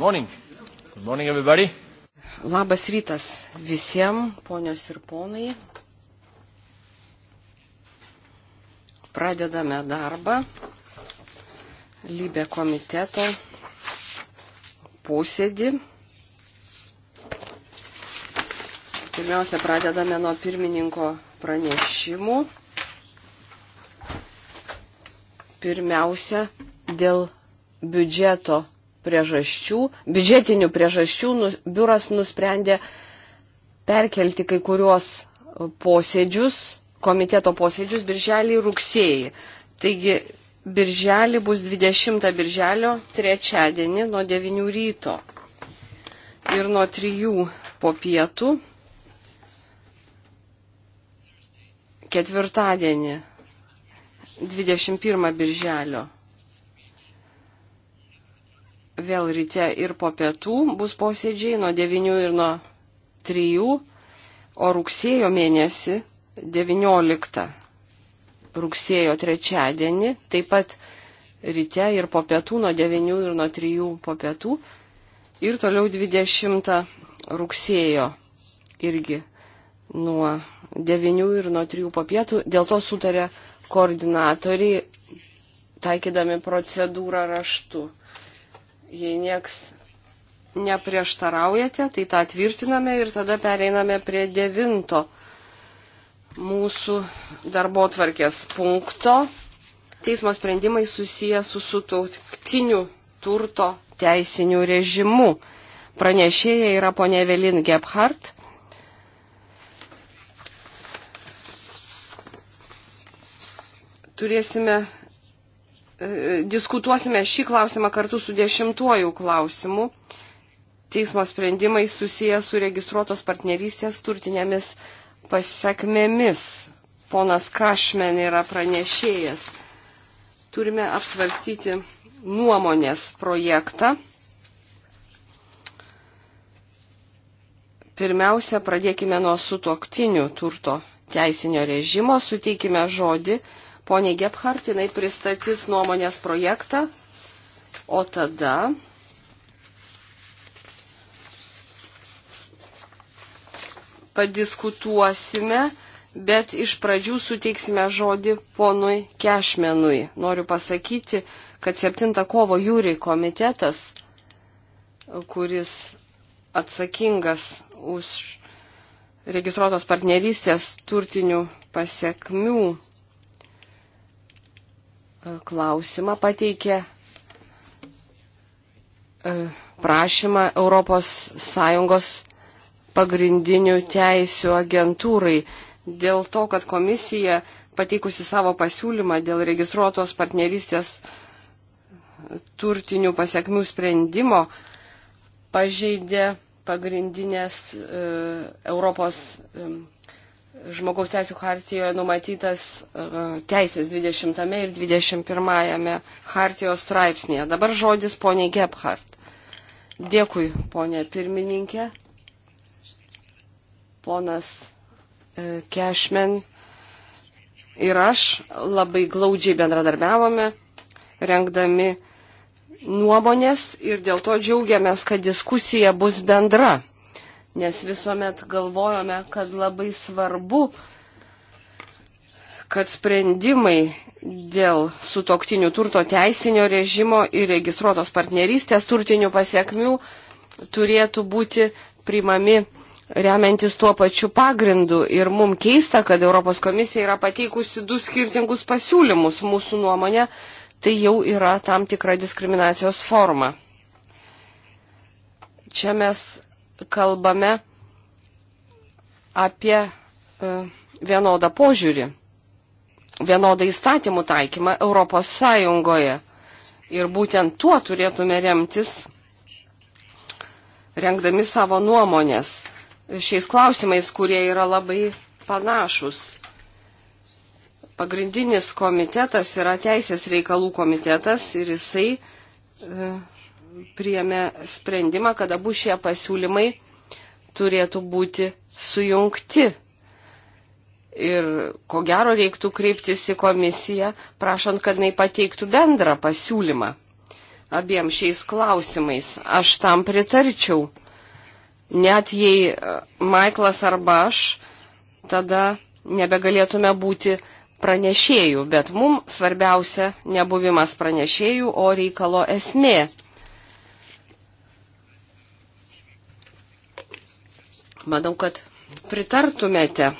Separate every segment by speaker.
Speaker 1: morning. Good morning, everybody. Labas rytas visiems, ponios ir ponai. Pradedame darbą Lybė komiteto posėdį. Pirmiausia, pradedame nuo pirmininko pranešimų. Pirmiausia, dėl biudžeto priežasčių, biudžetinių priežasčių nu, biuras nusprendė perkelti kai kuriuos posėdžius, komiteto posėdžius birželį ir rugsėjį. Taigi birželį bus 20 birželio trečiadienį nuo 9 ryto ir nuo 3 po pietų ketvirtadienį 21 birželio vėl ryte ir po pietų bus posėdžiai nuo 9 ir nuo 3, o rugsėjo mėnesį 19 rugsėjo trečiadienį, taip pat ryte ir po pietų, nuo 9 ir nuo 3 po pietų, ir toliau 20 rugsėjo irgi nuo 9 ir nuo 3 po pietų. Dėl to sutarė koordinatoriai, taikydami procedūrą raštu. Jei nieks neprieštaraujate, tai tą tvirtiname ir tada pereiname prie devinto mūsų darbo tvarkės punkto. Teismo sprendimai susiję su sutoktiniu turto teisiniu režimu. Pranešėja yra ponė Evelin Gebhardt. Turėsime E, diskutuosime šį klausimą kartu su dešimtuoju klausimu. Teismo sprendimai susijęs su registruotos partnerystės turtinėmis pasiekmėmis. Ponas Kašmen yra pranešėjas. Turime apsvarstyti nuomonės projektą. Pirmiausia, pradėkime nuo sutoktinių turto teisinio režimo, suteikime žodį poniai Gebhardt, jinai pristatys nuomonės projektą, o tada padiskutuosime, bet iš pradžių suteiksime žodį ponui Kešmenui. Noriu pasakyti, kad 7 kovo jūri komitetas, kuris atsakingas už registruotos partnerystės turtinių pasiekmių E, klausimą pateikė e, prašymą ES pagrindinių teisių agentūrai dėl to, kad komisija pateikusi savo pasiūlymą dėl registruotos partnerystės turtinių pasiekmių sprendimo pažeidė pagrindinės e, Europos e, žmogaus teisų hartijoje numatytas e, teisės 20 ir 21 hartijos straipsnėje. Dabar žodis poniai Gebhardt. Dėkui, ponė pirmininkė. Ponas Kešmen ir aš labai glaudžiai bendradarbiavome, rengdami nuomonės ir dėl to džiaugiamės, kad diskusija bus bendra nes visuomet galvojome, kad labai svarbu, kad sprendimai dėl sutoktinių turto teisinio režimo ir registruotos partnerystės turtinių pasiekmių turėtų būti primami remiantis tuo pačiu pagrindu. Ir mums keista, kad Europos komisija yra pateikusi du skirtingus pasiūlymus. Mūsų nuomonė, tai jau yra tam tikra diskriminacijos forma. Čia mes kalbame apie e, vienodą požiūrį, vienodą įstatymų taikymą Europos Sąjungoje. Ir būtent tuo turėtume remtis, rengdami savo nuomonės šiais klausimais, kurie yra labai panašus. Pagrindinis komitetas yra Teisės reikalų komitetas ir jisai e, priėmė sprendimą, kad abu šie pasiūlymai turėtų būti sujungti. Ir ko gero reiktų kreiptis į komisiją, prašant, kad jinai pateiktų bendrą pasiūlymą abiem šiais klausimais. Aš tam pritarčiau. Net jei e, Maiklas arba aš, tada nebegalėtume būti pranešėjų, bet mums svarbiausia nebuvimas pranešėjų, o reikalo esmė. Manau, kad pritartumėte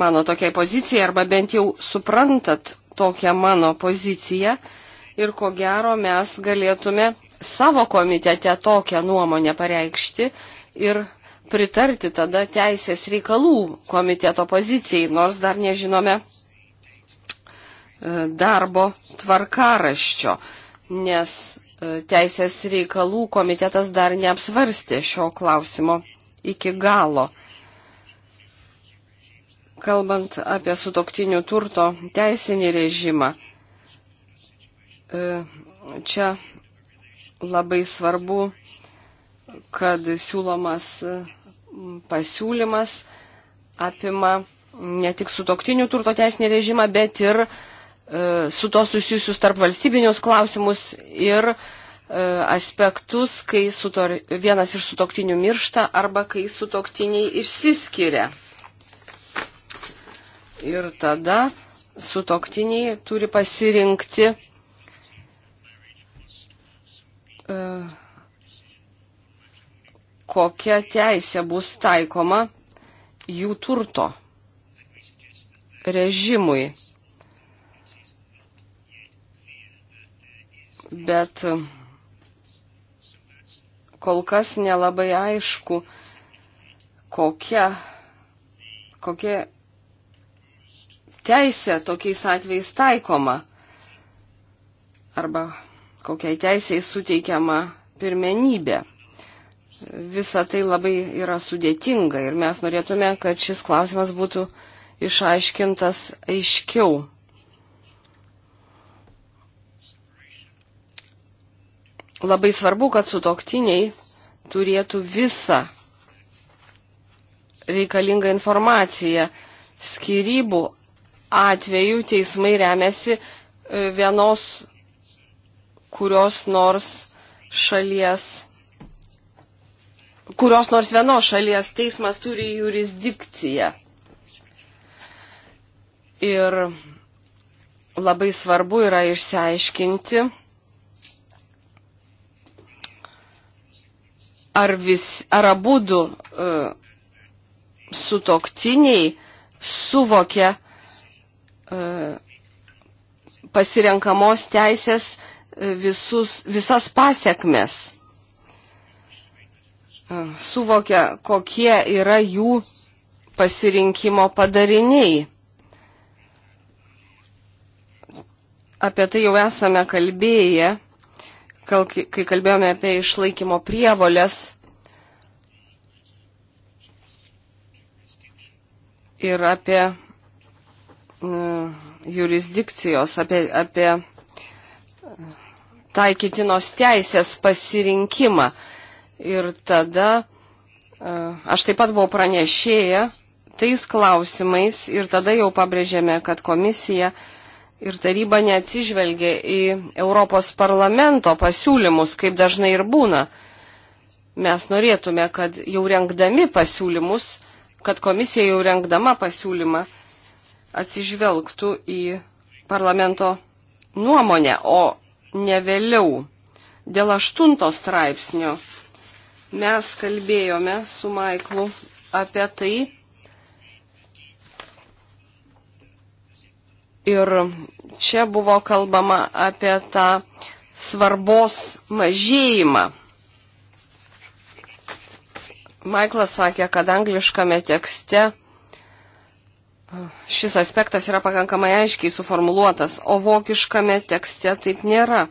Speaker 1: mano tokiai pozicijai arba bent jau suprantat tokią mano poziciją ir ko gero mes galėtume savo komitete tokią nuomonę pareikšti ir pritarti tada teisės reikalų komiteto pozicijai, nors dar nežinome e, darbo tvarkaraščio, nes e, teisės reikalų komitetas dar neapsvarstė šio klausimo iki galo. Kalbant apie sutoktinių turto teisinį režimą, e, čia labai svarbu, kad siūlomas e, pasiūlymas apima ne tik sutoktinių turto teisinį režimą, bet ir e, su to susijusius tarp valstybinius klausimus ir uh, E, aspektus, kai sutor, vienas iš sutoktinių miršta arba kai sutoktiniai išsiskiria. Ir tada sutoktiniai turi pasirinkti e, kokia teisė bus taikoma jų turto režimui. Bet uh, kol kas nelabai aišku, kokia, kokia teisė tokiais atvejais taikoma arba kokiai teisiai suteikiama pirmenybė. Visa tai labai yra sudėtinga ir mes norėtume, kad šis klausimas būtų išaiškintas aiškiau. labai svarbu, kad sutoktiniai turėtų visą reikalingą informaciją. Skirybų atveju teismai remiasi e, vienos kurios nors šalies, kurios nors vienos šalies teismas turi jurisdikciją. Ir labai svarbu yra išsiaiškinti, ar, vis, ar abu du uh, sutoktiniai suvokia uh, pasirenkamos teisės e, visus, visas pasiekmes, uh, suvokia, kokie yra jų pasirinkimo padariniai. Apie tai jau esame kalbėję kai kalbėjome apie išlaikymo prievolės ir apie mm, jurisdikcijos, apie, apie taikytinos teisės pasirinkimą. Ir tada e, aš taip pat buvau pranešėję tais klausimais ir tada jau pabrėžėme, kad komisija uh, ir taryba neatsižvelgia į Europos parlamento pasiūlymus, kaip dažnai ir būna. Mes norėtume, kad jau renkdami pasiūlymus, kad komisija jau renkdama pasiūlymą atsižvelgtų į parlamento nuomonę, o ne vėliau. Dėl aštunto straipsnio mes kalbėjome su Maiklu apie tai, Ir čia buvo kalbama apie tą svarbos mažėjimą. Maiklas sakė, kad angliškame tekste šis aspektas yra pakankamai aiškiai suformuluotas, o vokiškame tekste taip nėra.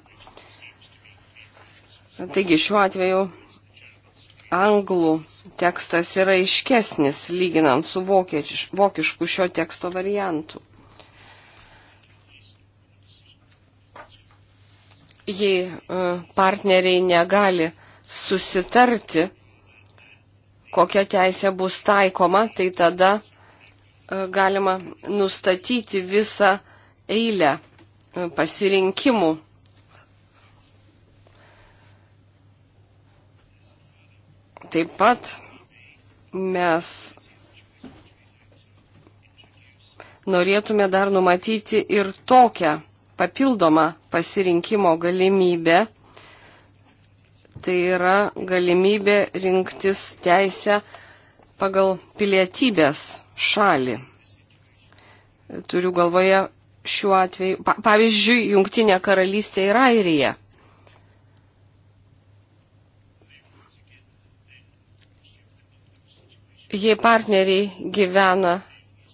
Speaker 1: Taigi šiuo atveju anglų tekstas yra iškesnis lyginant su vokiečių, vokišku šio teksto variantu. jei e, partneriai negali susitarti, kokia teisė bus taikoma, tai tada e, galima nustatyti visą eilę e, pasirinkimų. Taip pat mes norėtume dar numatyti ir tokią papildoma pasirinkimo galimybė. Tai yra galimybė rinktis teisę pagal pilietybės šalį. Turiu galvoje šiuo atveju, pa, pavyzdžiui, Jungtinė karalystė ir Airija. Jei partneriai gyvena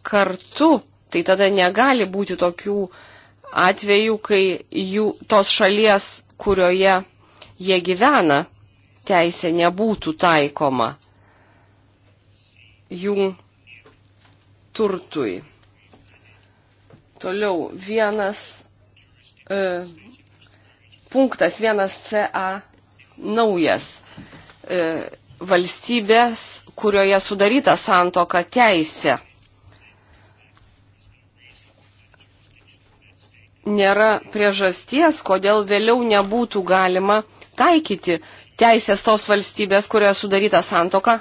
Speaker 1: kartu, tai tada negali būti tokių uh, atvejų, kai jų tos šalies, kurioje jie gyvena, teisė nebūtų taikoma jų turtui. Toliau vienas e, punktas, vienas CA naujas. E, valstybės, kurioje sudaryta santoka teisė nėra priežasties, kodėl vėliau nebūtų galima taikyti teisės tos valstybės, kurioje sudaryta santoka,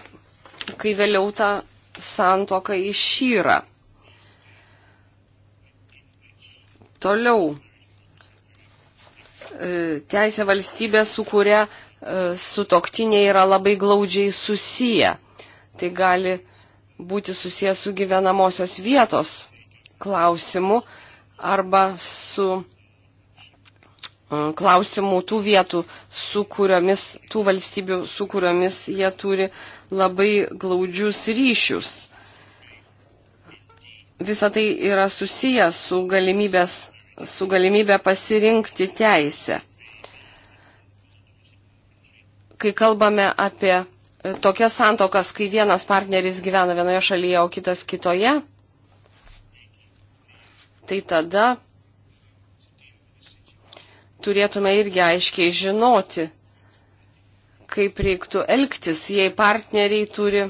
Speaker 1: kai vėliau ta santoka išyra. Toliau. E, teisė valstybė, su kuria e, sutoktiniai yra labai glaudžiai susiję. Tai gali būti susiję su gyvenamosios vietos klausimu arba su mm, klausimų tų vietų, su kuriomis, tų valstybių, su kuriomis jie turi labai glaudžius ryšius. Visa tai yra susijęs su, su galimybė pasirinkti teisę. Kai kalbame apie tokias santokas, kai vienas partneris gyvena vienoje šalyje, o kitas kitoje, tai tada turėtume irgi aiškiai žinoti, kaip reiktų elgtis, jei partneriai turi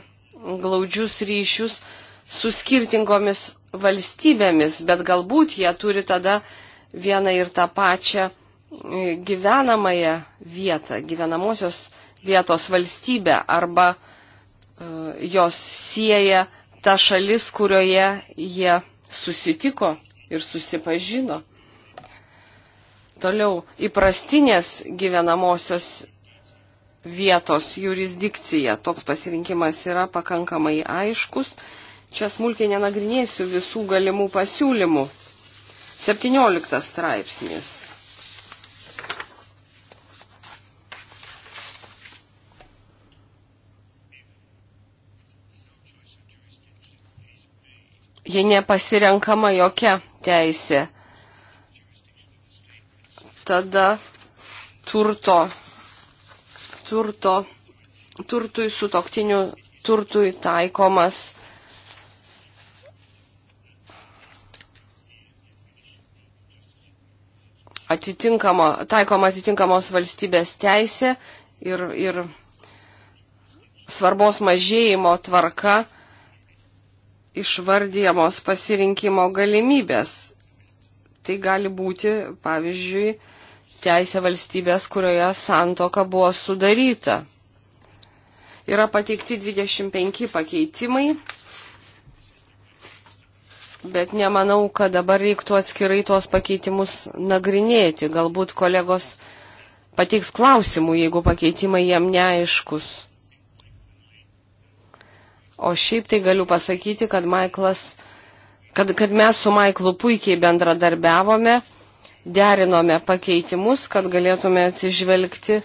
Speaker 1: glaudžius ryšius su skirtingomis valstybėmis, bet galbūt jie turi tada vieną ir tą pačią e, gyvenamąją vietą, gyvenamosios vietos valstybę arba e, jos sieja ta šalis, kurioje jie susitiko ir susipažino. Toliau įprastinės gyvenamosios vietos jurisdikcija. Toks pasirinkimas yra pakankamai aiškus. Čia smulkiai nenagrinėsiu visų galimų pasiūlymų. 17 straipsnis. jei nepasirenkama jokia teisė, tada turto, turto, turtui sutoktinių turtui taikomas atitinkamo, taikoma atitinkamos valstybės teisė ir, ir svarbos mažėjimo tvarka išvardyjamos pasirinkimo galimybės. Tai gali būti, pavyzdžiui, teisė valstybės, kurioje santoka buvo sudaryta. Yra pateikti 25 pakeitimai, bet nemanau, kad dabar reiktų atskirai tuos pakeitimus nagrinėti. Galbūt kolegos pateiks klausimų, jeigu pakeitimai jam neaiškus. O šiaip tai galiu pasakyti, kad, Michaelas, kad, kad mes su Maiklu puikiai bendradarbiavome, derinome pakeitimus, kad galėtume atsižvelgti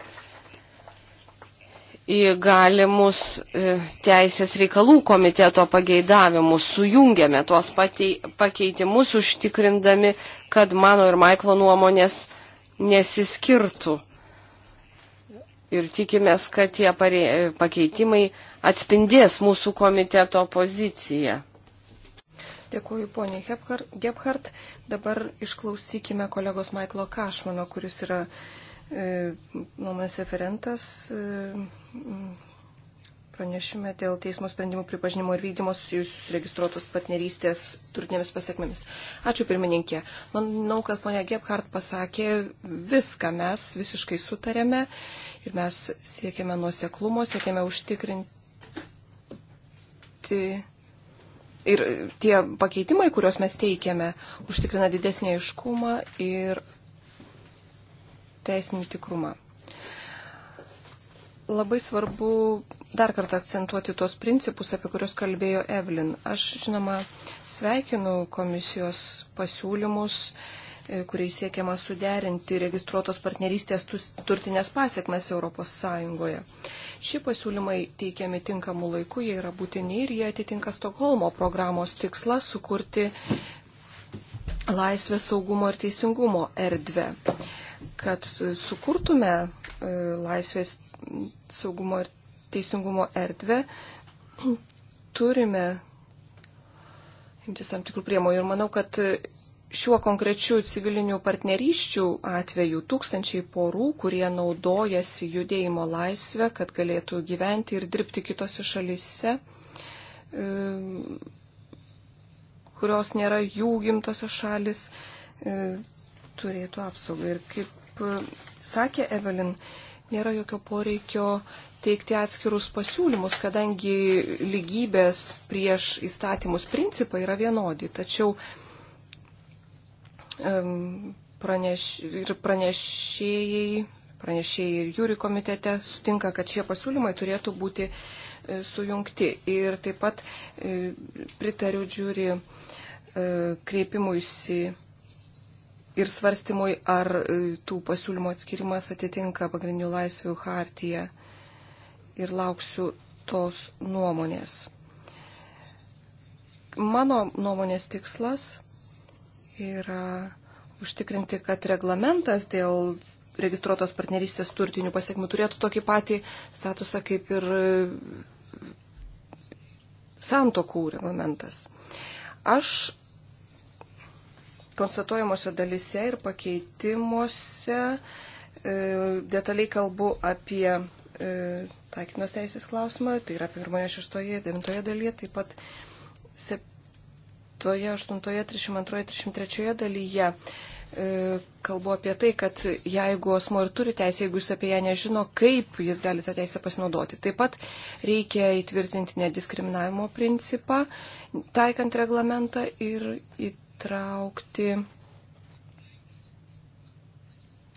Speaker 1: į galimus e, teisės reikalų komiteto pageidavimus, sujungėme tuos patei, pakeitimus, užtikrindami, kad mano ir Maiklo nuomonės nesiskirtų ir tikimės, kad tie pakeitimai atspindės mūsų komiteto poziciją.
Speaker 2: Dėkuoju, ponė Gebhardt. Dabar išklausykime kolegos Maiklo Kašmano, kuris yra e, nuomonės referentas. E, pranešime dėl teismo sprendimų pripažinimo ir vykdymo susijusius registruotos partnerystės turtinėmis pasiekmėmis. Ačiū pirmininkė. Manau, kad ponia Gebhardt pasakė viską. Mes visiškai sutarėme ir mes siekėme nuoseklumo, siekėme užtikrinti. Ir tie pakeitimai, kuriuos mes teikiame, užtikrina didesnį aiškumą ir teisinį tikrumą labai svarbu dar kartą akcentuoti tuos principus, apie kuriuos kalbėjo Evelin. Aš, žinoma, sveikinu komisijos pasiūlymus, e, kuriais siekiama suderinti registruotos partnerystės turtinės pasiekmes Europos Sąjungoje. Šie pasiūlymai teikiami tinkamu laiku, jie yra būtini ir jie atitinka Stokholmo programos tikslą sukurti laisvės saugumo ir teisingumo erdvę. Kad sukurtume e, laisvės saugumo ir teisingumo erdvę, turime imtis tam tikrų priemonių. Ir manau, kad šiuo konkrečiu civilinių partnerysčių atveju tūkstančiai porų, kurie naudojasi judėjimo laisvę, kad galėtų gyventi ir dirbti kitose šalise, e, kurios nėra jų gimtosios šalis, e, turėtų apsaugą. Ir kaip e, sakė Evelin, nėra jokio poreikio teikti atskirus pasiūlymus, kadangi lygybės prieš įstatymus principai yra vienodi. Tačiau praneš, ir pranešėjai, pranešėjai ir jūri komitete sutinka, kad šie pasiūlymai turėtų būti e, sujungti. Ir taip pat e, pritariu žiūri e, kreipimuisi į ir svarstymui, ar e, tų pasiūlymų atskirimas atitinka pagrindinių laisvių hartiją. Ir lauksiu tos nuomonės. Mano nuomonės tikslas yra užtikrinti, kad reglamentas dėl registruotos partnerystės turtinių pasiekmių turėtų tokį patį statusą kaip ir e, santokų reglamentas. Aš konstatuojamuose dalise ir pakeitimuose e, detaliai kalbu apie e, taikinos teisės klausimą, tai yra pirmoje, šeštoje, devintoje dalyje, taip pat septoje, aštuntoje, 32, 33 dalyje. E, kalbu apie tai, kad jeigu asmo ir turi teisę, jeigu jis apie ją nežino, kaip jis gali tą teisę pasinaudoti. Taip pat reikia įtvirtinti nediskriminavimo principą, taikant reglamentą ir įtvirtinti įtraukti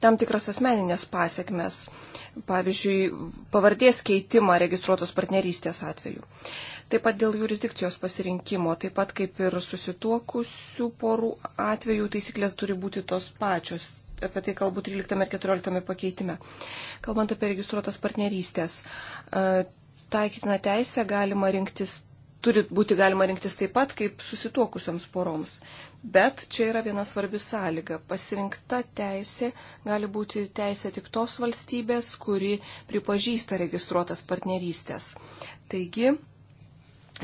Speaker 2: tam tikras asmeninės pasiekmes, pavyzdžiui, pavardės keitimą registruotos partnerystės atveju. Taip pat dėl jurisdikcijos pasirinkimo, taip pat kaip ir susituokusių porų atveju, taisyklės turi būti tos pačios. Apie tai kalbu 13 ir 14 pakeitime. Kalbant apie registruotas partnerystės, e, taikytina teisė galima rinktis, turi būti galima rinktis taip pat kaip susituokusioms poroms. Bet čia yra viena svarbi sąlyga. Pasirinkta teisė gali būti teisė tik tos valstybės, kuri pripažįsta registruotas partnerystės. Taigi,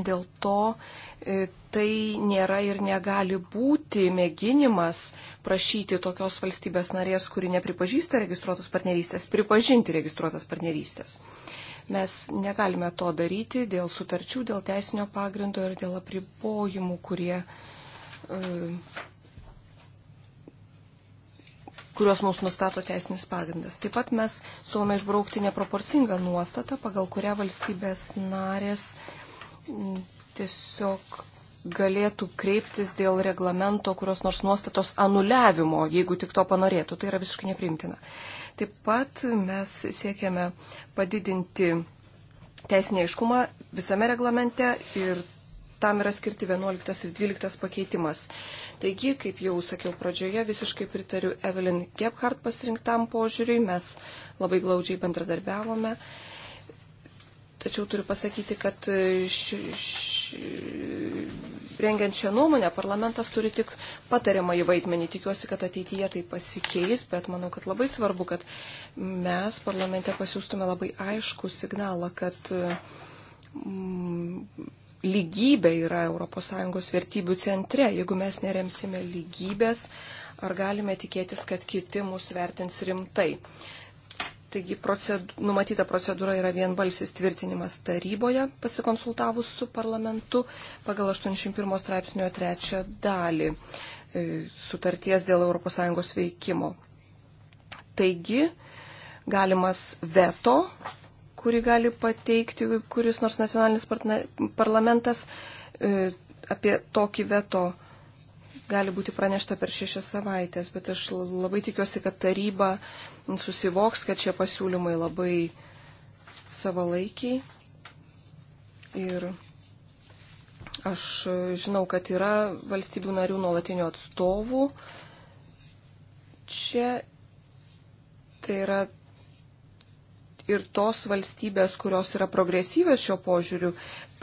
Speaker 2: dėl to e, tai nėra ir negali būti mėginimas prašyti tokios valstybės narės, kuri nepripažįsta registruotas partnerystės, pripažinti registruotas partnerystės. Mes negalime to daryti dėl sutarčių, dėl teisinio pagrindo ir dėl apribojimų, kurie E, kuriuos mums nustato teisinis pagrindas. Taip pat mes siūlome išbraukti neproporcingą nuostatą, pagal kurią valstybės narės tiesiog galėtų kreiptis dėl reglamento kurios nors nuostatos anuliavimo, jeigu tik to panorėtų. Tai yra visiškai neprimtina. Taip pat mes siekiame padidinti teisinį aiškumą visame reglamente ir tam yra skirti 11 ir 12 pakeitimas. Taigi, kaip jau sakiau pradžioje, visiškai pritariu Evelyn Gebhardt pasirinktam požiūriui, mes labai glaudžiai bendradarbiavome. Tačiau turiu pasakyti, kad š, e, š, rengiant šią nuomonę parlamentas turi tik patariamą į vaidmenį. Tikiuosi, kad ateityje tai pasikeis, bet manau, kad labai svarbu, kad mes parlamente pasiūstume labai aišku signalą, kad mm, lygybė yra ES vertybių centre. Jeigu mes neremsime lygybės, ar galime tikėtis, kad kiti mus vertins rimtai? Taigi proced... numatyta procedūra yra vienbalsis tvirtinimas taryboje, pasikonsultavus su parlamentu pagal 81 straipsnio trečią dalį e, sutarties dėl ES veikimo. Taigi galimas veto kurį gali pateikti kuris nors nacionalinis parlamentas. E, apie tokį veto gali būti pranešta per šešias savaitės, bet aš labai tikiuosi, kad taryba susivoks, kad šie pasiūlymai labai savalaikiai. Ir aš žinau, kad yra valstybių narių nuolatinių atstovų. Čia tai yra ir tos valstybės, kurios yra progresyvės šio požiūriu,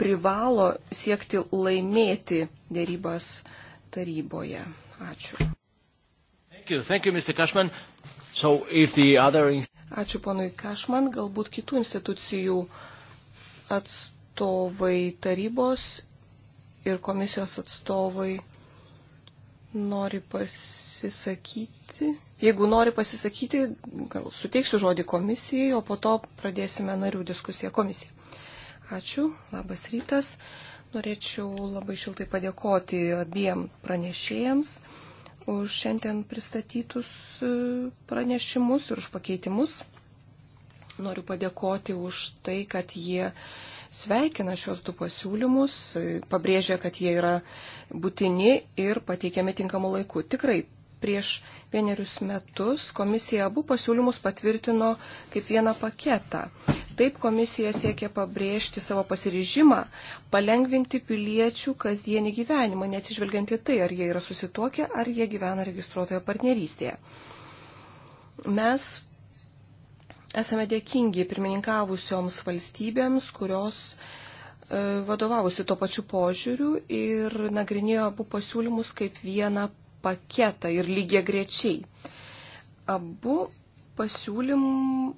Speaker 2: privalo siekti laimėti dėrybas taryboje. Ačiū. Thank you. Thank you,
Speaker 1: so other...
Speaker 2: Ačiū ponui Kašman. Galbūt kitų institucijų atstovai tarybos ir komisijos atstovai nori pasisakyti. Jeigu nori pasisakyti, gal suteiksiu žodį komisijai, o po to pradėsime narių diskusiją komisijai. Ačiū, labas rytas. Norėčiau labai šiltai padėkoti abiem pranešėjams už šiandien pristatytus e, pranešimus ir už pakeitimus. Noriu padėkoti už tai, kad jie sveikina šios du pasiūlymus, pabrėžia, kad jie yra būtini ir pateikiami tinkamu laiku. Tikrai prieš vienerius metus komisija abu pasiūlymus patvirtino kaip vieną paketą. Taip komisija siekia pabrėžti savo pasiryžimą palengvinti piliečių kasdienį gyvenimą, neatsižvelgiant į tai, ar jie yra susituokę, ar jie gyvena registruotoje partnerystėje. Mes esame dėkingi pirmininkavusioms valstybėms, kurios e, vadovavusi tuo pačiu požiūriu ir nagrinėjo abu pasiūlymus kaip vieną paketą ir lygiai grečiai. Abu pasiūlym,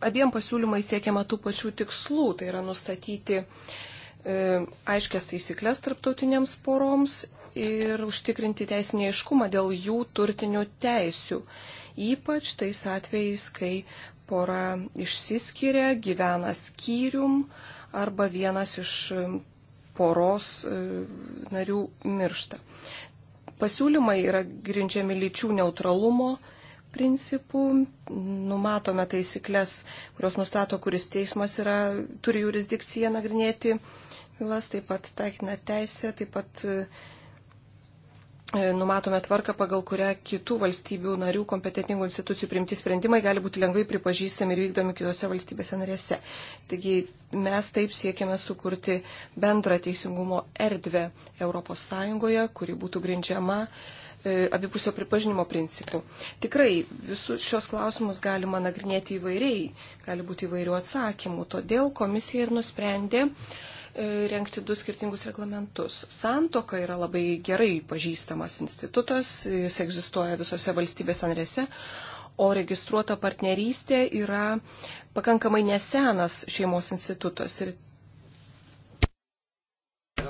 Speaker 2: abiem pasiūlymai siekiama tų pačių tikslų, tai yra nustatyti e, aiškias taisyklės tarptautiniams poroms ir užtikrinti teisinį aiškumą dėl jų turtinių teisių, ypač tais atvejais, kai pora išsiskiria, gyvena skyrium arba vienas iš poros e, narių miršta pasiūlymai yra grindžiami lyčių neutralumo principų, numatome taisyklės, kurios nustato, kuris teismas yra, turi jurisdikciją nagrinėti bylas, taip pat taikina teisė, taip pat E, numatome tvarką, pagal kurią kitų valstybių narių kompetentingų institucijų priimti sprendimai gali būti lengvai pripažįstami ir vykdomi kitose valstybėse narėse. Taigi mes taip siekiame sukurti bendrą teisingumo erdvę ES, kuri būtų grindžiama e, abipusio pripažinimo principų. Tikrai visus šios klausimus galima nagrinėti įvairiai, gali būti įvairių atsakymų, todėl komisija ir nusprendė uh, E, renkti du skirtingus reglamentus. Santoka yra labai gerai pažįstamas institutas, jis egzistuoja visose valstybės anrėse, o registruota partnerystė yra pakankamai nesenas šeimos institutas. Ir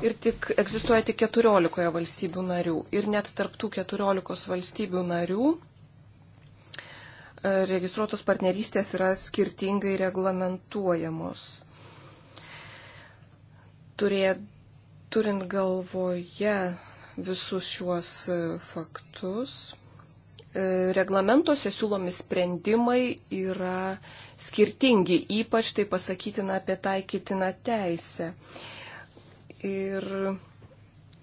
Speaker 2: Ir tik egzistuoja tik 14 valstybių narių. Ir net tarptų 14 valstybių narių e, registruotos partnerystės yra skirtingai reglamentuojamos turė, turint galvoje visus šiuos e, faktus, e, reglamentuose siūlomi sprendimai yra skirtingi, ypač tai pasakytina apie taikytiną teisę. Ir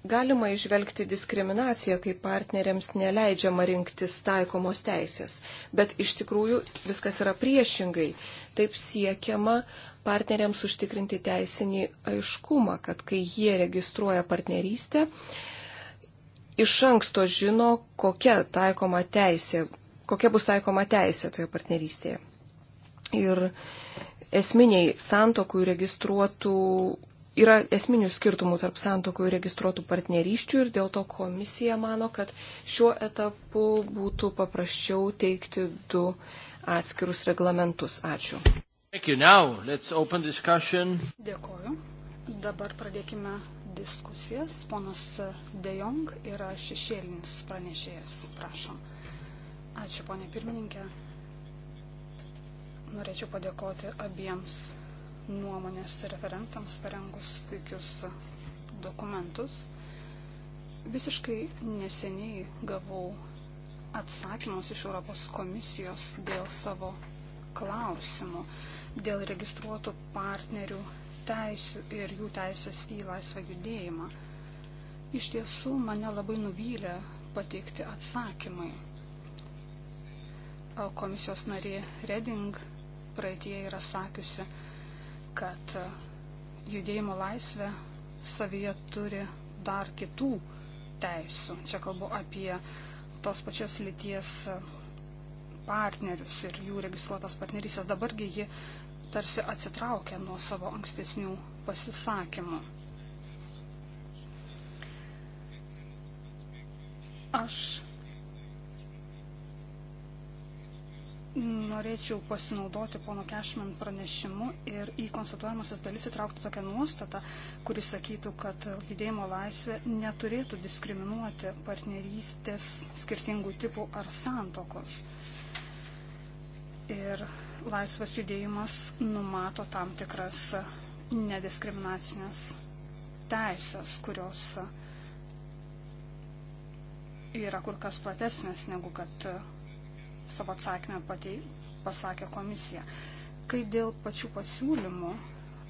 Speaker 2: galima išvelgti diskriminaciją, kai partneriams neleidžiama rinktis taikomos teisės. Bet iš tikrųjų viskas yra priešingai. Taip siekiama partneriams užtikrinti teisinį aiškumą, kad kai jie registruoja partnerystę, iš anksto žino, kokia, taikoma teisė, kokia bus taikoma teisė toje partnerystėje. Ir esminiai santokų registruotų, yra esminių skirtumų tarp santokų registruotų partnerysčių ir dėl to komisija mano, kad šiuo etapu būtų paprasčiau teikti du atskirus reglamentus. Ačiū.
Speaker 1: Dėkoju.
Speaker 3: Dabar pradėkime diskusijas. Ponas Dejong yra šešėlinis pranešėjas. Prašom. Ačiū, ponė pirmininkė. Norėčiau padėkoti abiems nuomonės referentams parengus puikius dokumentus. Visiškai neseniai gavau atsakymus iš Europos komisijos dėl savo klausimų dėl registruotų partnerių teisų ir jų teisės į laisvą judėjimą. Iš tiesų mane labai nuvylė pateikti atsakymai. Komisijos narė Reding praeitie yra sakiusi, kad judėjimo laisvė savyje turi dar kitų teisų. Čia kalbu apie tos pačios lyties partnerius ir jų registruotas partnerysės. Dabargi ji tarsi atsitraukia nuo savo ankstesnių pasisakymų. Aš norėčiau pasinaudoti pono Kešman pranešimu ir į konstatuojamasis dalis įtraukti tokią nuostatą, kuris sakytų, kad judėjimo laisvė neturėtų diskriminuoti partnerystės skirtingų tipų ar santokos ir laisvas judėjimas numato tam tikras nediskriminacinės teisės, kurios yra kur kas platesnės negu kad savo atsakymę patei, pasakė komisija. Kai dėl pačių pasiūlymų,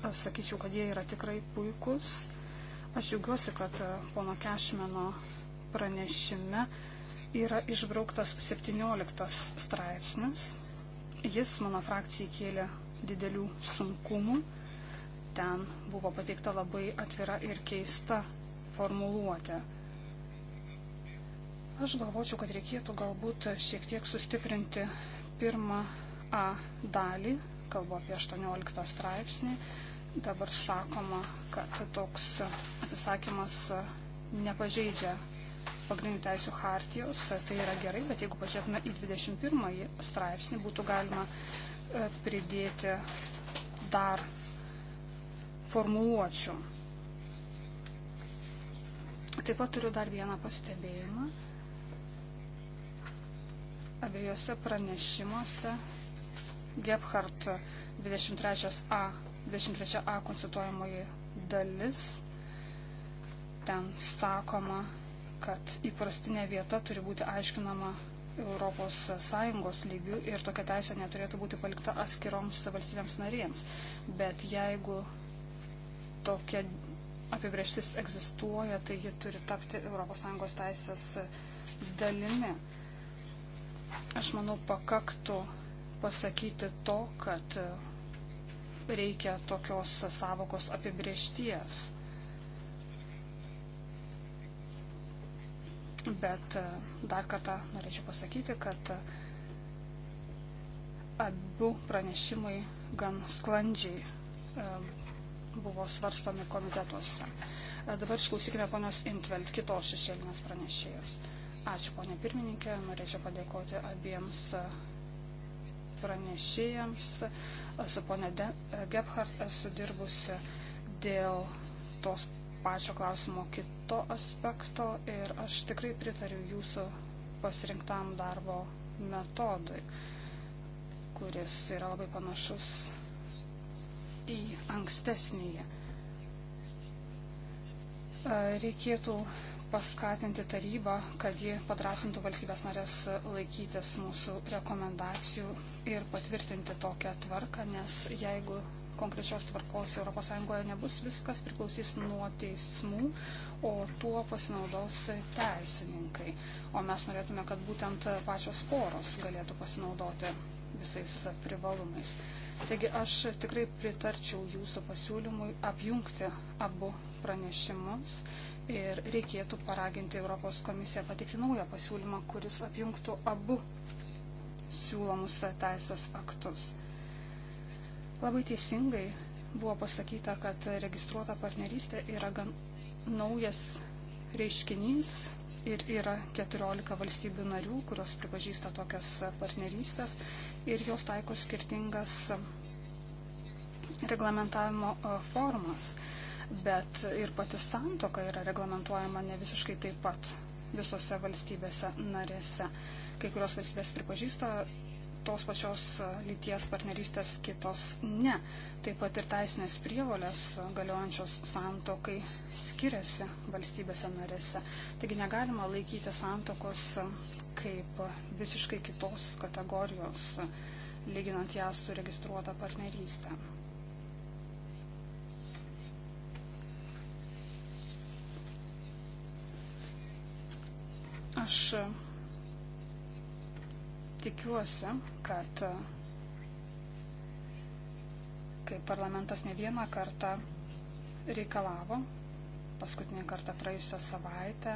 Speaker 3: aš sakyčiau, kad jie yra tikrai puikus. Aš džiaugiuosi, kad pono Kešmeno pranešime yra išbrauktas 17 straipsnis, Jis mano frakcijai kėlė didelių sunkumų. Ten buvo pateikta labai atvira ir keista formuluotė. Aš galvočiau, kad reikėtų galbūt šiek tiek sustiprinti pirmą A dalį, kalbu apie 18 straipsnį. Dabar sakoma, kad toks atsisakymas nepažeidžia pagrindinių teisų hartijos, tai yra gerai, bet jeigu pažiūrėtume į 21 straipsnį, būtų galima e, pridėti dar formuluočių. Taip pat turiu dar vieną pastebėjimą. Abiejose pranešimuose Gebhardt 23a, 23a konstituojamoji dalis, ten sakoma, kad įprastinė vieta turi būti aiškinama ES lygių ir tokia teisė neturėtų būti palikta atskiroms valstybėms narėms. Bet jeigu tokia apibrieštis egzistuoja, tai ji turi tapti ES teisės dalimi. Aš manau, pakaktų pasakyti to, kad reikia tokios savokos apibriešties bet e, dar kartą norėčiau pasakyti, kad e, abu pranešimai gan sklandžiai e, buvo svarstomi komitetuose. Dabar išklausykime ponios Intvelt kitos šešėlinės pranešėjos. Ačiū ponė pirmininkė, norėčiau padėkoti abiems pranešėjams. Su ponė Gebhardt esu dirbusi dėl tos pačio klausimo kito aspekto ir aš tikrai pritariu jūsų pasirinktam darbo metodui, kuris yra labai panašus į ankstesnįje. Reikėtų paskatinti tarybą, kad ji padrasintų valstybės narės laikytis mūsų rekomendacijų ir patvirtinti tokią tvarką, nes jeigu konkrečios tvarkos ES nebus, viskas priklausys nuo teismų, o tuo pasinaudos teisininkai. O mes norėtume, kad būtent pačios poros galėtų pasinaudoti visais privalumais. Taigi aš tikrai pritarčiau jūsų pasiūlymui apjungti abu pranešimus ir reikėtų paraginti Europos komisiją patikti naują pasiūlymą, kuris apjungtų abu siūlomus teisės aktus. Labai teisingai buvo pasakyta, kad registruota partnerystė yra gan naujas reiškinys ir yra 14 valstybių narių, kurios pripažįsta tokias partnerystės ir jos taiko skirtingas reglamentavimo formas. Bet ir pati santoka yra reglamentuojama ne visiškai taip pat visose valstybėse narėse. Kai kurios valstybės pripažįsta tos pačios e, lyties partnerystės, kitos ne. Taip pat ir teisinės prievolės e, galiojančios santokai skiriasi valstybėse narėse. Taigi negalima laikyti santokos e, kaip visiškai kitos kategorijos, lyginant ją su registruota partnerystė. Aš tikiuosi, kad e, kai parlamentas ne vieną kartą reikalavo, paskutinį kartą praėjusią savaitę,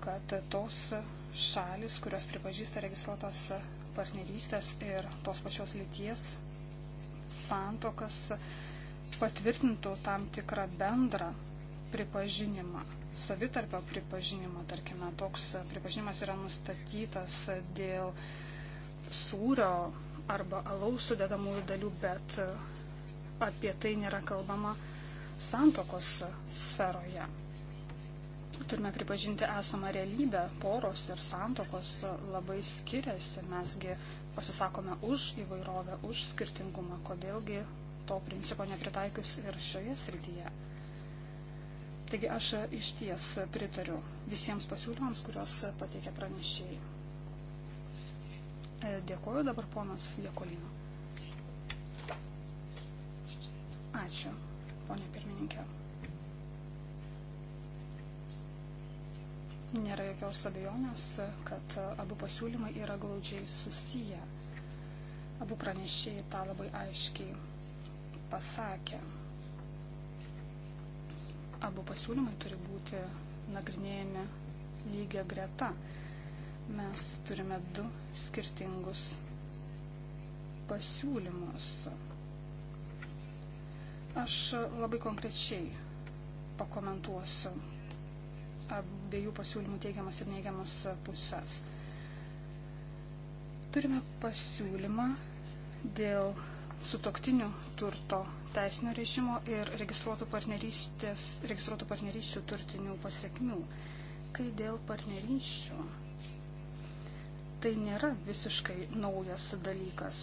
Speaker 3: kad tos šalis, kurios pripažįsta registruotas partnerystės ir tos pačios lyties santokas, patvirtintų tam tikrą bendrą pripažinimą savitarpio pripažinimo, tarkime, toks pripažinimas yra nustatytas dėl sūrio arba alaus sudedamųjų dalių, bet apie tai nėra kalbama santokos sferoje. Turime pripažinti esamą realybę, poros ir santokos labai skiriasi, mesgi pasisakome už įvairovę, už skirtingumą, kodėlgi to principo nepritaikius ir šioje srityje. Taigi aš iš ties pritariu visiems pasiūlymams, kuriuos pateikė pranešėjai. E, Dėkuoju dabar ponas Jekolino. Ačiū, ponė pirmininkė. Nėra jokios abejonės, kad abu pasiūlymai yra glaudžiai susiję. Abu pranešėjai tą labai aiškiai pasakė abu pasiūlymai turi būti nagrinėjami lygia greta. Mes turime du skirtingus pasiūlymus. Aš labai konkrečiai pakomentuosiu abiejų pasiūlymų teigiamas ir neigiamas pusės. Turime pasiūlymą dėl sutoktinių turto teisinio režimo ir registruotų, registruotų partnerysčių turtinių pasiekmių. Kai dėl partnerysčių, tai nėra visiškai naujas dalykas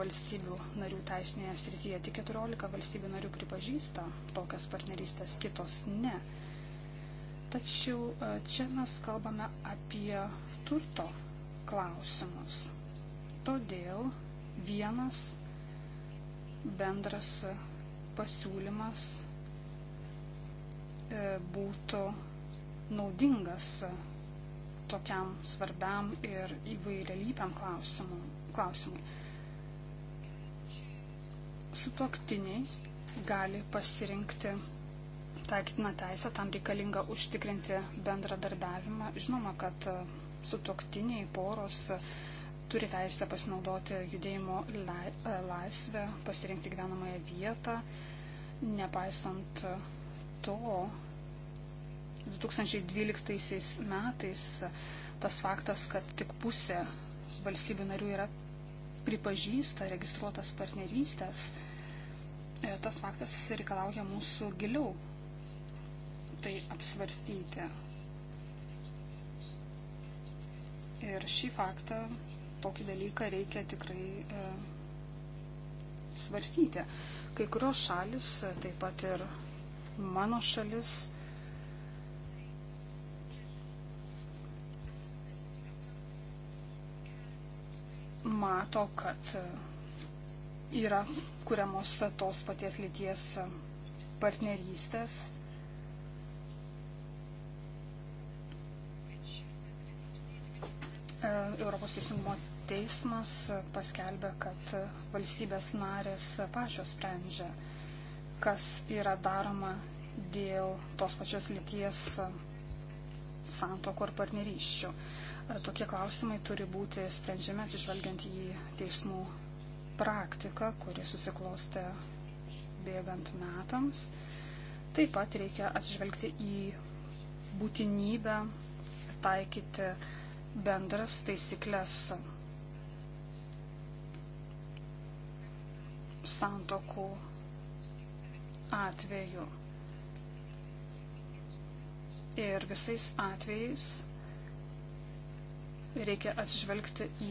Speaker 3: valstybių narių teisinėje srityje. Tik 14 valstybių narių pripažįsta tokias partnerystės, kitos ne. Tačiau e, čia mes kalbame apie turto klausimus. Todėl vienas bendras pasiūlymas e, būtų naudingas tokiam svarbiam ir įvairialypiam klausimui. Sutuoktiniai gali pasirinkti taikytiną teisę, tam reikalinga užtikrinti bendradarbiavimą. Žinoma, kad e, sutuoktiniai poros uh, turi teisę pasinaudoti judėjimo e, laisvę, pasirinkti gyvenamąją vietą, nepaisant to 2012 metais tas faktas, kad tik pusė valstybių narių yra pripažįsta registruotas partnerystės, e, tas faktas reikalauja mūsų giliau tai apsvarstyti. Ir šį faktą tokį dalyką reikia tikrai e, svarstyti. Kai kurios šalis, e, taip pat ir mano šalis, mato, kad e, yra kuriamos tos paties lyties e, partnerystės Europos teisingumo teismas paskelbė, kad valstybės narės pačios sprendžia, kas yra daroma dėl tos pačios lyties santokų ar partnerysčių. Tokie klausimai turi būti sprendžiami atsižvelgiant į teismų praktiką, kuri susiklostė bėgant metams. Taip pat reikia atsižvelgti į būtinybę taikyti bendras taisyklės santokų atveju. Ir visais atvejais reikia atsižvelgti į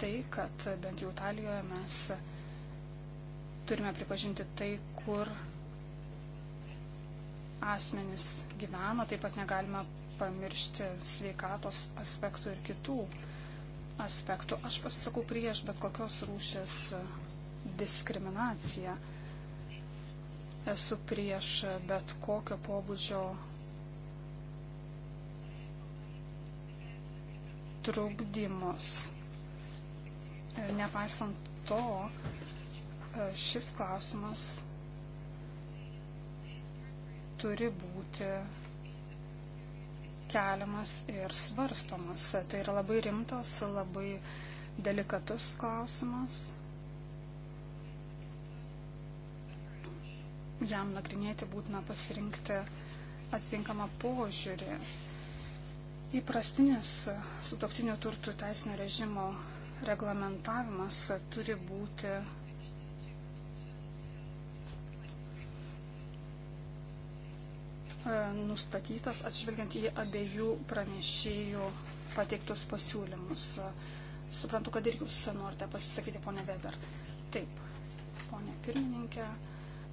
Speaker 3: tai, kad bent jau Italijoje mes turime pripažinti tai, kur asmenys gyvena, taip pat negalima pamiršti sveikatos aspektų ir kitų aspektų. Aš pasisakau prieš bet kokios rūšės diskriminaciją. Esu prieš bet kokio pobūdžio trukdymus. Nepaisant to, šis klausimas turi būti keliamas ir svarstomas. Tai yra labai rimtas, labai delikatus klausimas. jam nagrinėti būtina pasirinkti atitinkamą požiūrį. Įprastinis sutoktinių turtų teisinio režimo reglamentavimas turi būti nustatytas atžvelgiant į abiejų pranešėjų pateiktus pasiūlymus. Suprantu, kad ir jūs norite pasisakyti, ponė Weber. Taip, ponė pirmininkė.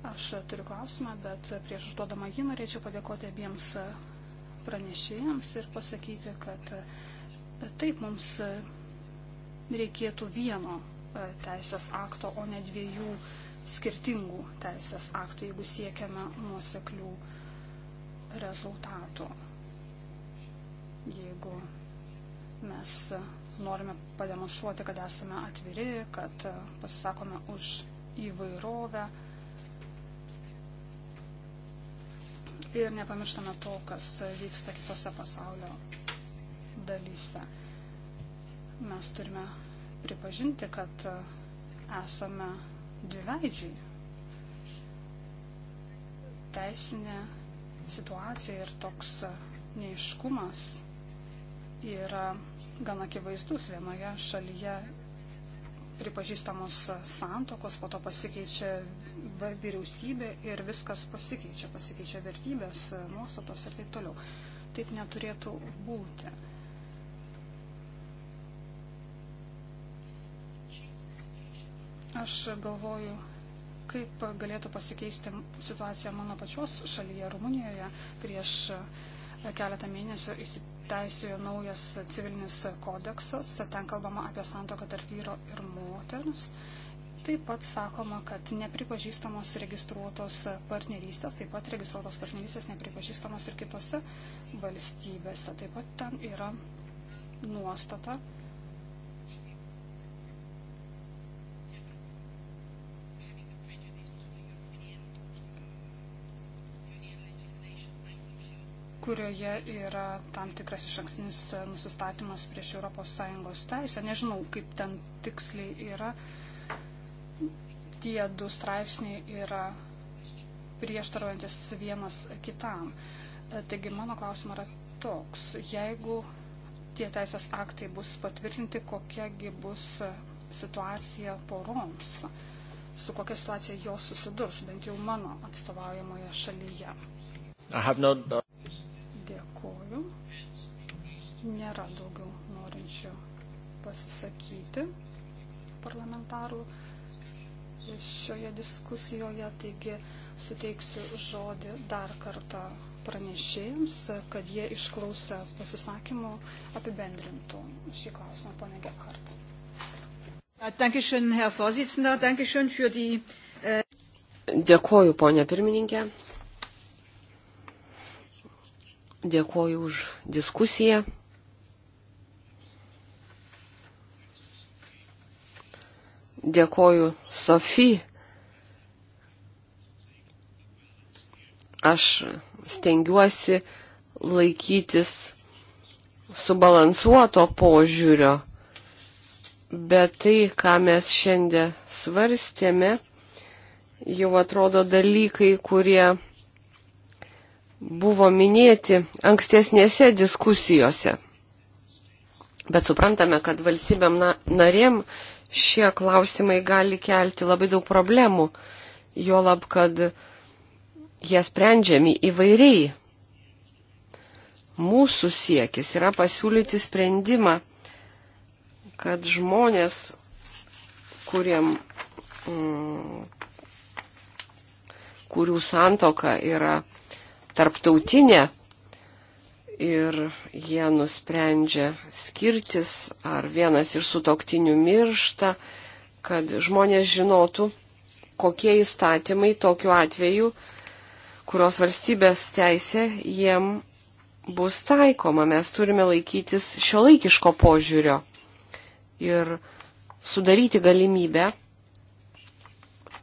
Speaker 3: Aš turiu klausimą, bet prieš užduodama jį norėčiau padėkoti abiems pranešėjams ir pasakyti, kad e, taip mums reikėtų vieno e, teisės akto, o ne dviejų skirtingų teisės aktų, jeigu siekiame nuoseklių rezultatų. Jeigu mes norime pademonstruoti, kad esame atviri, kad e, pasisakome už įvairovę, ir nepamirštame to, kas vyksta kitose pasaulio dalyse. Mes turime pripažinti, kad esame dviveidžiai. Teisinė situacija ir toks neiškumas yra gan akivaizdus vienoje šalyje pripažįstamos santokos, po to pasikeičia vyriausybė ir viskas pasikeičia, pasikeičia vertybės, nuostatos ir taip toliau. Taip neturėtų būti. Aš galvoju, kaip galėtų pasikeisti situacija mano pačios šalyje, Rumunijoje. Prieš keletą mėnesių įsiteisėjo naujas civilinis kodeksas. Ten kalbama apie santoką tarp vyro ir moters. Taip pat sakoma, kad nepripažįstamos registruotos partnerystės, taip pat registruotos partnerystės nepripažįstamos ir kitose valstybėse. Taip pat ten yra nuostata, kurioje yra tam tikras iš ankstinis nusistatymas prieš ES teisę. Nežinau, kaip ten tiksliai yra. Uh, tie du straipsniai yra prieštaraujantis vienas kitam. E, taigi mano klausimas yra toks, jeigu tie teisės aktai bus patvirtinti, kokiagi bus situacija poroms, su kokia situacija jos susidurs, bent jau mano atstovaujamoje šalyje. Not... Dėkoju. Nėra daugiau norinčių pasisakyti parlamentarų šioje diskusijoje, taigi suteiksiu žodį dar kartą pranešėjams, kad jie išklausę pasisakymų apibendrintų šį klausimą, ponė Gebhardt. Äh,
Speaker 1: Dėkuoju, ponė pirmininkė. Dėkuoju už diskusiją. Dėkoju Sofijai. Aš stengiuosi laikytis subalansuoto požiūrio, bet tai, ką mes šiandien svarstėme, jau atrodo dalykai, kurie buvo minėti ankstesnėse diskusijose. Bet suprantame, kad valstybėm narėm šie klausimai gali kelti labai daug problemų, jo lab, kad jie sprendžiami įvairiai. Mūsų siekis yra pasiūlyti sprendimą, kad žmonės, kuriem, mm, kurių santoka yra tarptautinė, ir jie nusprendžia skirtis, ar vienas iš sutoktinių miršta, kad žmonės žinotų, kokie įstatymai tokiu atveju, kurios valstybės teisė jiem bus taikoma. Mes turime laikytis šio laikiško požiūrio ir sudaryti galimybę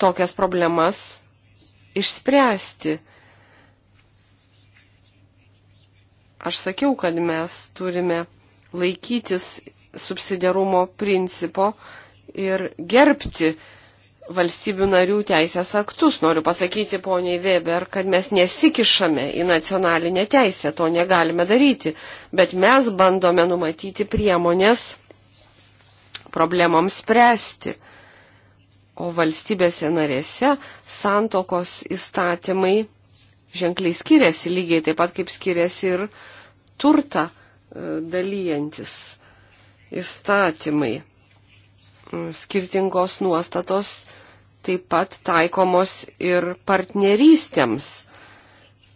Speaker 1: tokias problemas išspręsti Aš sakiau, kad mes turime laikytis subsidiarumo principo ir gerbti valstybių narių teisės aktus. Noriu pasakyti poniai Weber, kad mes nesikišame į nacionalinę teisę, to negalime daryti, bet mes bandome numatyti priemonės problemoms spręsti. O valstybėse narėse santokos įstatymai ženkliai skiriasi, lygiai taip pat kaip skiriasi ir turta e, dalyjantis įstatymai. Mm, skirtingos nuostatos taip pat taikomos ir partnerystėms.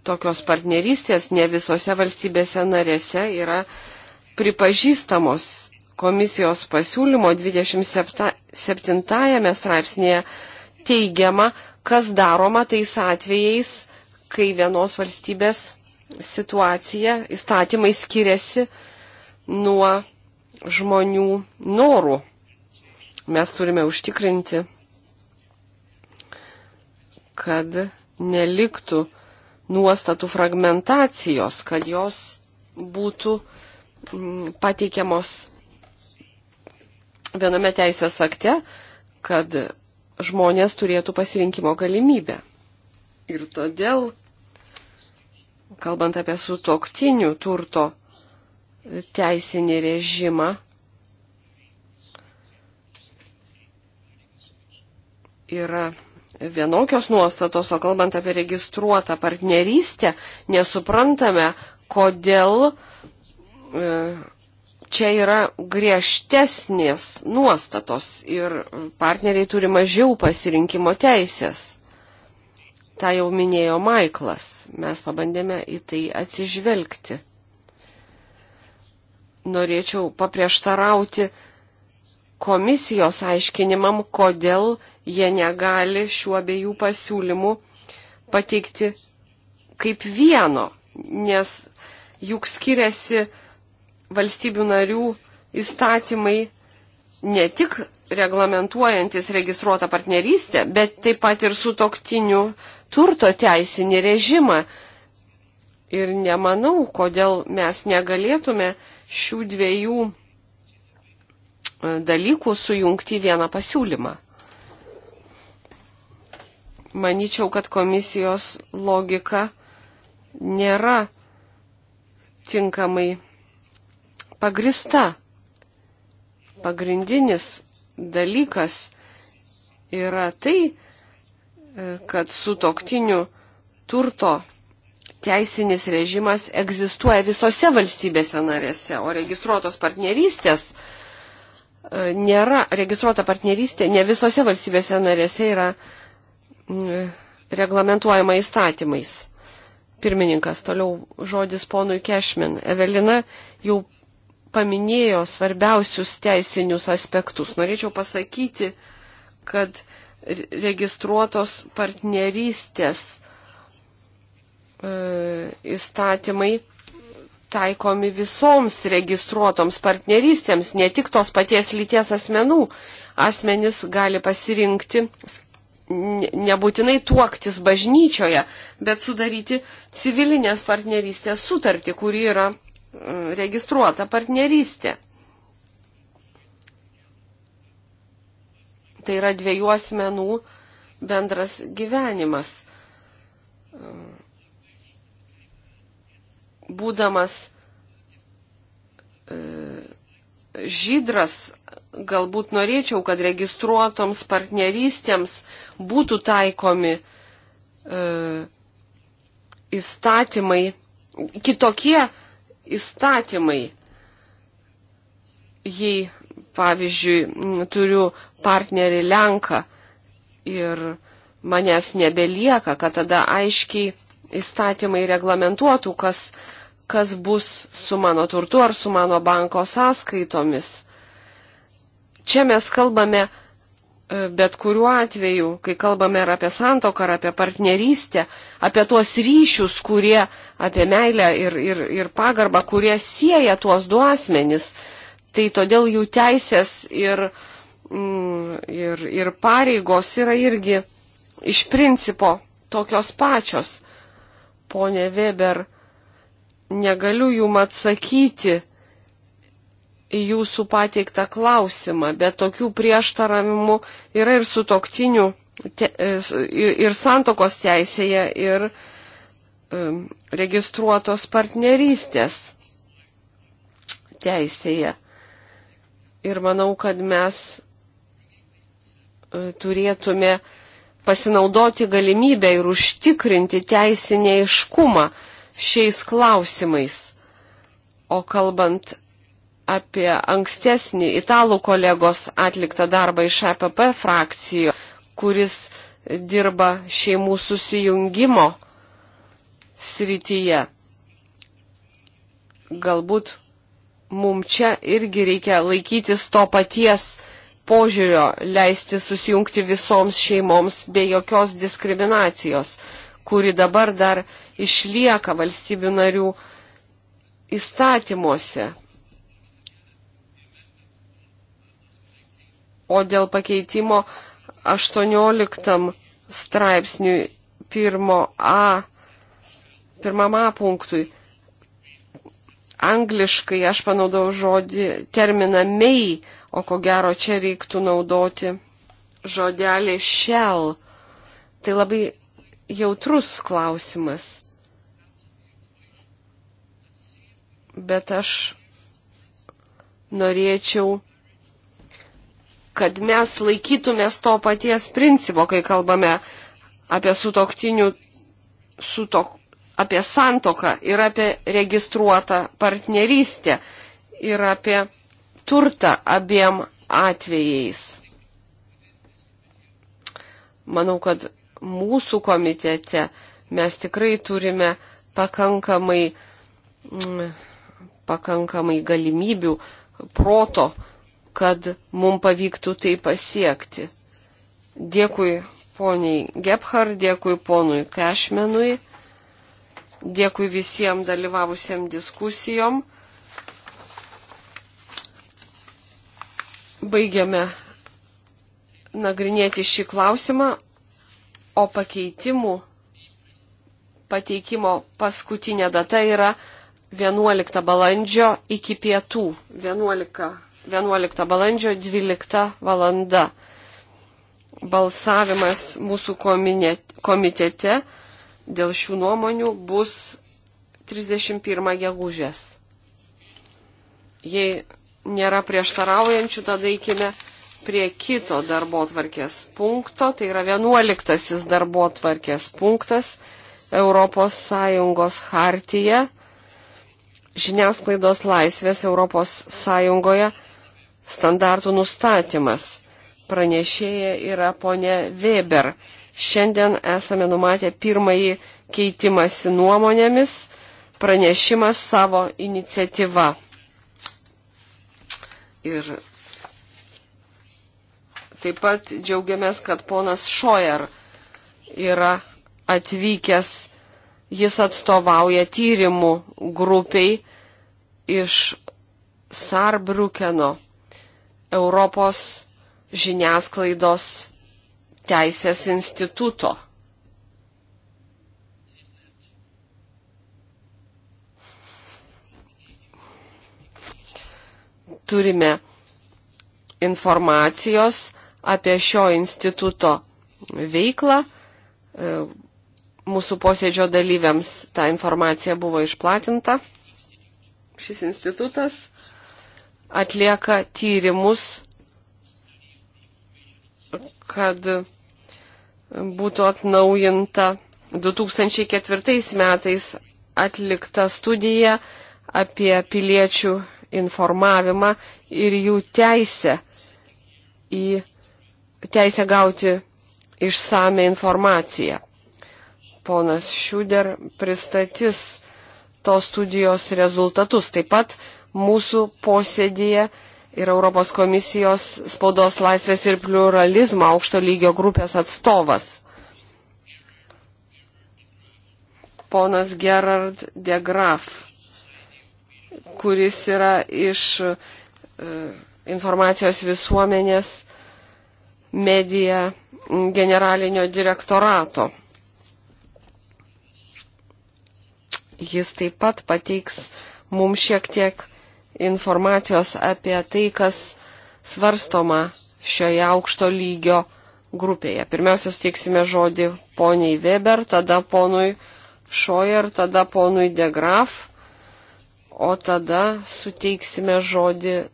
Speaker 1: Tokios partnerystės ne visose valstybėse narėse yra pripažįstamos. Komisijos pasiūlymo 27 straipsnėje teigiama, kas daroma tais atvejais, kai vienos valstybės situacija įstatymai skiriasi nuo žmonių norų. Mes turime užtikrinti, kad neliktų nuostatų fragmentacijos, kad jos būtų mm, pateikiamos viename teisės akte, kad žmonės turėtų pasirinkimo galimybę. Ir todėl kalbant apie sutoktinių turto teisinį režimą. Yra vienokios nuostatos, o kalbant apie registruotą partnerystę, nesuprantame, kodėl e, čia yra griežtesnės nuostatos ir partneriai turi mažiau pasirinkimo teisės. Ta jau minėjo Maiklas. Mes pabandėme į tai atsižvelgti. Norėčiau paprieštarauti komisijos aiškinimam, kodėl jie negali šiuo abiejų pasiūlymų pateikti kaip vieno, nes juk skiriasi valstybių narių įstatymai ne tik reglamentuojantis registruotą partnerystę, bet taip pat ir su toktiniu turto teisinį režimą. Ir nemanau, kodėl mes negalėtume šių dviejų e, dalykų sujungti vieną pasiūlymą. Maničiau, kad komisijos logika nėra tinkamai pagrista. Pagrindinis dalykas yra tai, e, kad su toktiniu turto teisinis režimas egzistuoja visose valstybėse narėse, o registruotos partnerystės e, nėra, registruota partnerystė ne visose valstybėse narėse yra reglamentuojama įstatymais. Pirmininkas, toliau žodis ponui Kešmin. Evelina jau paminėjo svarbiausius teisinius aspektus. Norėčiau pasakyti, kad registruotos partnerystės e, įstatymai taikomi visoms registruotoms partnerystėms, ne tik tos paties lyties asmenų. Asmenys gali pasirinkti nebūtinai tuoktis bažnyčioje, bet sudaryti civilinės partnerystės sutartį, kuri yra registruota partnerystė. Tai yra dviejų asmenų bendras gyvenimas. Būdamas e, žydras, galbūt norėčiau, kad registruotoms partnerystėms būtų taikomi e, įstatymai, kitokie įstatymai. Jei, pavyzdžiui, turiu partnerį Lenką ir manęs nebelieka, kad tada aiškiai įstatymai reglamentuotų, kas, kas bus su mano turtu ar su mano banko sąskaitomis. Čia mes kalbame bet kuriuo atveju, kai kalbame ir apie santoką, ir apie partnerystę, apie tuos ryšius, kurie, apie meilę ir, ir, ir pagarbą, kurie sieja tuos du asmenys, tai todėl jų teisės ir, mm, ir, ir pareigos yra irgi iš principo tokios pačios. Pone Weber, negaliu jum atsakyti jūsų pateiktą klausimą, bet tokių prieštaravimų yra ir su toktiniu, te, e, ir santokos teisėje, ir um, registruotos partnerystės teisėje. Ir manau, kad mes e, turėtume pasinaudoti galimybę ir užtikrinti teisinę iškumą šiais klausimais. O kalbant apie ankstesnį italų kolegos atliktą darbą iš APP frakcijų, kuris dirba šeimų susijungimo srityje. Galbūt mums čia irgi reikia laikytis to paties požiūrio, leisti susijungti visoms šeimoms be jokios diskriminacijos, kuri dabar dar išlieka valstybių narių įstatymuose. O dėl pakeitimo 18 straipsniui 1a, 1a punktui angliškai aš panaudau žodį terminą mei, o ko gero čia reiktų naudoti žodelį shell. Tai labai jautrus klausimas. Bet aš norėčiau kad mes laikytumės to paties principo, kai kalbame apie sutoktinių, sutok, apie santoką ir apie registruotą partnerystę ir apie turtą abiem atvejais. Manau, kad mūsų komitete mes tikrai turime pakankamai, mm, pakankamai galimybių proto kad mums pavyktų tai pasiekti. Dėkui poniai Gebhard, dėkui ponui Kešmenui, dėkui visiems dalyvavusiem diskusijom. Baigiame nagrinėti šį klausimą, o pakeitimų pateikimo paskutinė data yra 11 balandžio iki pietų 11 11 balandžio 12 valanda. Balsavimas mūsų komitete dėl šių nuomonių bus 31 gegužės. Jei nėra prieštaraujančių, tada eikime prie kito darbo tvarkės punkto, tai yra 11 darbo tvarkės punktas ES hartyje žiniasklaidos laisvės ES standartų nustatymas. Pranešėja yra ponė Weber. Šiandien esame numatę pirmąjį keitimąsi nuomonėmis, pranešimas savo iniciatyva. Ir taip pat džiaugiamės, kad ponas Šojer yra atvykęs, jis atstovauja tyrimų grupiai iš Sarbriukeno Europos žiniasklaidos teisės instituto. Turime informacijos apie šio instituto veiklą. E, mūsų posėdžio dalyviams ta informacija buvo išplatinta. Šis institutas atlieka tyrimus, kad būtų atnaujinta 2004 metais atlikta studija apie piliečių informavimą ir jų teisę į teisę gauti išsame informaciją. Ponas Šiuder pristatys tos studijos rezultatus. Taip pat mūsų posėdėje ir Europos komisijos spaudos laisvės ir pluralizmo aukšto lygio grupės atstovas. Ponas Gerard de Graf, kuris yra iš e, informacijos visuomenės medija generalinio direktorato. Jis taip pat pateiks mums šiek tiek informacijos apie tai, kas svarstoma šioje aukšto lygio grupėje. Pirmiausia, suteiksime žodį poniai Weber, tada ponui Šojer, tada ponui Degraf, o tada suteiksime žodį e,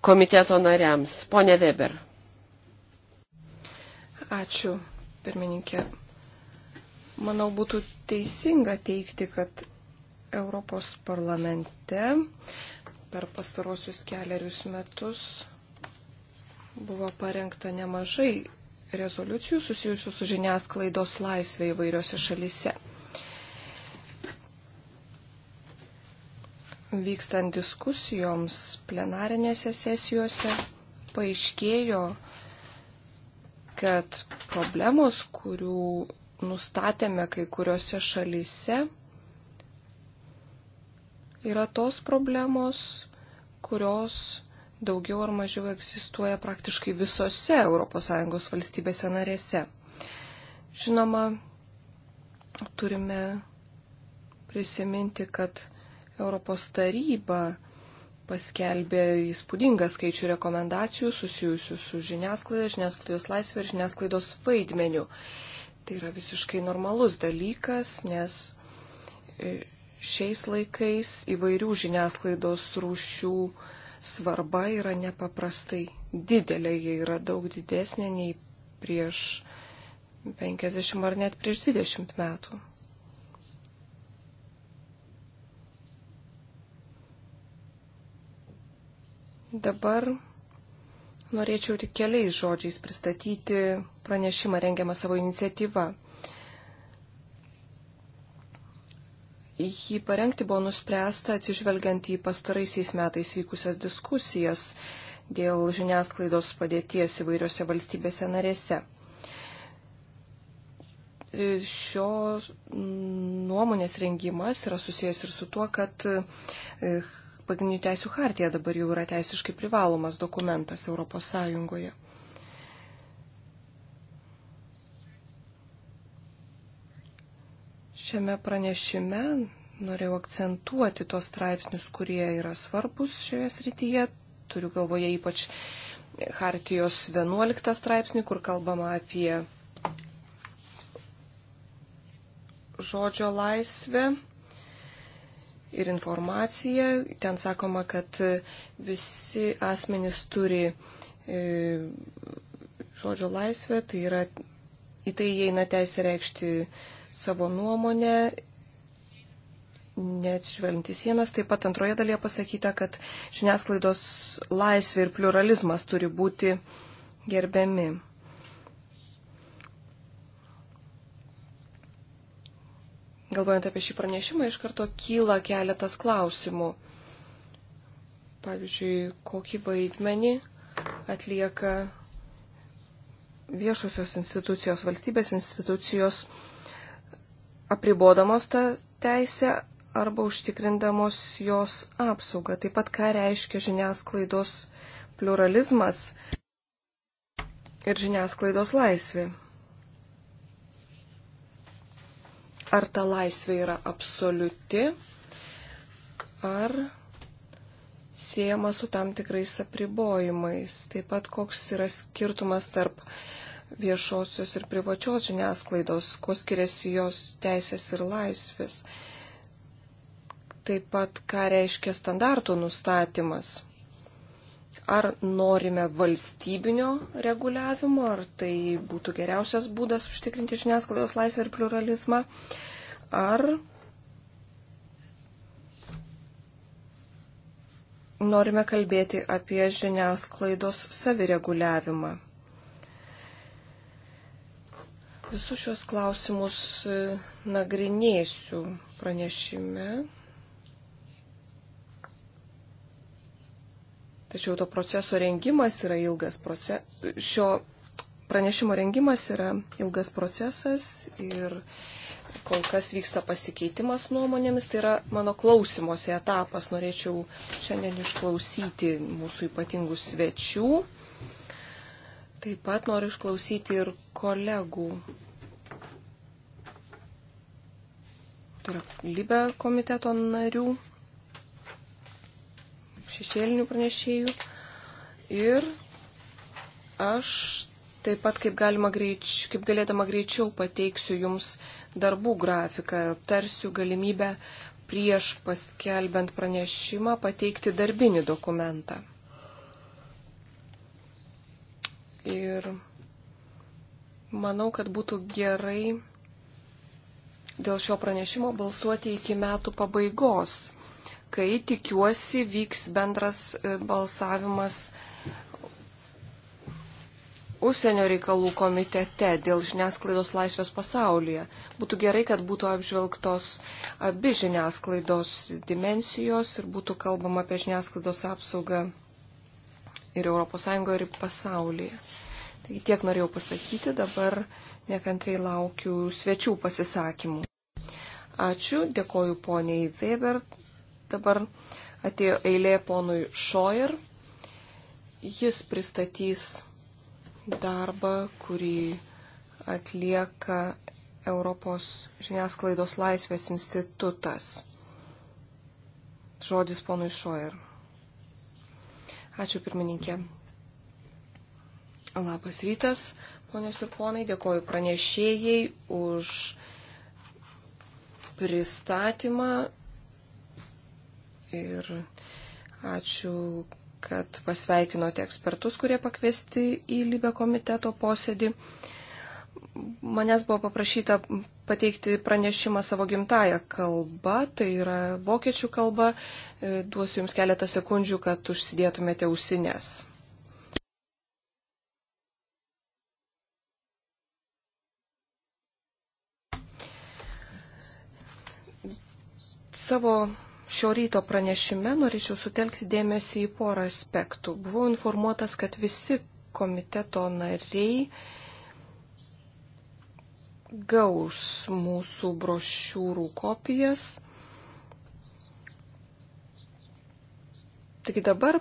Speaker 1: komiteto nariams. Pone Weber.
Speaker 2: Ačiū, pirmininkė. Manau, būtų teisinga teikti, kad Europos parlamente per pastarosius keliarius metus buvo parengta nemažai rezoliucijų susijusių su žiniasklaidos laisvė įvairiose šalise. Vykstant diskusijoms plenarinėse sesijose paaiškėjo, kad problemos, kurių nustatėme kai kuriuose šalyse, yra tos problemos, kurios daugiau ar mažiau egzistuoja praktiškai visose ES valstybėse narėse. Žinoma, turime prisiminti, kad Europos taryba paskelbė įspūdingą skaičių rekomendacijų susijusių su žiniasklaida, žiniasklaidos laisvė ir žiniasklaidos vaidmeniu. Tai yra visiškai normalus dalykas, nes e, Šiais laikais įvairių žiniasklaidos rūšių svarba yra nepaprastai didelė, jie yra daug didesnė nei prieš 50 ar net prieš 20 metų. Dabar norėčiau tik keliais žodžiais pristatyti pranešimą rengiamą savo iniciatyvą. jį parengti buvo nuspręsta atsižvelgiant į pastaraisiais metais vykusias diskusijas dėl žiniasklaidos padėties įvairiose valstybėse narėse. E, Šios nuomonės rengimas yra susijęs ir su tuo, kad e, pagrindinių teisų hartija dabar jau yra teisiškai privalomas dokumentas Europos Sąjungoje. Šiame pranešime norėjau akcentuoti tuos straipsnius, kurie yra svarbus šioje srityje. Turiu galvoje ypač Hartijos 11 straipsnį, kur kalbama apie žodžio laisvę ir informacija. Ten sakoma, kad visi asmenys turi e, žodžio laisvę, tai yra į tai įeina teisė reikšti savo nuomonę, neatsižvelgintis sienas. Taip pat antroje dalyje pasakyta, kad žiniasklaidos laisvė ir pluralizmas turi būti gerbiami. Galvojant apie šį pranešimą, iš karto kyla keletas klausimų. Pavyzdžiui, kokį vaidmenį atlieka viešusios institucijos, valstybės institucijos apribodamos tą teisę arba užtikrindamos jos apsaugą. Taip pat ką reiškia žiniasklaidos pluralizmas ir žiniasklaidos laisvė. Ar ta laisvė yra absoliuti, ar siejama su tam tikrais apribojimais. Taip pat koks yra skirtumas tarp viešosios ir privačios žiniasklaidos, kuo skiriasi jos teisės ir laisvės. Taip pat, ką reiškia standartų nustatymas. Ar norime valstybinio reguliavimo, ar tai būtų geriausias būdas užtikrinti žiniasklaidos laisvę ir pluralizmą, ar norime kalbėti apie žiniasklaidos savireguliavimą. Visus šios klausimus e, nagrinėsiu pranešime. Tačiau to proceso rengimas yra ilgas procesas. Šio pranešimo rengimas yra ilgas procesas ir kol kas vyksta pasikeitimas nuomonėmis. Tai yra mano klausimosi etapas. Norėčiau šiandien išklausyti mūsų ypatingų svečių. Taip pat noriu išklausyti ir kolegų. Tai yra Libe komiteto narių, šešėlinių pranešėjų. Ir aš taip pat kaip, greič, kaip galėdama greičiau pateiksiu jums darbų grafiką, aptarsiu galimybę prieš paskelbent pranešimą pateikti darbinį dokumentą. Ir manau, kad būtų gerai dėl šio pranešimo balsuoti iki metų pabaigos, kai tikiuosi vyks bendras e, balsavimas Užsienio reikalų komitete dėl žiniasklaidos laisvės pasaulyje. Būtų gerai, kad būtų apžvelgtos abi žiniasklaidos dimensijos ir būtų kalbama apie žiniasklaidos apsaugą ir ES ir pasaulyje. Taigi tiek norėjau pasakyti, dabar nekantrai laukiu svečių pasisakymų. Ačiū, dėkoju poniai Weber. Dabar atėjo eilė ponui Šoir. Jis pristatys darbą, kurį atlieka Europos žiniasklaidos laisvės institutas. Žodis ponui Šoir. Ačiū pirmininkė. Labas rytas, ponios ir ponai, dėkoju pranešėjai už pristatymą ir ačiū, kad pasveikinote ekspertus, kurie pakviesti į Libę komiteto posėdį. Manęs buvo paprašyta pateikti pranešimą savo gimtają kalbą, tai yra vokiečių kalba. E, duosiu Jums keletą sekundžių, kad užsidėtumėte ausinės. Savo šio ryto pranešime norėčiau sutelkti dėmesį į porą aspektų. Buvau informuotas, kad visi komiteto nariai gaus mūsų brošiūrų kopijas. Taigi dabar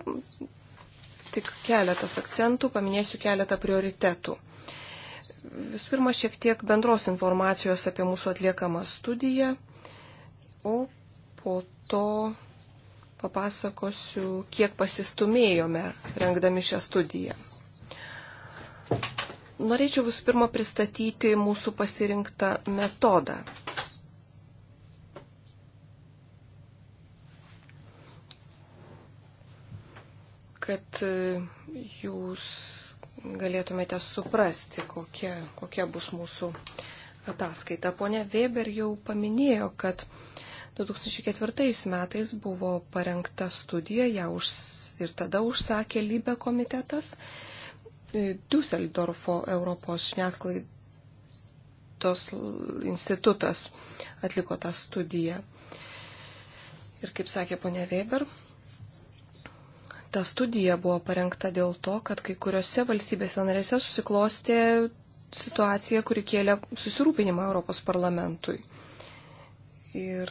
Speaker 2: tik keletas akcentų, paminėsiu keletą prioritetų. Visų pirma, šiek tiek bendros informacijos apie mūsų atliekamą studiją, o po to papasakosiu, kiek pasistumėjome rengdami šią studiją. Norėčiau visų pirma pristatyti mūsų pasirinktą metodą. Kad e, jūs galėtumėte suprasti, kokia, kokia bus mūsų ataskaita. Pone Weber jau paminėjo, kad 2004 metais buvo parengta studija, ją už, ir tada užsakė Lybe komitetas. E, Düsseldorfo Europos žiniasklaidos institutas atliko tą studiją. Ir kaip sakė ponia Weber, ta studija buvo parengta dėl to, kad kai kuriuose valstybėse narėse susiklostė situacija, kuri kėlė susirūpinimą Europos parlamentui. Ir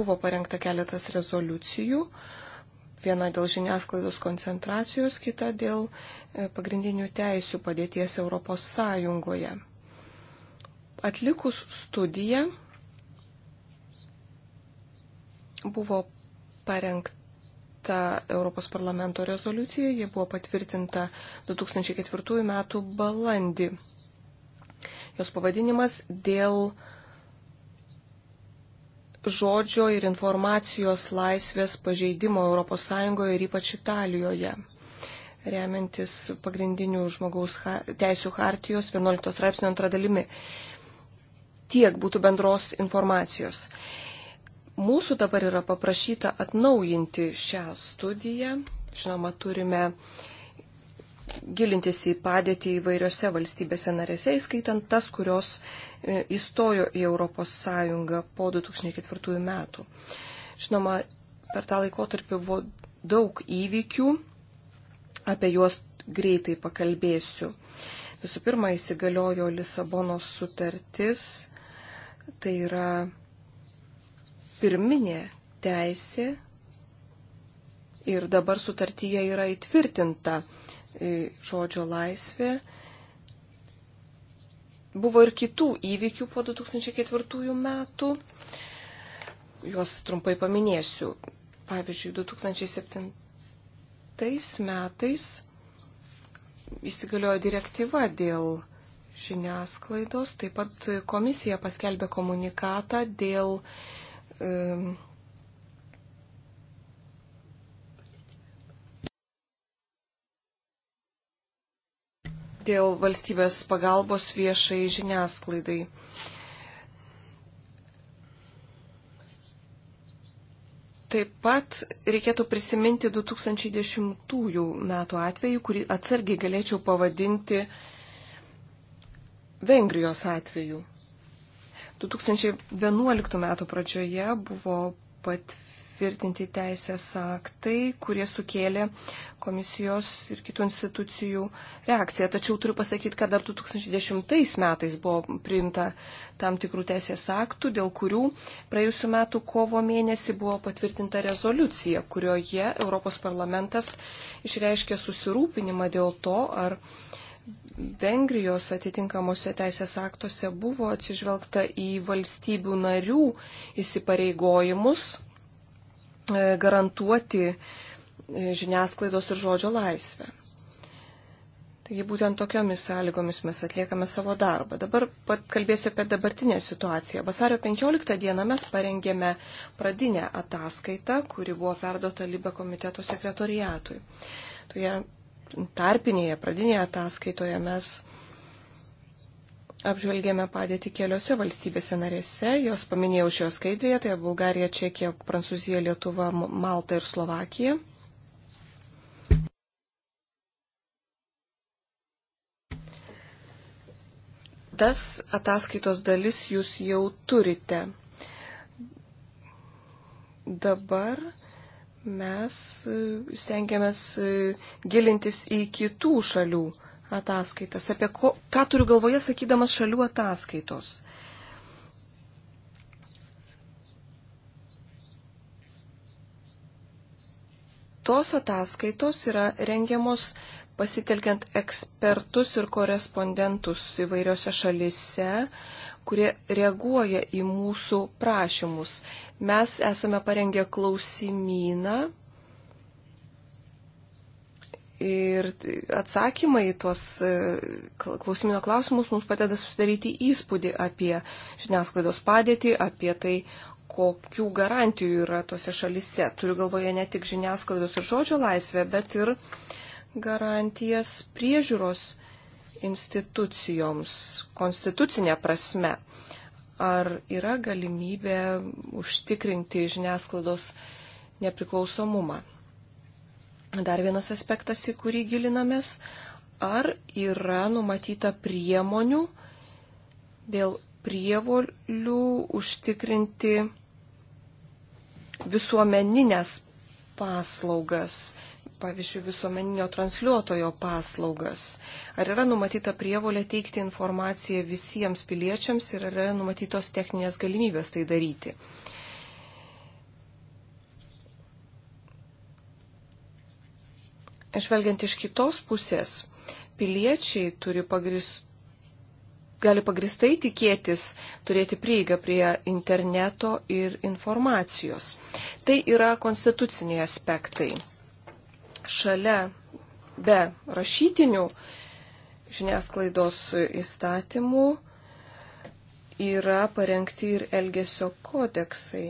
Speaker 2: buvo parengta keletas rezoliucijų, uh, Viena dėl žiniasklaidos koncentracijos, kita dėl e, pagrindinių teisių padėties Europos Sąjungoje. Atlikus studiją buvo parengta Europos parlamento rezoliucija, ji buvo patvirtinta 2004 m. balandį. Jos pavadinimas dėl uh, žodžio ir informacijos laisvės pažeidimo ES ir ypač Italijoje. Remiantis pagrindinių žmogaus teisų hartijos 11 straipsnio antra dalimi. Tiek būtų bendros informacijos. Mūsų dabar yra paprašyta atnaujinti šią studiją. Žinoma, turime gilintis į padėtį įvairiose valstybėse narėse, įskaitant tas, kurios E, įstojo į Europos Sąjungą po 2004 metų. Žinoma, per tą laikotarpį buvo daug įvykių, apie juos greitai pakalbėsiu. Visų pirma, įsigaliojo Lisabonos sutartis, tai yra pirminė teisė ir dabar sutartyje yra įtvirtinta e, žodžio laisvė buvo ir kitų įvykių po 2004 metų. Juos trumpai paminėsiu. Pavyzdžiui, 2007 metais įsigaliojo direktyva dėl žiniasklaidos. Taip pat komisija paskelbė komunikatą dėl um, e, dėl valstybės pagalbos viešai žiniasklaidai. Taip pat reikėtų prisiminti 2010 metų atvejį, kurį atsargiai galėčiau pavadinti Vengrijos atveju. 2011 metų pradžioje buvo patvirtinti patvirtinti teisės aktai, kurie sukėlė komisijos ir kitų institucijų reakciją. Tačiau turiu pasakyti, kad dar 2010 metais buvo priimta tam tikrų teisės aktų, dėl kurių praėjusiu metu kovo mėnesį buvo patvirtinta rezoliucija, kurioje Europos parlamentas išreiškė susirūpinimą dėl to, ar Vengrijos atitinkamuose teisės aktuose buvo atsižvelgta į valstybių narių įsipareigojimus E, garantuoti e, žiniasklaidos ir žodžio laisvę. Taigi būtent tokiomis sąlygomis mes atliekame savo darbą. Dabar kalbėsiu apie dabartinę situaciją. Vasario 15 dieną mes parengėme pradinę ataskaitą, kuri buvo perduota Libe komiteto sekretoriatui. Toje tarpinėje pradinėje ataskaitoje mes apžvelgėme padėtį keliose valstybėse narėse, jos paminėjau šioje skaidrėje, tai Bulgarija, Čekija, Prancūzija, Lietuva, Malta ir Slovakija. Tas ataskaitos dalis jūs jau turite. Dabar mes stengiamės gilintis į kitų šalių ataskaitas. Apie ko, ką turiu galvoje, sakydamas šalių ataskaitos. Tos ataskaitos yra rengiamos pasitelkiant ekspertus ir korespondentus įvairiose šalise, kurie reaguoja į mūsų prašymus. Mes esame parengę klausimyną Ir atsakymai į tuos e, klausimino klausimus mums padeda susidaryti įspūdį apie žiniasklaidos padėtį, apie tai, kokių garantijų yra tose šalise. Turiu galvoje ne tik žiniasklaidos ir žodžio laisvę, bet ir garantijas priežiūros institucijoms, konstitucinė prasme. Ar yra galimybė užtikrinti žiniasklaidos nepriklausomumą? Dar vienas aspektas, į kurį gilinamės, ar yra numatyta priemonių dėl prievolių užtikrinti visuomeninės paslaugas, pavyzdžiui, visuomeninio transliuotojo paslaugas. Ar yra numatyta prievolė teikti informaciją visiems piliečiams ir ar yra numatytos techninės galimybės tai daryti. Uh, žvelgiant iš kitos pusės, piliečiai turi pagrist, gali pagristai tikėtis turėti prieigą prie interneto ir informacijos. Tai yra konstituciniai aspektai. Šalia be rašytinių žiniasklaidos įstatymų yra parengti ir elgesio kodeksai.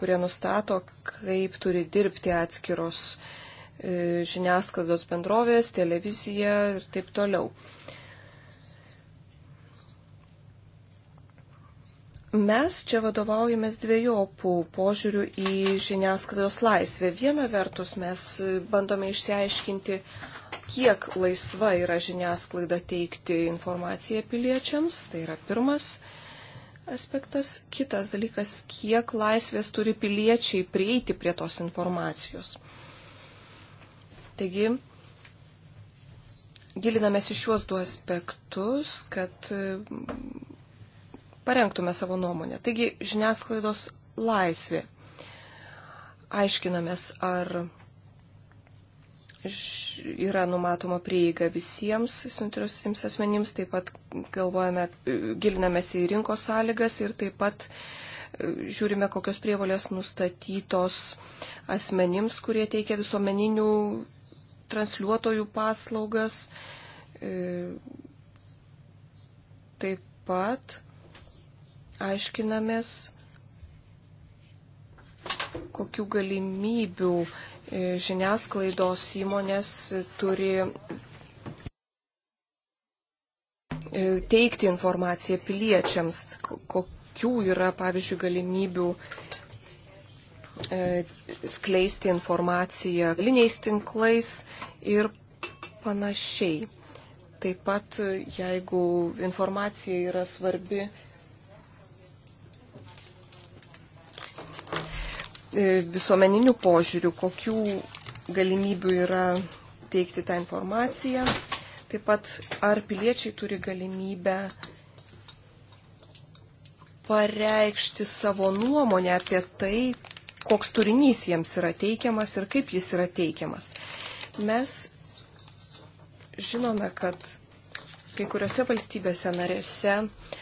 Speaker 2: kurie nustato, kaip turi dirbti atskiros e, žiniasklaidos bendrovės, televizija ir taip toliau. Mes čia vadovaujamės dviejopų požiūrių į žiniasklaidos laisvę. Viena vertus mes bandome išsiaiškinti, kiek laisva yra žiniasklaida teikti informaciją piliečiams, tai yra pirmas aspektas. Kitas dalykas, kiek laisvės turi piliečiai prieiti prie tos informacijos. Taigi, gilinamės į šiuos du aspektus, kad mm, parengtume savo nuomonę. Taigi, žiniasklaidos laisvė. Aiškinamės, ar yra numatoma prieiga visiems suinteresuotiems asmenims, taip pat galvojame, gilinamės į rinkos sąlygas ir taip pat e, žiūrime, kokios prievalės nustatytos asmenims, kurie teikia visuomeninių transliuotojų paslaugas. E, taip pat aiškinamės, kokių galimybių E, žiniasklaidos įmonės turi e, teikti informaciją piliečiams, kokių yra, pavyzdžiui, galimybių e, skleisti informaciją liniais tinklais ir panašiai. Taip pat, jeigu informacija yra svarbi E, visuomeninių požiūrių, kokių galimybių yra teikti tą informaciją. Taip pat, ar piliečiai turi galimybę pareikšti savo nuomonę apie tai, koks turinys jiems yra teikiamas ir kaip jis yra teikiamas. Mes žinome, kad kai kuriuose valstybėse narėse uh,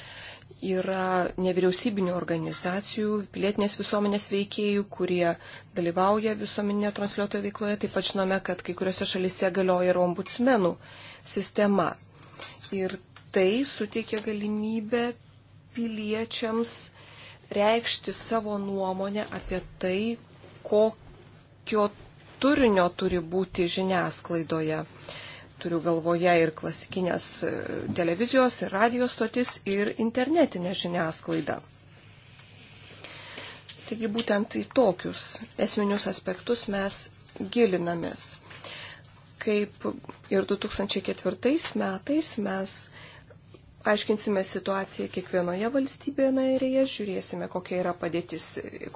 Speaker 2: yra nevyriausybinių organizacijų, pilietinės visuomenės veikėjų, kurie dalyvauja visuomeninio transliuotojo veikloje. Taip pat žinome, kad kai kuriuose šalise galioja ir ombudsmenų sistema. Ir tai suteikia galimybę piliečiams reikšti savo nuomonę apie tai, kokio turinio turi būti žiniasklaidoje. Uh, Turiu galvoje ir klasikinės e, televizijos, ir radijos stotis, ir internetinę žiniasklaidą. Taigi būtent į tokius esminius aspektus mes gilinamės. Kaip ir 2004 metais mes aiškinsime situaciją kiekvienoje valstybėje narėje, žiūrėsime, kokia yra padėtis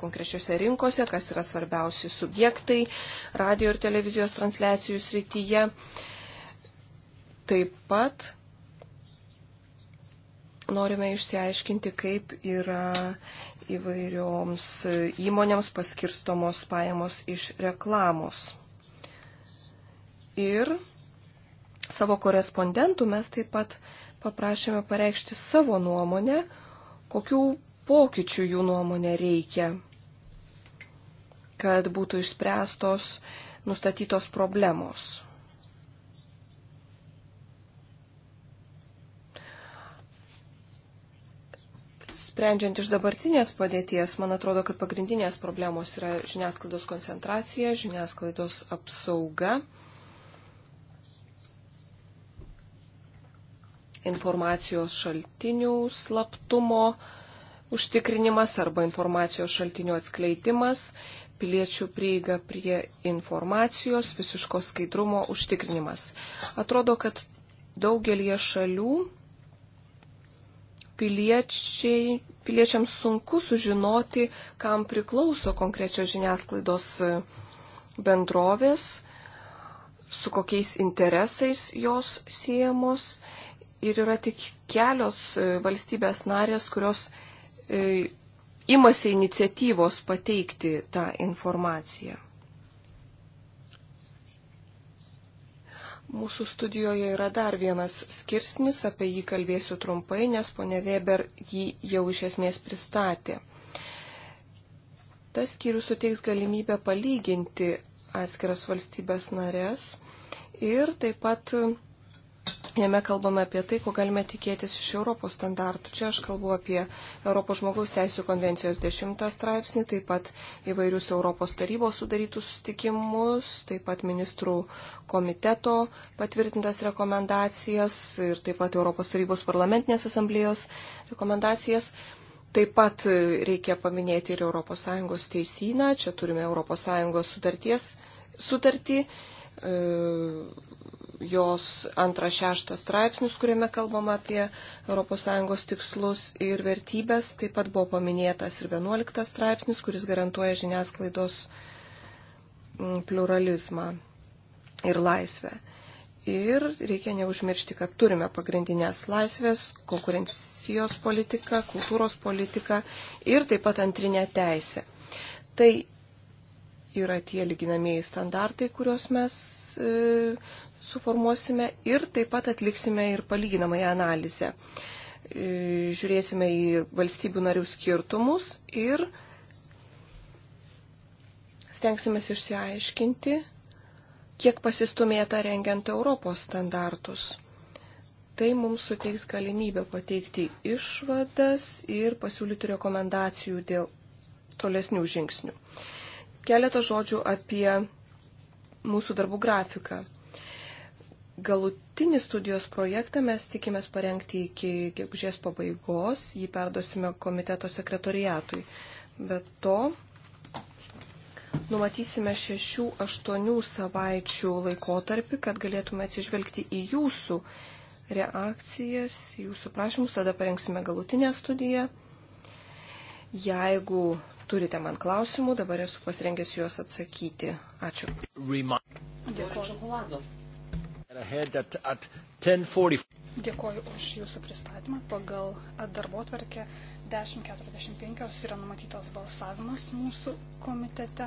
Speaker 2: konkrečiose rinkose, kas yra svarbiausi subjektai radio ir televizijos transliacijų srityje. Uh, Taip pat norime išsiaiškinti, kaip yra įvairioms įmonėms paskirstomos pajamos iš reklamos. Ir savo korespondentų mes taip pat paprašėme pareikšti savo nuomonę, kokių pokyčių jų nuomonė reikia, kad būtų išspręstos nustatytos problemos. Sprendžiant iš dabartinės padėties, man atrodo, kad pagrindinės problemos yra žiniasklaidos koncentracija, žiniasklaidos apsauga, informacijos šaltinių slaptumo užtikrinimas arba informacijos šaltinių atskleidimas, piliečių prieiga prie informacijos, visiško skaidrumo užtikrinimas. Atrodo, kad daugelie šalių piliečiai, piliečiams sunku sužinoti, kam priklauso konkrečios žiniasklaidos e, bendrovės, su kokiais interesais jos siejamos. Ir yra tik kelios e, valstybės narės, kurios e, imasi iniciatyvos pateikti tą informaciją. Mūsų studijoje yra dar vienas skirsnis, apie jį kalbėsiu trumpai, nes ponė Weber jį jau iš esmės pristatė. Tas skyrius suteiks galimybę palyginti atskiras valstybės narės ir taip pat Jame kalbame apie tai, ko galime tikėtis iš Europos standartų. Čia aš kalbu apie Europos žmogaus teisų konvencijos 10 straipsnį, taip pat įvairius Europos tarybos sudarytus sustikimus, taip pat ministrų komiteto patvirtintas rekomendacijas ir taip pat Europos tarybos parlamentinės asamblėjos rekomendacijas. Taip pat reikia paminėti ir ES teisyną. Čia turime ES sutarties, sutartį. E, jos antrą šeštą straipsnius, kuriame kalbama apie ES tikslus ir vertybės. Taip pat buvo paminėtas ir 11 straipsnis, kuris garantuoja žiniasklaidos mm, pluralizmą ir laisvę. Ir reikia neužmiršti, kad turime pagrindinės laisvės, konkurencijos politiką, kultūros politiką ir taip pat antrinę teisę. Tai yra tie lyginamieji standartai, kuriuos mes e, suformuosime ir taip pat atliksime ir palyginamąją analizę. E, žiūrėsime į valstybių narių skirtumus ir stengsime išsiaiškinti, kiek pasistumėta rengiant Europos standartus. Tai mums suteiks galimybę pateikti išvadas ir pasiūlyti rekomendacijų dėl tolesnių žingsnių. Keletą žodžių apie mūsų darbų grafiką. Galutinį studijos projektą mes tikimės parengti iki gegužės pabaigos, jį perdosime komiteto sekretoriatui. Be to, numatysime 6-8 savaičių laikotarpį, kad galėtume atsižvelgti į jūsų reakcijas, jūsų prašymus, tada parengsime galutinę studiją. Jeigu turite man klausimų, dabar esu pasirengęs juos atsakyti. Ačiū.
Speaker 1: Dėkuoju.
Speaker 2: Dėkoju
Speaker 3: už Jūsų pristatymą. Pagal darbo tvarkę 10.45 yra numatytas balsavimas mūsų komitete.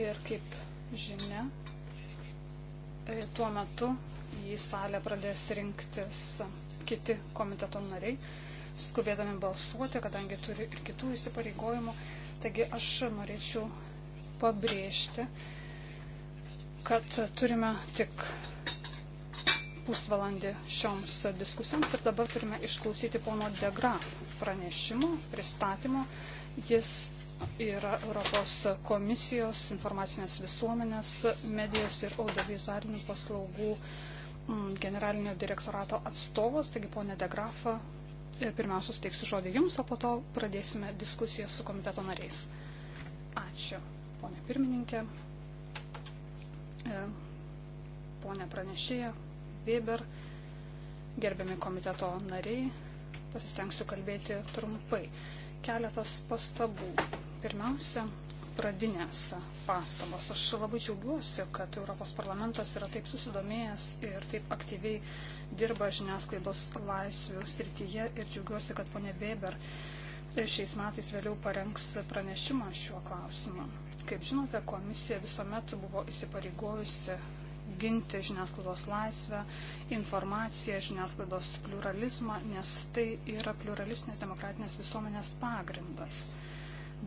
Speaker 3: Ir kaip žinia, e, tuo metu į salę pradės rinktis kiti komiteto nariai, skubėdami balsuoti, kadangi turi ir kitų įsipareigojimų. Taigi aš norėčiau pabrėžti, kad turime tik pusvalandį šioms diskusijoms ir dabar turime išklausyti pono Degra pranešimo, pristatymo. Jis yra Europos komisijos informacinės visuomenės, medijos ir audiovizualinių paslaugų mm, generalinio direktorato atstovas, taigi ponė Degrafa, e, pirmiausia, suteiksiu žodį jums, o po to pradėsime diskusiją su komiteto nariais. Ačiū, ponė pirmininkė, E, ponė pranešėja, Weber, gerbiami komiteto nariai, pasistengsiu kalbėti trumpai. Keletas pastabų. Pirmiausia, pradinės pastabos. Aš labai džiaugiuosi, kad Europos parlamentas yra taip susidomėjęs ir taip aktyviai dirba žiniasklaidos laisvių srityje ir džiaugiuosi, kad ponė Weber šiais metais vėliau parengs pranešimą šiuo klausimu. Kaip žinote, komisija visuomet buvo įsipareigojusi ginti žiniasklaidos laisvę, informaciją, žiniasklaidos pluralizmą, nes tai yra pluralistinės demokratinės visuomenės pagrindas.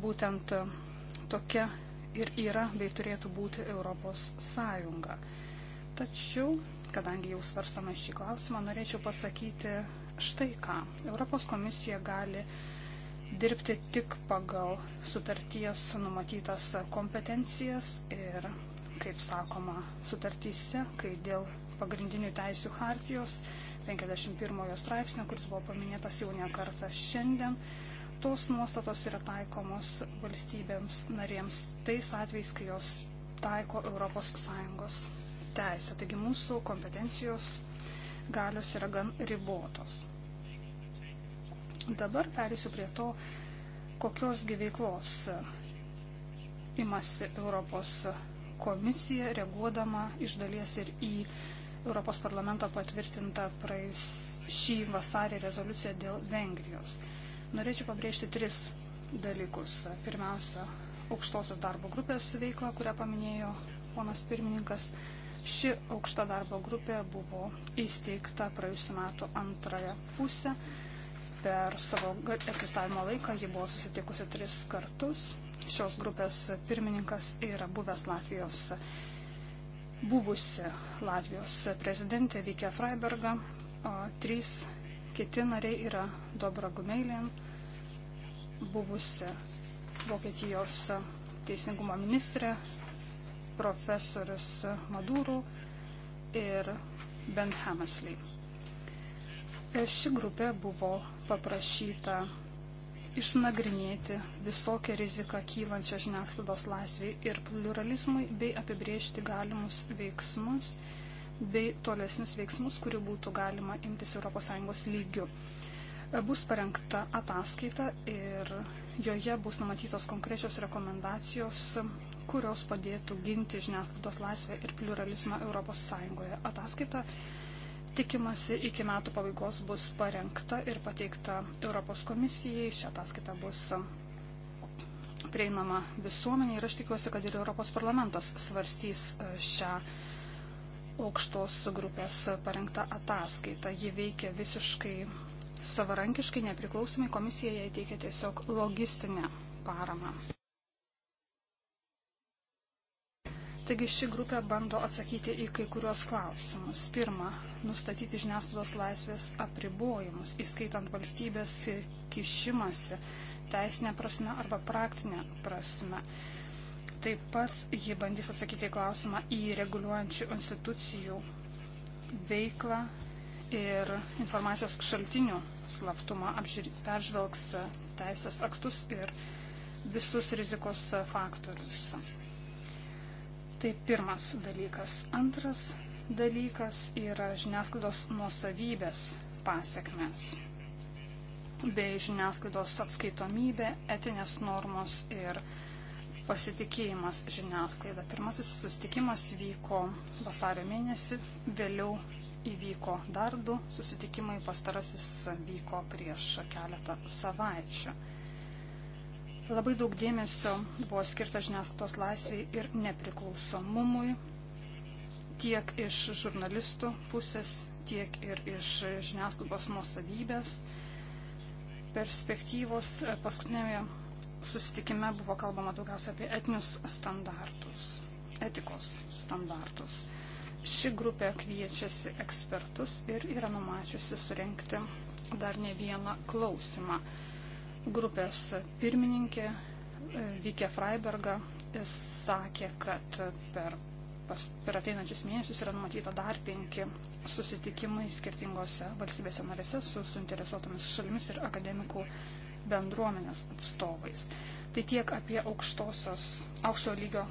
Speaker 3: Būtent tokia ir yra bei turėtų būti Europos Sąjunga. Tačiau, kadangi jau svarstame šį klausimą, norėčiau pasakyti štai ką. Europos komisija gali dirbti tik pagal sutarties numatytas kompetencijas ir, kaip sakoma, sutartyse, kai dėl pagrindinių teisių hartijos 51 straipsnio, kuris buvo paminėtas jau ne kartą šiandien, tos nuostatos yra taikomos valstybėms narėms tais atvejais, kai jos taiko ES teisę. Taigi mūsų kompetencijos galios yra gan ribotos. Dabar perėsiu prie to, kokios gyveiklos imasi Europos komisija, reaguodama iš dalies ir į Europos parlamento patvirtintą praėjus šį vasarį rezoliuciją dėl Vengrijos. Norėčiau pabrėžti tris dalykus. Pirmiausia, aukštosios darbo grupės veikla, kurią paminėjo ponas pirmininkas. Ši aukšta darbo grupė buvo įsteigta praėjusiu metu antrąją pusę Per savo egzistavimo laiką ji buvo susitikusi tris kartus. Šios grupės pirmininkas yra buvęs Latvijos, buvusi Latvijos prezidentė Vikė Freiberga, o trys kiti nariai yra Dobra Gumeilien, buvusi Vokietijos teisingumo ministrė, profesorius Madūrų ir Ben Hammersley. Ši grupė buvo paprašyta išnagrinėti visokią riziką kylančią žiniasklaidos laisviai ir pluralizmui bei apibriežti galimus veiksmus bei tolesnius veiksmus, kurių būtų galima imtis ES lygių. Bus parengta ataskaita ir joje bus numatytos konkrečios rekomendacijos, kurios padėtų ginti žiniasklaidos laisvę ir pluralizmą ES. Ataskaita Tikimasi, iki metų pabaigos bus parengta ir pateikta Europos komisijai. Šią ataskaitą bus prieinama visuomenė ir aš tikiuosi, kad ir Europos parlamentas svarstys e, šią aukštos grupės parengtą ataskaitą. Ji veikia visiškai savarankiškai, nepriklausomai komisija jai teikia tiesiog logistinę paramą. Taigi ši grupė bando atsakyti į kai kuriuos klausimus. Pirma, nustatyti žiniasklaidos laisvės apribojimus, įskaitant valstybės kišimasi teisinė prasme arba praktinė prasme. Taip pat ji bandys atsakyti į klausimą į reguliuojančių institucijų veiklą ir informacijos šaltinių slaptumą, peržvelgs teisės aktus ir visus rizikos faktorius. Tai pirmas dalykas. Antras dalykas yra žiniasklaidos nuosavybės pasiekmes bei žiniasklaidos atskaitomybė, etinės normos ir pasitikėjimas žiniasklaida. Pirmasis susitikimas vyko vasario mėnesį, vėliau įvyko dar du susitikimai, pastarasis vyko prieš keletą savaičių. Labai daug dėmesio buvo skirta žiniasklaidos laisvai ir nepriklausomumui, tiek iš žurnalistų pusės, tiek ir iš žiniasklaidos nuosavybės perspektyvos. Paskutinėme susitikime buvo kalbama daugiausia apie etinius standartus, etikos standartus. Ši grupė kviečiasi ekspertus ir yra numačiusi surenkti dar ne vieną klausimą. Grupės pirmininkė e, Vikė Freiberga sakė, kad per pas, per ateinančius mėnesius yra numatyta dar penki susitikimai skirtingose valstybėse narėse su suinteresuotomis šalimis ir akademikų bendruomenės atstovais. Tai tiek apie aukštosios, aukšto lygio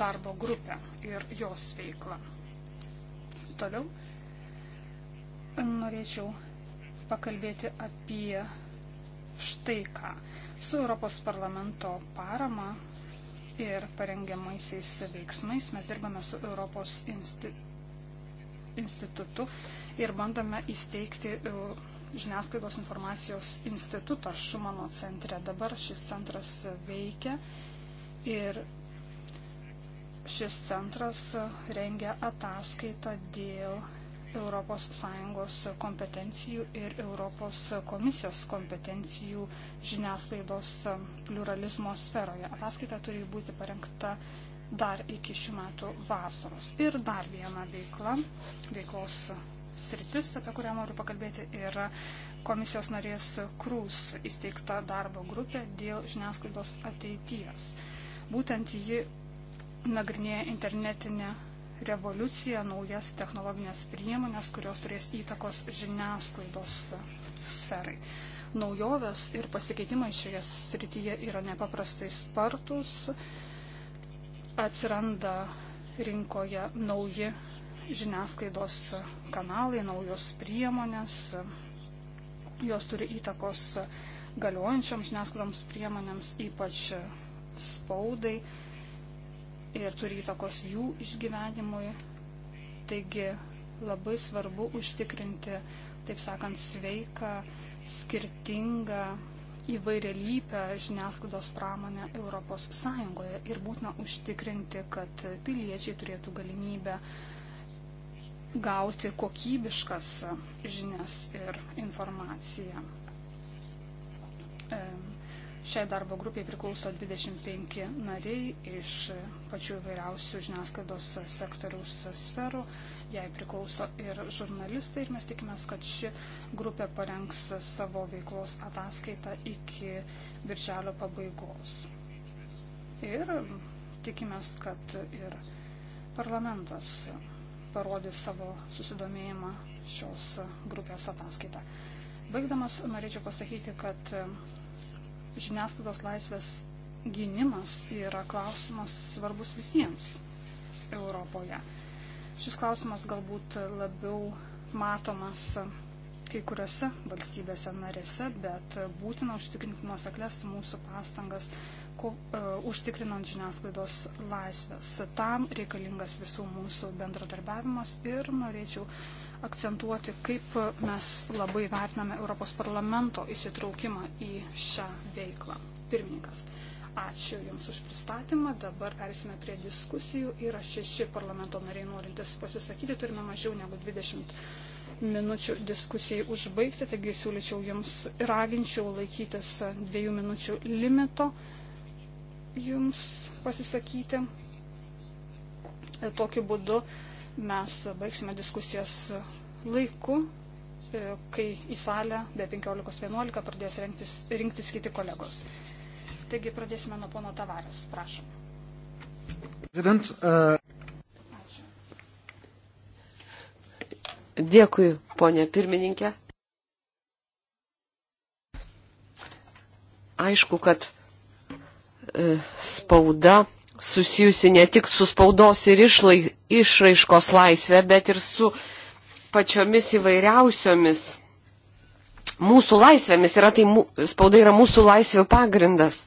Speaker 3: darbo grupę ir jos veiklą. Toliau norėčiau pakalbėti apie štai ką. Su Europos parlamento parama ir parengiamaisiais veiksmais. Mes dirbame su Europos insti institutu ir bandome įsteigti e, žiniasklaidos informacijos institutą Šumano centre. Dabar šis centras veikia ir šis centras rengia ataskaitą dėl ES kompetencijų ir ES komisijos kompetencijų žiniasklaidos pluralizmo sferoje. Ataskaita turi būti parengta dar iki šių metų vasaros. Ir dar viena veikla, veiklos sritis, apie kurią noriu pakalbėti, yra komisijos narės Krūs įsteigta darbo grupė dėl žiniasklaidos ateities. Būtent ji nagrinėja internetinę revoliuciją, naujas technologinės priemonės, kurios turės įtakos žiniasklaidos sferai. Naujovės ir pasikeitimai šioje srityje yra nepaprastai spartus, atsiranda rinkoje nauji žiniasklaidos kanalai, naujos priemonės, jos turi įtakos galiojančioms žiniasklaidoms priemonėms, ypač spaudai ir turi įtakos jų išgyvenimui. Taigi labai svarbu užtikrinti, taip sakant, sveiką, skirtingą, įvairialypę žiniasklaidos pramonę Europos Sąjungoje ir būtina užtikrinti, kad piliečiai turėtų galimybę gauti kokybiškas žinias ir informaciją. E, Šiai darbo grupiai priklauso 25 nariai iš pačių įvairiausių žiniasklaidos sektoriaus sferų. Jai priklauso ir žurnalistai ir mes tikimės, kad ši grupė parengs savo veiklos ataskaitą iki birželio pabaigos. Ir tikimės, kad ir parlamentas parodys savo susidomėjimą šios grupės ataskaitą. Baigdamas norėčiau pasakyti, kad žiniasklaidos laisvės gynimas yra klausimas svarbus visiems Europoje. Šis klausimas galbūt labiau matomas kai kuriuose valstybėse narėse, bet būtina užtikrinti nuoseklės mūsų pastangas, ko, e, užtikrinant žiniasklaidos laisvės. Tam reikalingas visų mūsų bendradarbiavimas ir norėčiau akcentuoti, kaip mes labai vertiname Europos parlamento įsitraukimą į šią veiklą. Pirmininkas, ačiū Jums už pristatymą. Dabar persime prie diskusijų. Yra šeši parlamento nariai norintys pasisakyti. Turime mažiau negu 20 minučių diskusijai užbaigti, taigi siūlyčiau Jums raginčiau laikytis dviejų minučių limito Jums pasisakyti. Tokiu būdu Mes baigsime diskusijas laiku, e, kai į salę be 15.11 pradės rinktis, rinktis kiti kolegos. Taigi pradėsime nuo pono Tavarės. Prašom.
Speaker 1: President, uh... Dėkui, ponė pirmininkė. Aišku, kad e, spauda susijusi ne tik su spaudos ir išlai, išraiškos laisvė, bet ir su pačiomis įvairiausiomis mūsų laisvėmis. Yra tai, spauda yra mūsų laisvių pagrindas.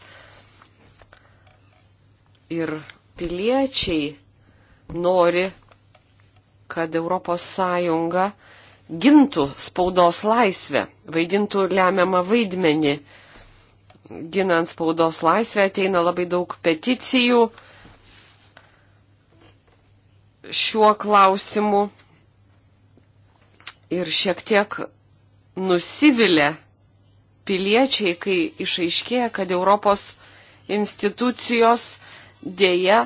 Speaker 1: Ir piliečiai nori, kad ES gintų spaudos laisvę, vaidintų lemiamą vaidmenį ginant spaudos laisvę ateina labai daug peticijų, šiuo klausimu ir šiek tiek nusivylę piliečiai, kai išaiškėja, kad Europos institucijos dėja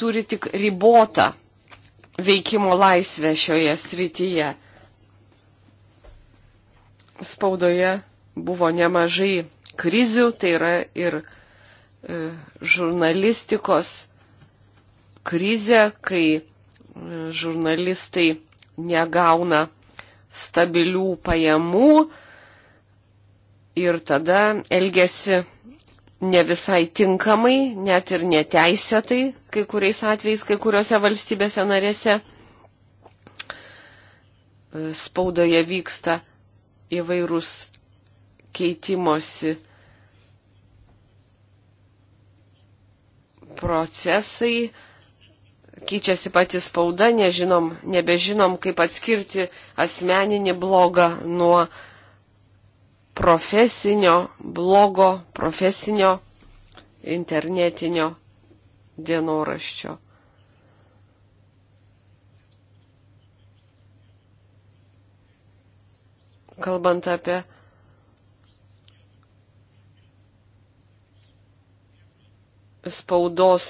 Speaker 1: turi tik ribotą veikimo laisvę šioje srityje. Spaudoje buvo nemažai krizių, tai yra ir e, žurnalistikos krizę, kai e, žurnalistai negauna stabilių pajamų ir tada elgesi ne visai tinkamai, net ir neteisėtai, kai kuriais atvejais, kai kuriuose valstybėse narėse e, spaudoje vyksta įvairūs keitimosi procesai, keičiasi pati spauda, nežinom, nebežinom, kaip atskirti asmeninį blogą nuo profesinio blogo, profesinio internetinio dienoraščio. Kalbant apie spaudos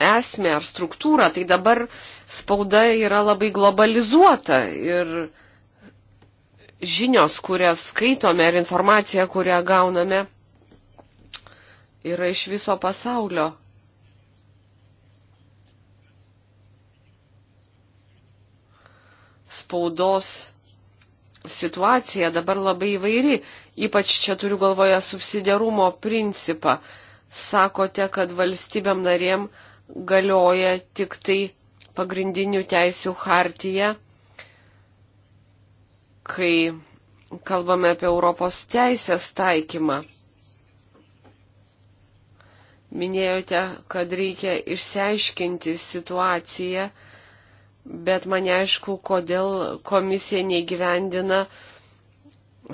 Speaker 1: esmę ar struktūrą, tai dabar spauda yra labai globalizuota ir žinios, kurias skaitome ir informacija, kurią gauname, yra iš viso pasaulio. Spaudos situacija dabar labai įvairi, ypač čia turiu galvoje subsidiarumo principą sakote, kad valstybėm narėm galioja tik tai pagrindinių teisių hartija, kai kalbame apie Europos teisės taikymą. Minėjote, kad reikia išsiaiškinti situaciją, bet mane aišku, kodėl komisija neįgyvendina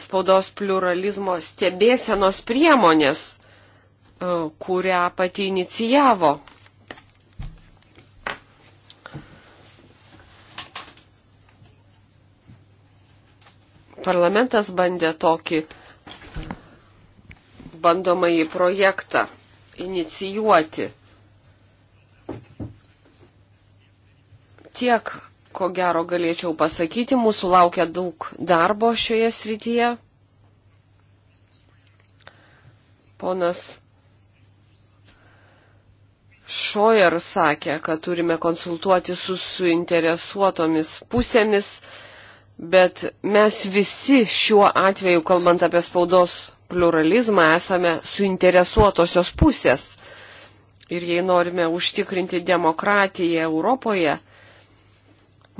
Speaker 1: spaudos pluralizmo stebėsenos priemonės E, kurią pati inicijavo. Parlamentas bandė tokį bandomąjį projektą inicijuoti. Tiek, ko gero galėčiau pasakyti, mūsų laukia daug darbo šioje srityje. Ponas Šojer sakė, kad turime konsultuoti su suinteresuotomis pusėmis, bet mes visi šiuo atveju, kalbant apie spaudos pluralizmą, esame suinteresuotosios pusės. Ir jei norime užtikrinti demokratiją Europoje,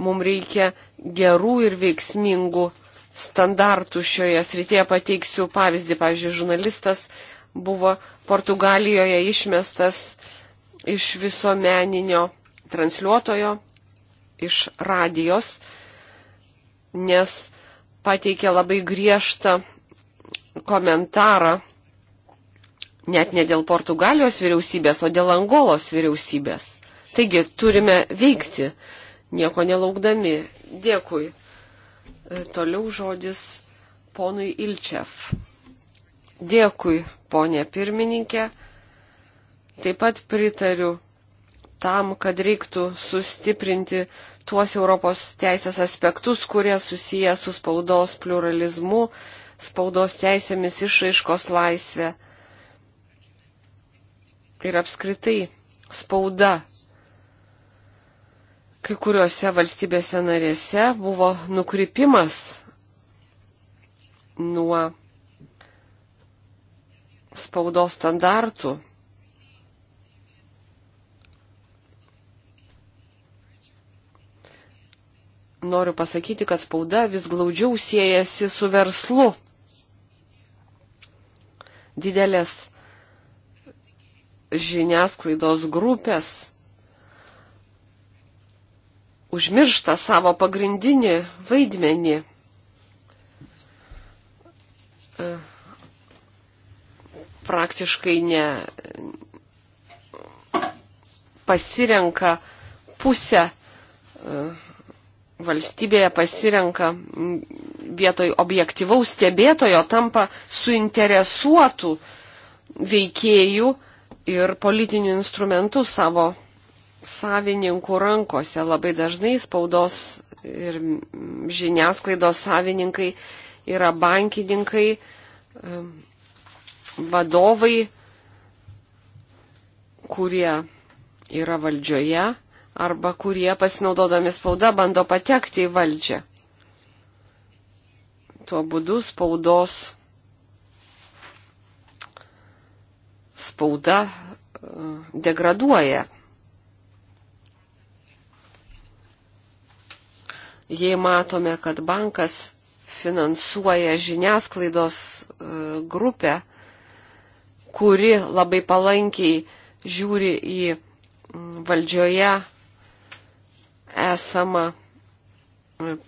Speaker 1: mums reikia gerų ir veiksmingų standartų šioje srityje. Pateiksiu pavyzdį, pavyzdžiui, žurnalistas buvo Portugalijoje išmestas iš visuomeninio transliuotojo, iš radijos, nes pateikė labai griežtą komentarą net ne dėl Portugalijos vyriausybės, o dėl Angolos vyriausybės. Taigi turime veikti, nieko nelaukdami. Dėkui. E, toliau žodis ponui Ilčev. Dėkui, ponė pirmininkė. Taip pat pritariu tam, kad reiktų sustiprinti tuos Europos teisės aspektus, kurie susiję su spaudos pluralizmu, spaudos teisėmis išraiškos laisvė ir apskritai spauda. Kai kuriuose valstybėse narėse buvo nukrypimas nuo spaudos standartų noriu pasakyti, kad spauda vis glaudžiau siejasi su verslu. Didelės žiniasklaidos grupės užmiršta savo pagrindinį vaidmenį. E, praktiškai ne pasirenka pusę uh, valstybėje pasirenka vietoj objektivaus stebėtojo tampa suinteresuotų veikėjų ir politinių instrumentų savo savininkų rankose. Labai dažnai spaudos ir žiniasklaidos savininkai yra bankininkai, vadovai, kurie yra valdžioje arba kurie pasinaudodami spauda bando patekti į valdžią. Tuo būdu spaudos spauda e, degraduoja. Jei matome, kad bankas finansuoja žiniasklaidos e, grupę, kuri labai palankiai žiūri į valdžioje esamą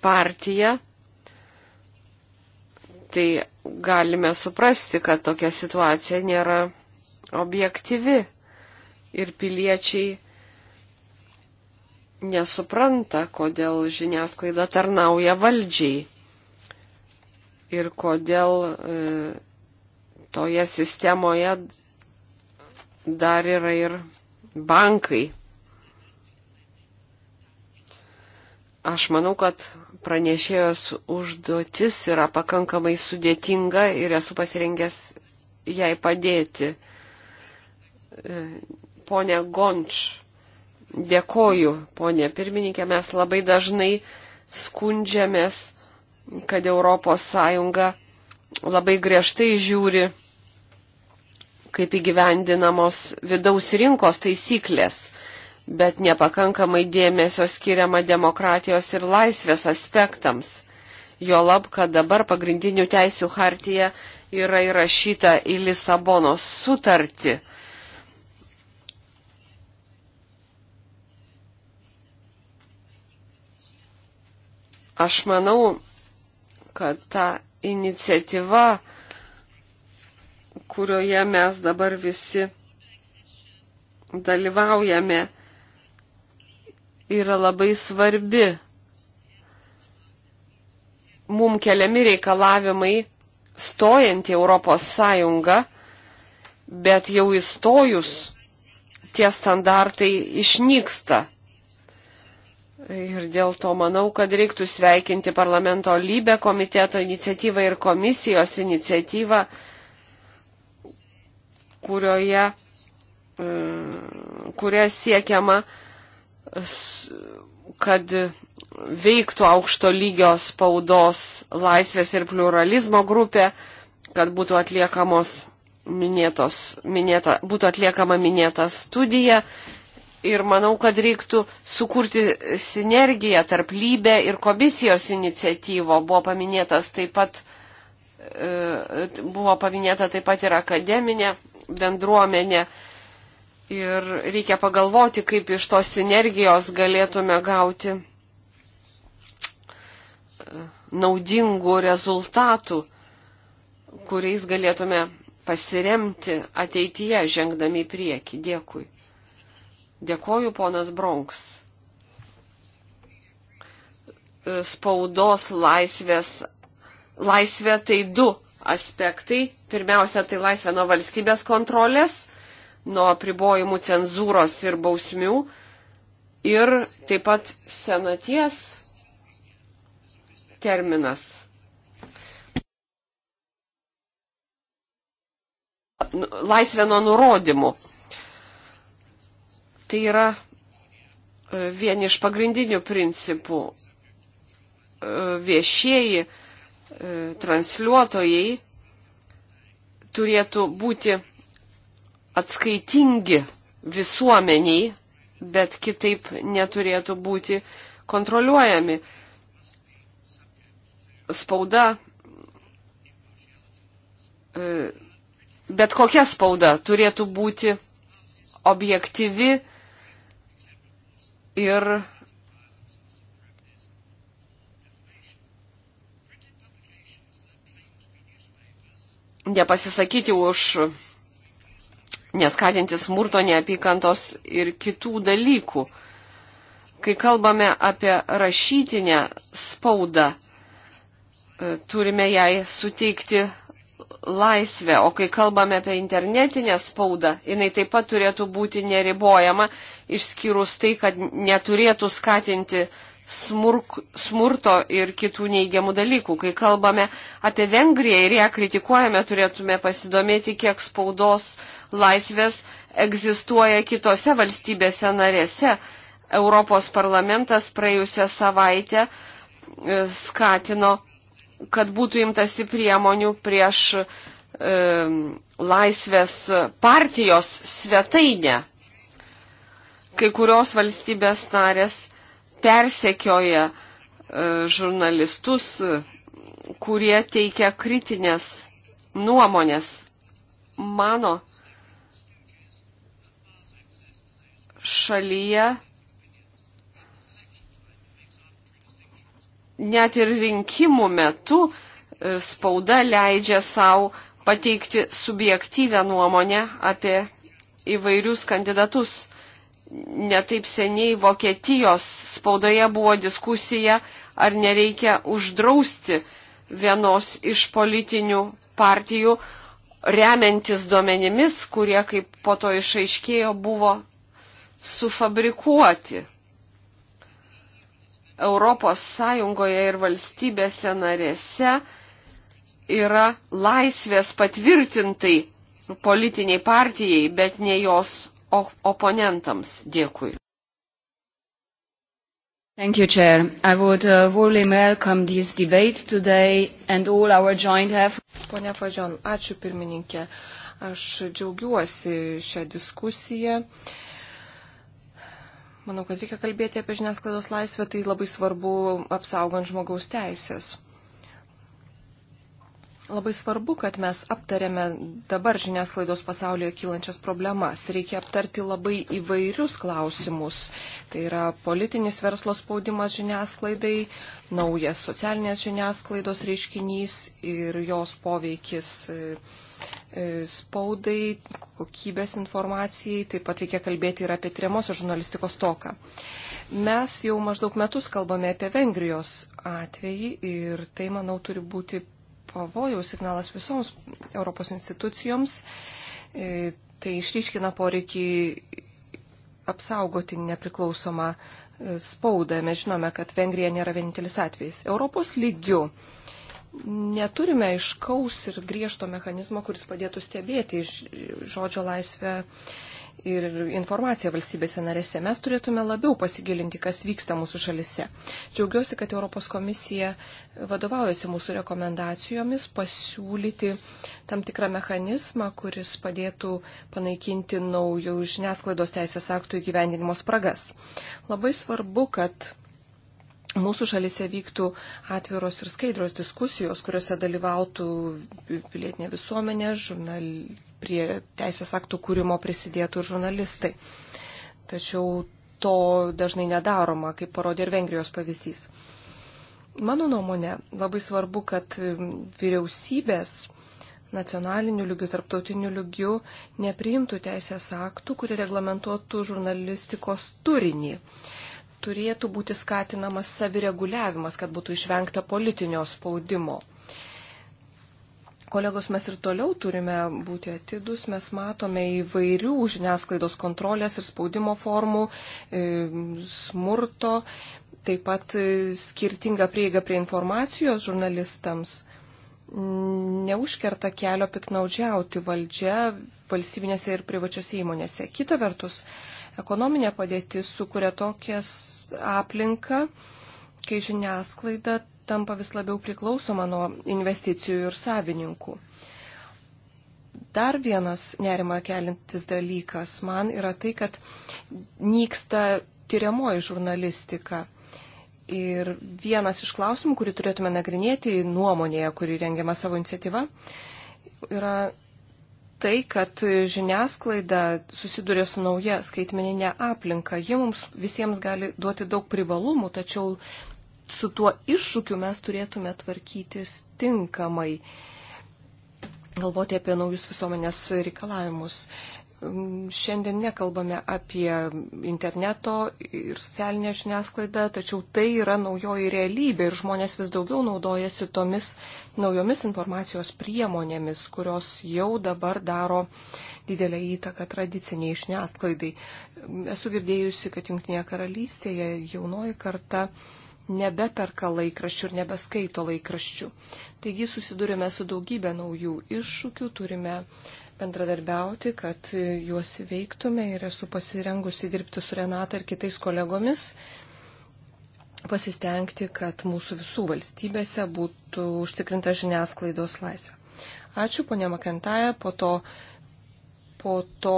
Speaker 1: partiją, tai galime suprasti, kad tokia situacija nėra objektyvi ir piliečiai nesupranta, kodėl žiniasklaida tarnauja valdžiai ir kodėl e, toje sistemoje dar yra ir bankai. Aš manau, kad pranešėjos užduotis yra pakankamai sudėtinga ir esu pasirengęs jai padėti. E, pone Gonč, dėkoju, ponė pirmininkė, mes labai dažnai skundžiamės, kad ES labai griežtai žiūri, kaip įgyvendinamos vidaus rinkos taisyklės bet nepakankamai dėmesio skiriama demokratijos ir laisvės aspektams. Jolab, kad dabar pagrindinių teisių hartija yra įrašyta į Lisabonos sutartį. Aš manau, kad ta iniciatyva, kurioje mes dabar visi dalyvaujame, yra labai svarbi. Mum keliami reikalavimai stojant į Europos Sąjungą, bet jau įstojus tie standartai išnyksta. Ir dėl to manau, kad reiktų sveikinti parlamento lybę komiteto iniciatyvą ir komisijos iniciatyvą, kurioje, e, kuria siekiama uh, kad veiktų aukšto lygio spaudos laisvės ir pluralizmo grupė, kad būtų atliekamos minėtos, minėta, būtų atliekama minėta studija. Ir manau, kad reiktų sukurti sinergiją tarp lybė ir komisijos iniciatyvo. Buvo paminėtas taip pat, e, buvo paminėta taip pat ir akademinė bendruomenė. Ir reikia pagalvoti, kaip iš tos sinergijos galėtume gauti e, naudingų rezultatų, kuriais galėtume pasiremti ateityje, žengdami į priekį. Dėkui. Dėkoju, ponas Bronks. E, spaudos laisvės. Laisvė tai du aspektai. Pirmiausia, tai laisvė nuo valstybės kontrolės nuo pribojimų cenzūros ir bausmių ir taip pat senaties terminas. Nu, laisvė nuo nurodymų. Tai yra e, vieni iš pagrindinių principų. E, viešieji e, transliuotojai turėtų būti atskaitingi visuomeniai, bet kitaip neturėtų būti kontroliuojami. Spauda, e, bet kokia spauda turėtų būti objektyvi ir nepasisakyti už neskatinti smurto, neapykantos ir kitų dalykų. Kai kalbame apie rašytinę spaudą, e, turime jai suteikti laisvę, o kai kalbame apie internetinę spaudą, jinai taip pat turėtų būti neribojama, išskyrus tai, kad neturėtų skatinti uh, smurk, smurto ir kitų neigiamų dalykų. Kai kalbame apie Vengriją ir ją kritikuojame, turėtume pasidomėti, kiek spaudos laisvės egzistuoja kitose valstybėse narėse. Europos parlamentas praėjusią savaitę e, skatino, kad būtų imtasi priemonių prieš e, laisvės partijos svetainę. Kai kurios valstybės narės persekioja e, žurnalistus, kurie teikia kritinės nuomonės. Mano šalyje net ir rinkimų metu e, spauda leidžia savo pateikti subjektyvę nuomonę apie įvairius kandidatus netaip seniai Vokietijos spaudoje buvo diskusija, ar nereikia uždrausti vienos iš politinių partijų, remiantis duomenimis, kurie, kaip po to išaiškėjo, buvo sufabrikuoti. Europos Sąjungoje ir valstybėse narėse yra laisvės patvirtintai politiniai partijai, bet ne jos oponentams. Dėkui. Thank you, Chair. I would uh, warmly welcome this debate today
Speaker 2: and all our joint efforts. Pone Fajon, ačiū pirmininkė. Aš džiaugiuosi šią diskusiją. Manau, kad reikia kalbėti apie žiniasklaidos laisvę, tai labai svarbu apsaugant žmogaus teisės. Labai svarbu, kad mes aptarėme dabar žiniasklaidos pasaulyje kylančias problemas. Reikia aptarti labai įvairius klausimus. Tai yra politinis verslo spaudimas žiniasklaidai, naujas socialinės žiniasklaidos reiškinys ir jos poveikis e, e, spaudai, kokybės informacijai, taip pat reikia kalbėti ir apie tyriamosios žurnalistikos toką. Mes jau maždaug metus kalbame apie Vengrijos atvejį ir tai, manau, turi būti pavojaus signalas visoms Europos institucijoms. E, tai išryškina poreikį apsaugoti nepriklausomą e, spaudą. Mes žinome, kad Vengrija nėra vienintelis atvejis. Europos lygių neturime iškaus ir griežto mechanizmo, kuris padėtų stebėti žodžio laisvę ir informaciją valstybėse narėse, mes turėtume labiau pasigilinti, kas vyksta mūsų šalise. Džiaugiuosi, kad Europos komisija vadovaujasi mūsų rekomendacijomis pasiūlyti tam tikrą mechanizmą, kuris padėtų panaikinti naujų žiniasklaidos teisės aktų įgyvendinimo spragas. Labai svarbu, kad mūsų šalise vyktų atviros ir skaidros diskusijos, kuriuose dalyvautų pilietinė visuomenė, žurnal, prie teisės aktų kūrimo prisidėtų ir žurnalistai. Tačiau to dažnai nedaroma, kaip parodė ir Vengrijos pavyzdys. Mano nuomonė, labai svarbu, kad vyriausybės nacionaliniu lygiu, tarptautiniu lygiu nepriimtų teisės aktų, kurie reglamentuotų žurnalistikos turinį. Turėtų būti skatinamas savireguliavimas, kad būtų išvengta politinio spaudimo. Kolegos, mes ir toliau turime būti atidus, mes matome įvairių žiniasklaidos kontrolės ir spaudimo formų, e, smurto, taip pat e, skirtinga prieiga prie informacijos žurnalistams neužkerta kelio piknaudžiauti valdžia valstybinėse ir privačiose įmonėse. Kita vertus, ekonominė padėtis sukuria tokias aplinką, kai žiniasklaida tampa vis labiau priklausoma nuo investicijų ir savininkų. Dar vienas nerima kelintis dalykas man yra tai, kad nyksta tyriamoji žurnalistika. Ir vienas iš klausimų, kurį turėtume nagrinėti nuomonėje, kuri rengiama savo iniciatyva, yra tai, kad žiniasklaida susiduria su nauja skaitmeninė aplinka. Ji mums visiems gali duoti daug privalumų, tačiau su tuo iššūkiu mes turėtume tvarkytis tinkamai, galvoti apie naujus visuomenės reikalavimus. Šiandien nekalbame apie interneto ir socialinę žiniasklaidą, tačiau tai yra naujoji realybė ir žmonės vis daugiau naudojasi tomis naujomis informacijos priemonėmis, kurios jau dabar daro didelę įtaką tradiciniai žiniasklaidai. Esu girdėjusi, kad Junktinėje karalystėje jaunoji karta uh, nebeperka laikraščių ir nebeskaito laikraščių. Taigi susidurime su daugybė naujų iššūkių, turime bendradarbiauti, kad juos įveiktume ir esu pasirengusi dirbti su Renata ir kitais kolegomis, pasistengti, kad mūsų visų valstybėse būtų užtikrinta žiniasklaidos laisvė. Ačiū, ponia Makentaja, po to, po to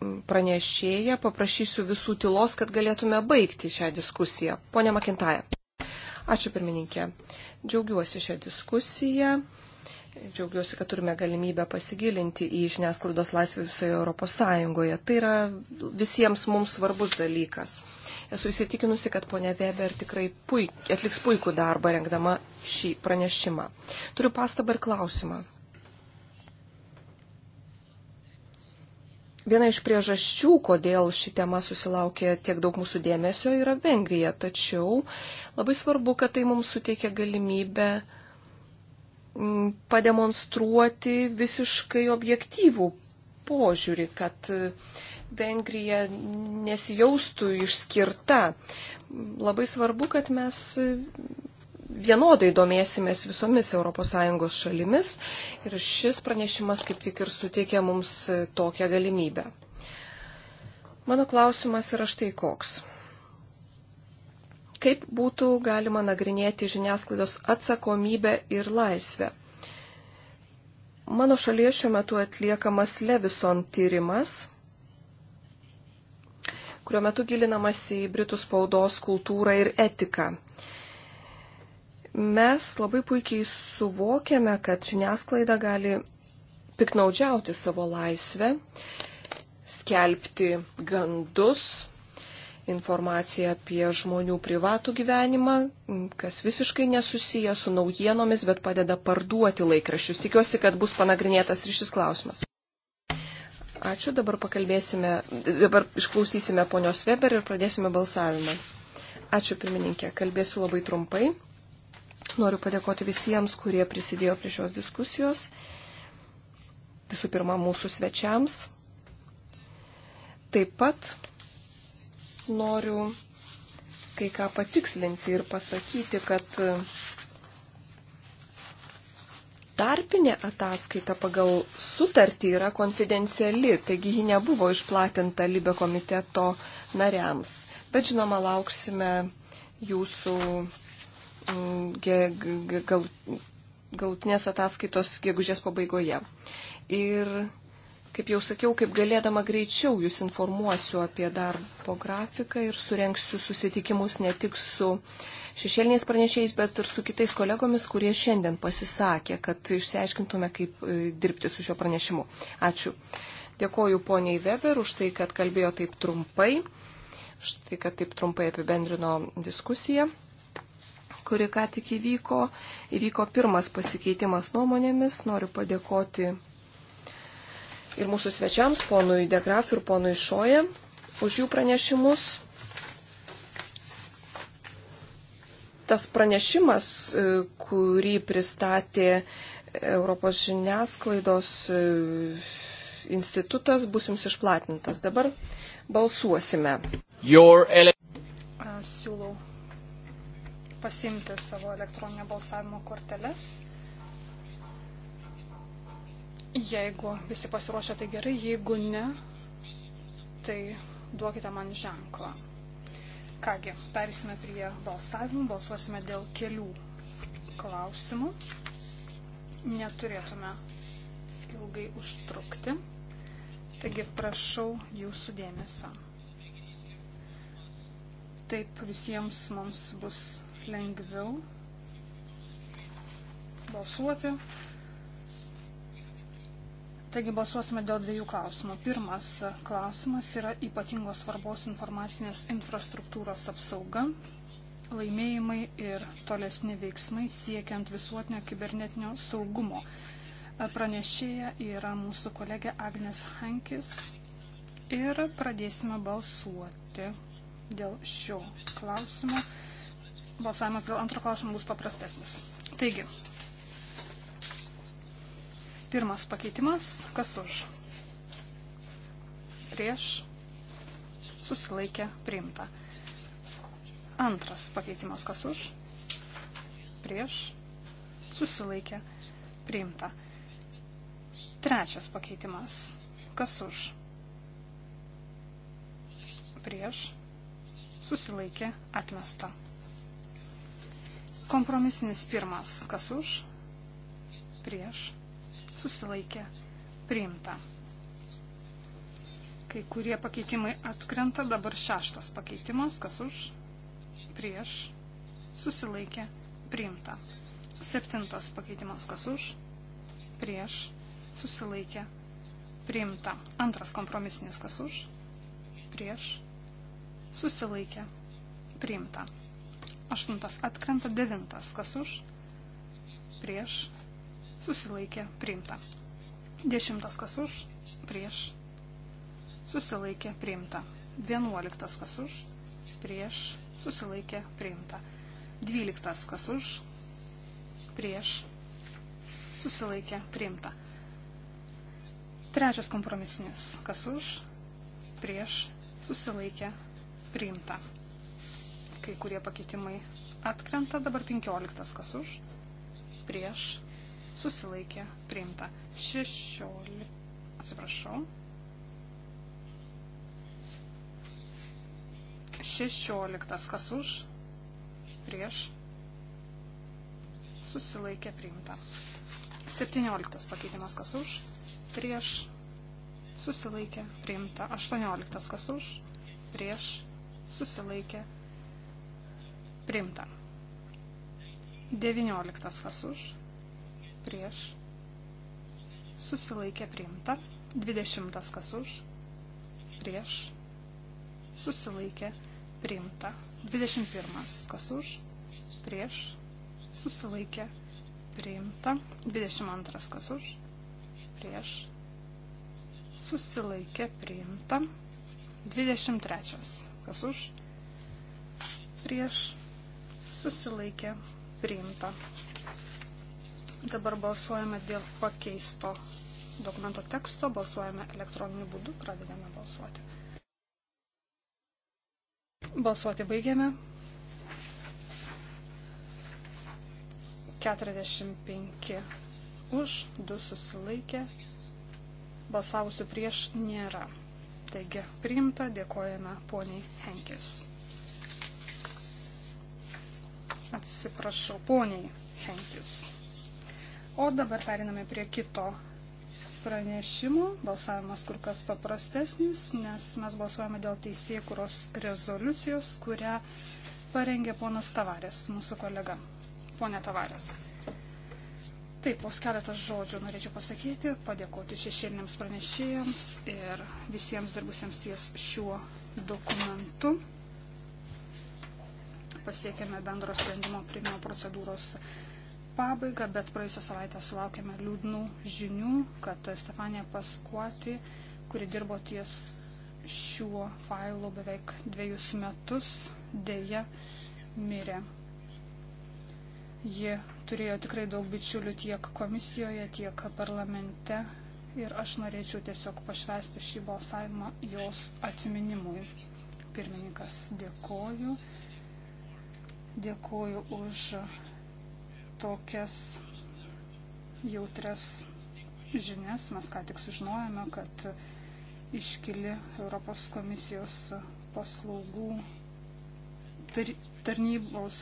Speaker 2: pranešėją, paprašysiu visų tylos, kad galėtume baigti šią diskusiją. Pone Makintaja. Ačiū pirmininkė. Džiaugiuosi šią diskusiją. Džiaugiuosi, kad turime galimybę pasigilinti į žiniasklaidos laisvę visoje Europos Sąjungoje. Tai yra visiems mums svarbus dalykas. Esu įsitikinusi, kad ponė Weber tikrai puik, atliks puikų darbą rengdama šį pranešimą. Turiu pastabą ir klausimą. Viena iš priežasčių, kodėl ši tema susilaukė tiek daug mūsų dėmesio, yra Vengrija. Tačiau labai svarbu, kad tai mums suteikia galimybę mm, pademonstruoti visiškai objektyvų požiūrį, kad e, Vengrija nesijaustų išskirta. Labai svarbu, kad mes vienodai domėsimės visomis ES šalimis ir šis pranešimas kaip tik ir suteikia mums tokią galimybę. Mano klausimas yra štai koks. Kaip būtų galima nagrinėti žiniasklaidos atsakomybę ir laisvę? Mano šalyje šiuo metu atliekamas Levison tyrimas, kurio metu gilinamasi į Britų spaudos kultūrą ir etiką. Mes labai puikiai suvokiame, kad žiniasklaida gali piknaudžiauti savo laisvę, skelbti gandus, informaciją apie žmonių privatų gyvenimą, kas visiškai nesusiję su naujienomis, bet padeda parduoti laikraščius. Tikiuosi, kad bus panagrinėtas ir šis klausimas. Ačiū, dabar pakalbėsime, dabar išklausysime ponios Weber ir pradėsime balsavimą. Ačiū pirmininkė, kalbėsiu labai trumpai. Noriu padėkoti visiems, kurie prisidėjo prie šios diskusijos. Visų pirma, mūsų svečiams. Taip pat noriu kai ką patikslinti ir pasakyti, kad tarpinė ataskaita pagal sutartį yra konfidenciali, taigi ji nebuvo išplatinta Libe komiteto nariams. Bet žinoma, lauksime jūsų gal, galutinės ataskaitos gegužės pabaigoje. Ir, kaip jau sakiau, kaip galėdama greičiau jūs informuosiu apie darbo grafiką ir surenksiu susitikimus ne tik su šešėliniais pranešėjais, bet ir su kitais kolegomis, kurie šiandien pasisakė, kad išsiaiškintume, kaip e, dirbti su šiuo pranešimu. Ačiū. Dėkoju poniai Weber už tai, kad kalbėjo taip trumpai, už tai, kad taip trumpai apibendrino diskusiją kuri ką tik įvyko. Įvyko pirmas pasikeitimas nuomonėmis. Noriu padėkoti ir mūsų svečiams, ponui Degraf ir ponui Šoje, už jų pranešimus. Tas pranešimas, e, kurį pristatė Europos žiniasklaidos e, institutas, bus jums išplatintas. Dabar balsuosime.
Speaker 3: Your... Siūlau pasimti savo elektroninio balsavimo korteles. Jeigu visi pasiruošę, tai gerai, jeigu ne, tai duokite man ženklą. Kągi, perėsime prie balsavimų, balsuosime dėl kelių klausimų. Neturėtume ilgai užtrukti. Taigi prašau jūsų dėmesio. Taip visiems mums bus lengviau balsuoti. Taigi balsuosime dėl dviejų klausimų. Pirmas klausimas yra ypatingos svarbos informacinės infrastruktūros apsauga, laimėjimai ir tolesni veiksmai siekiant visuotinio kibernetinio saugumo. Pranešėja yra mūsų kolegė Agnes Hankis ir pradėsime balsuoti dėl šio klausimo balsavimas dėl antro klausimo bus paprastesnis. Taigi, pirmas pakeitimas, kas už, prieš, susilaikė, priimta. Antras pakeitimas, kas už, prieš, susilaikė, priimta. Trečias pakeitimas, kas už, prieš, susilaikė, atmesta. Kompromisinis pirmas. Kas už? Prieš. Susilaikė. Priimta. Kai kurie pakeitimai atkrenta, dabar šeštas pakeitimas. Kas už? Prieš. Susilaikė. Priimta. Septintas pakeitimas. Kas už? Prieš. Susilaikė. Priimta. Antras kompromisinis. Kas už? Prieš. Susilaikė. Priimta. Aštuntas atkrenta, devintas kas už, prieš, susilaikė, priimta. Dešimtas kas už, prieš, susilaikė, priimta. Vienuoliktas kas už, prieš, susilaikė, priimta. Dvyliktas kas už, prieš, susilaikė, priimta. Trečias kompromisinis kas už, prieš, susilaikė, priimta kai kurie pakeitimai atkrenta, dabar 15 kas už, prieš, susilaikė, priimta. 16, atsiprašau. 16 kas už, prieš, susilaikė, priimta. 17 pakeitimas kas už, prieš, susilaikė, priimta. 18 kas už, prieš, susilaikė, priimta susilaikė Priimta. 19 kas už. Prieš. Susilaikė priimta. 20 kas už. Prieš. Susilaikė priimta. 21 kas už. Prieš. Susilaikė priimta. 22 kas už. Prieš. Susilaikė priimta. 23 kas už. Prieš susilaikė priimta. Dabar balsuojame dėl pakeisto dokumento teksto, balsuojame elektroniniu būdu, pradedame balsuoti. Balsuoti baigiame. 45 už, 2 susilaikė, balsavusių prieš nėra. Taigi, priimta, dėkojame poniai Henkis. Atsiprašau, poniai Henkis. O dabar periname prie kito pranešimo. Balsavimas kur kas paprastesnis, nes mes balsuojame dėl teisėkuros rezoliucijos, kurią parengė ponas Tavarės, mūsų kolega. Pone Tavarės. Taip, pos keletas žodžių norėčiau pasakyti, padėkoti šešėliniams pranešėjams ir visiems dirbusiems ties šiuo dokumentu pasiekėme bendro sprendimo primimo procedūros pabaigą, bet praėjusią savaitę sulaukėme liūdnų žinių, kad Stefanija Paskuoti, kuri dirbo ties šiuo failu beveik dviejus metus, dėja mirė. Ji turėjo tikrai daug bičiulių tiek komisijoje, tiek parlamente ir aš norėčiau tiesiog pašvesti šį balsavimą jos atminimui. Pirmininkas, dėkoju. Dėkuoju už tokias jautres žinias. Mes ką tik sužinojame, kad iškili Europos komisijos paslaugų tarnybos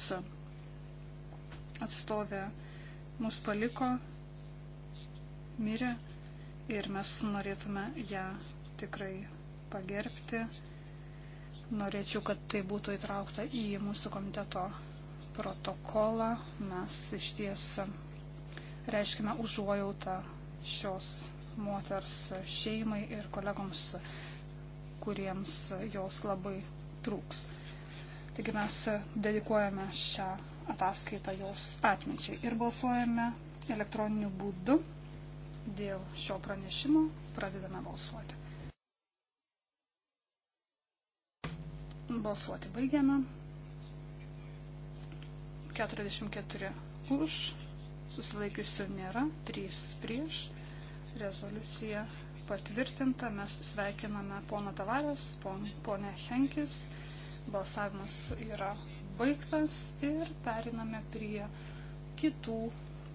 Speaker 3: atstovė mus paliko, mirė ir mes norėtume ją tikrai pagerbti. Norėčiau, kad tai būtų įtraukta į mūsų komiteto protokolą. Mes iš ties reiškime užuojautą šios moters šeimai ir kolegoms, kuriems jos labai trūks. Taigi mes dedikuojame šią ataskaitą jos atminčiai ir balsuojame elektroniniu būdu dėl šio pranešimo. Pradedame balsuoti. Balsuoti baigiame. 44 už, susilaikiusių nėra, 3 prieš. Rezoliucija patvirtinta. Mes sveikiname pono Tavarės, pon, ponę Henkis. Balsavimas yra baigtas ir periname prie kitų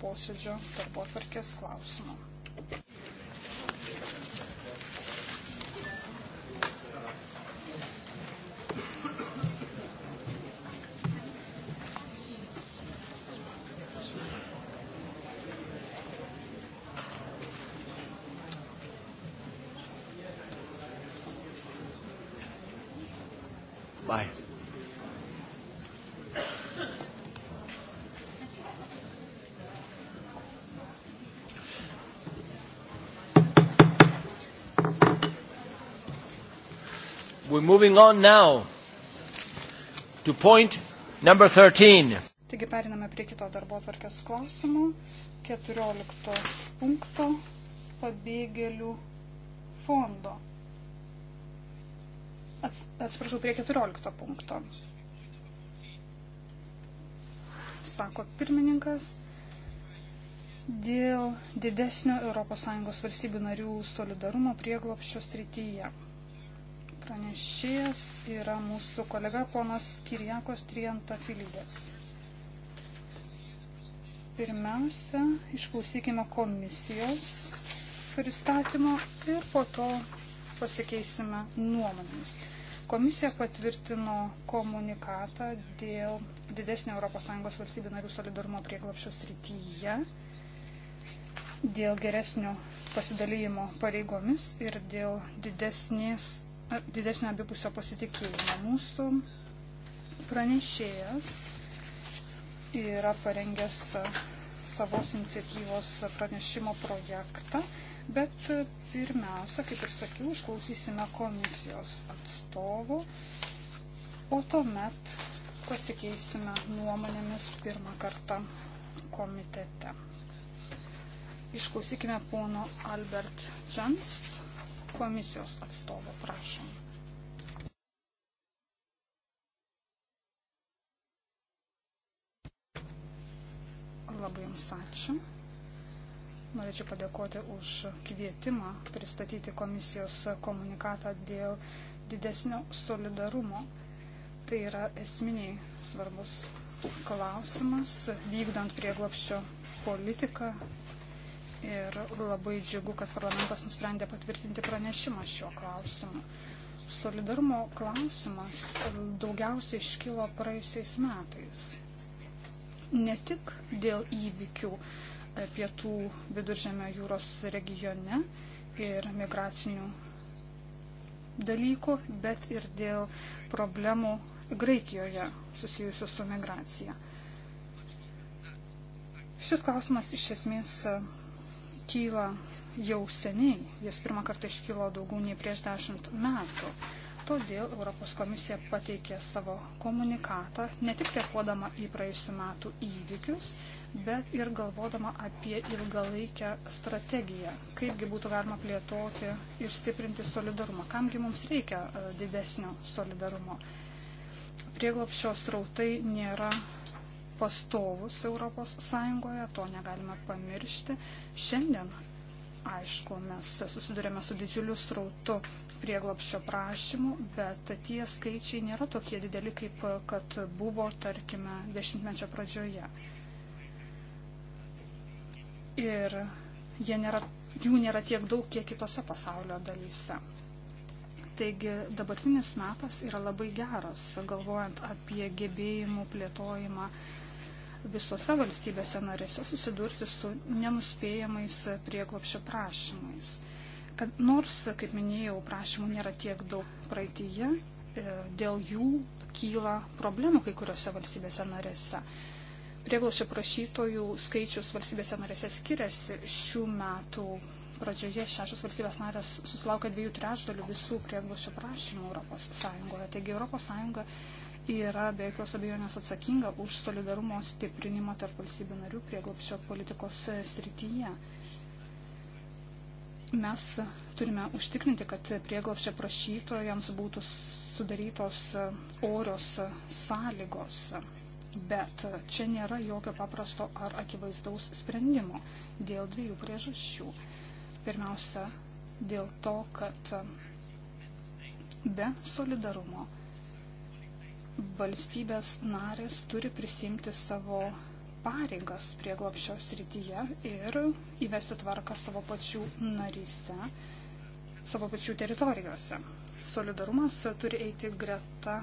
Speaker 3: posėdžio darbo atvarkės klausimų.
Speaker 1: Bye.
Speaker 2: moving on now to point number 13.
Speaker 3: Taigi periname prie kito darbo tvarkės klausimų. 14 punkto pabėgėlių fondo. Ats, atsiprašau, prie 14 punkto. Sako pirmininkas, dėl didesnio ES valstybių narių solidarumo prieglopščio srityje. Pranešėjas yra mūsų kolega ponas Kirijakos Trienta Filidės. Pirmiausia, išklausykime komisijos pristatymo ir po to pasikeisime nuomonėmis. Komisija patvirtino komunikatą dėl didesnio ES valstybių narių solidarumo prieglapščio srityje, dėl geresnio pasidalymo pareigomis ir dėl didesnės didesnio abipusio pasitikėjimo. Mūsų pranešėjas yra parengęs savos iniciatyvos pranešimo projektą, bet pirmiausia, kaip ir sakiau, išklausysime komisijos atstovų, o tuomet pasikeisime nuomonėmis pirmą kartą komitete. Išklausykime pono Albert Janst komisijos atstovo. Prašom. Labai Jums ačiū. Norėčiau padėkoti už kvietimą pristatyti komisijos komunikatą dėl didesnio solidarumo. Tai yra esminiai svarbus klausimas, vykdant prieglopščio politiką ir labai džiugu, kad parlamentas nusprendė patvirtinti pranešimą šiuo klausimu. Solidarumo klausimas daugiausiai iškilo praėjusiais metais. Ne tik dėl įvykių e, pietų viduržėme jūros regione ir migracinių dalykų, bet ir dėl problemų Graikijoje susijusių su migracija. Šis klausimas iš esmės kyla jau seniai. Jis pirmą kartą iškilo daugiau nei prieš dešimt metų. Todėl Europos komisija pateikė savo komunikatą, ne tik reaguodama į praėjusių metų įvykius, bet ir galvodama apie ilgalaikę strategiją, kaipgi būtų galima plėtoti ir stiprinti solidarumą, kamgi mums reikia e, didesnio solidarumo. Prieglopščio srautai nėra pastovus Europos Sąjungoje, to negalime pamiršti. Šiandien, aišku, mes susidurėme su didžiuliu srautu prieglopščio prašymų, bet tie skaičiai nėra tokie dideli, kaip kad buvo, tarkime, dešimtmečio pradžioje. Ir nėra, jų nėra tiek daug, kiek kitose pasaulio dalyse. Taigi dabartinis metas yra labai geras, galvojant apie gebėjimų plėtojimą visose valstybėse narėse susidurti su nenuspėjamais prieglopšio prašymais. Kad nors, kaip minėjau, prašymų nėra tiek daug praeitįje, e, dėl jų kyla problemų kai kuriuose valstybėse narėse. Prieglopšio prašytojų skaičius valstybėse narėse skiriasi šių metų. Pradžioje šešios valstybės narės susilaukė dviejų trečdalių visų prieglopšio prašymų ES. Taigi ES yra be jokios abejonės atsakinga už solidarumo stiprinimą tarp valstybių narių prieglopščio politikos e, srityje. Mes turime užtikrinti, kad prieglopščio prašytojams būtų sudarytos e, orios e, sąlygos, bet čia nėra jokio paprasto ar akivaizdaus sprendimo dėl dviejų priežasčių. Pirmiausia, dėl to, kad be solidarumo valstybės narės turi prisimti savo pareigas prieglopščio srityje ir įvesti tvarką savo pačių narise, savo pačių teritorijose. Solidarumas turi eiti greta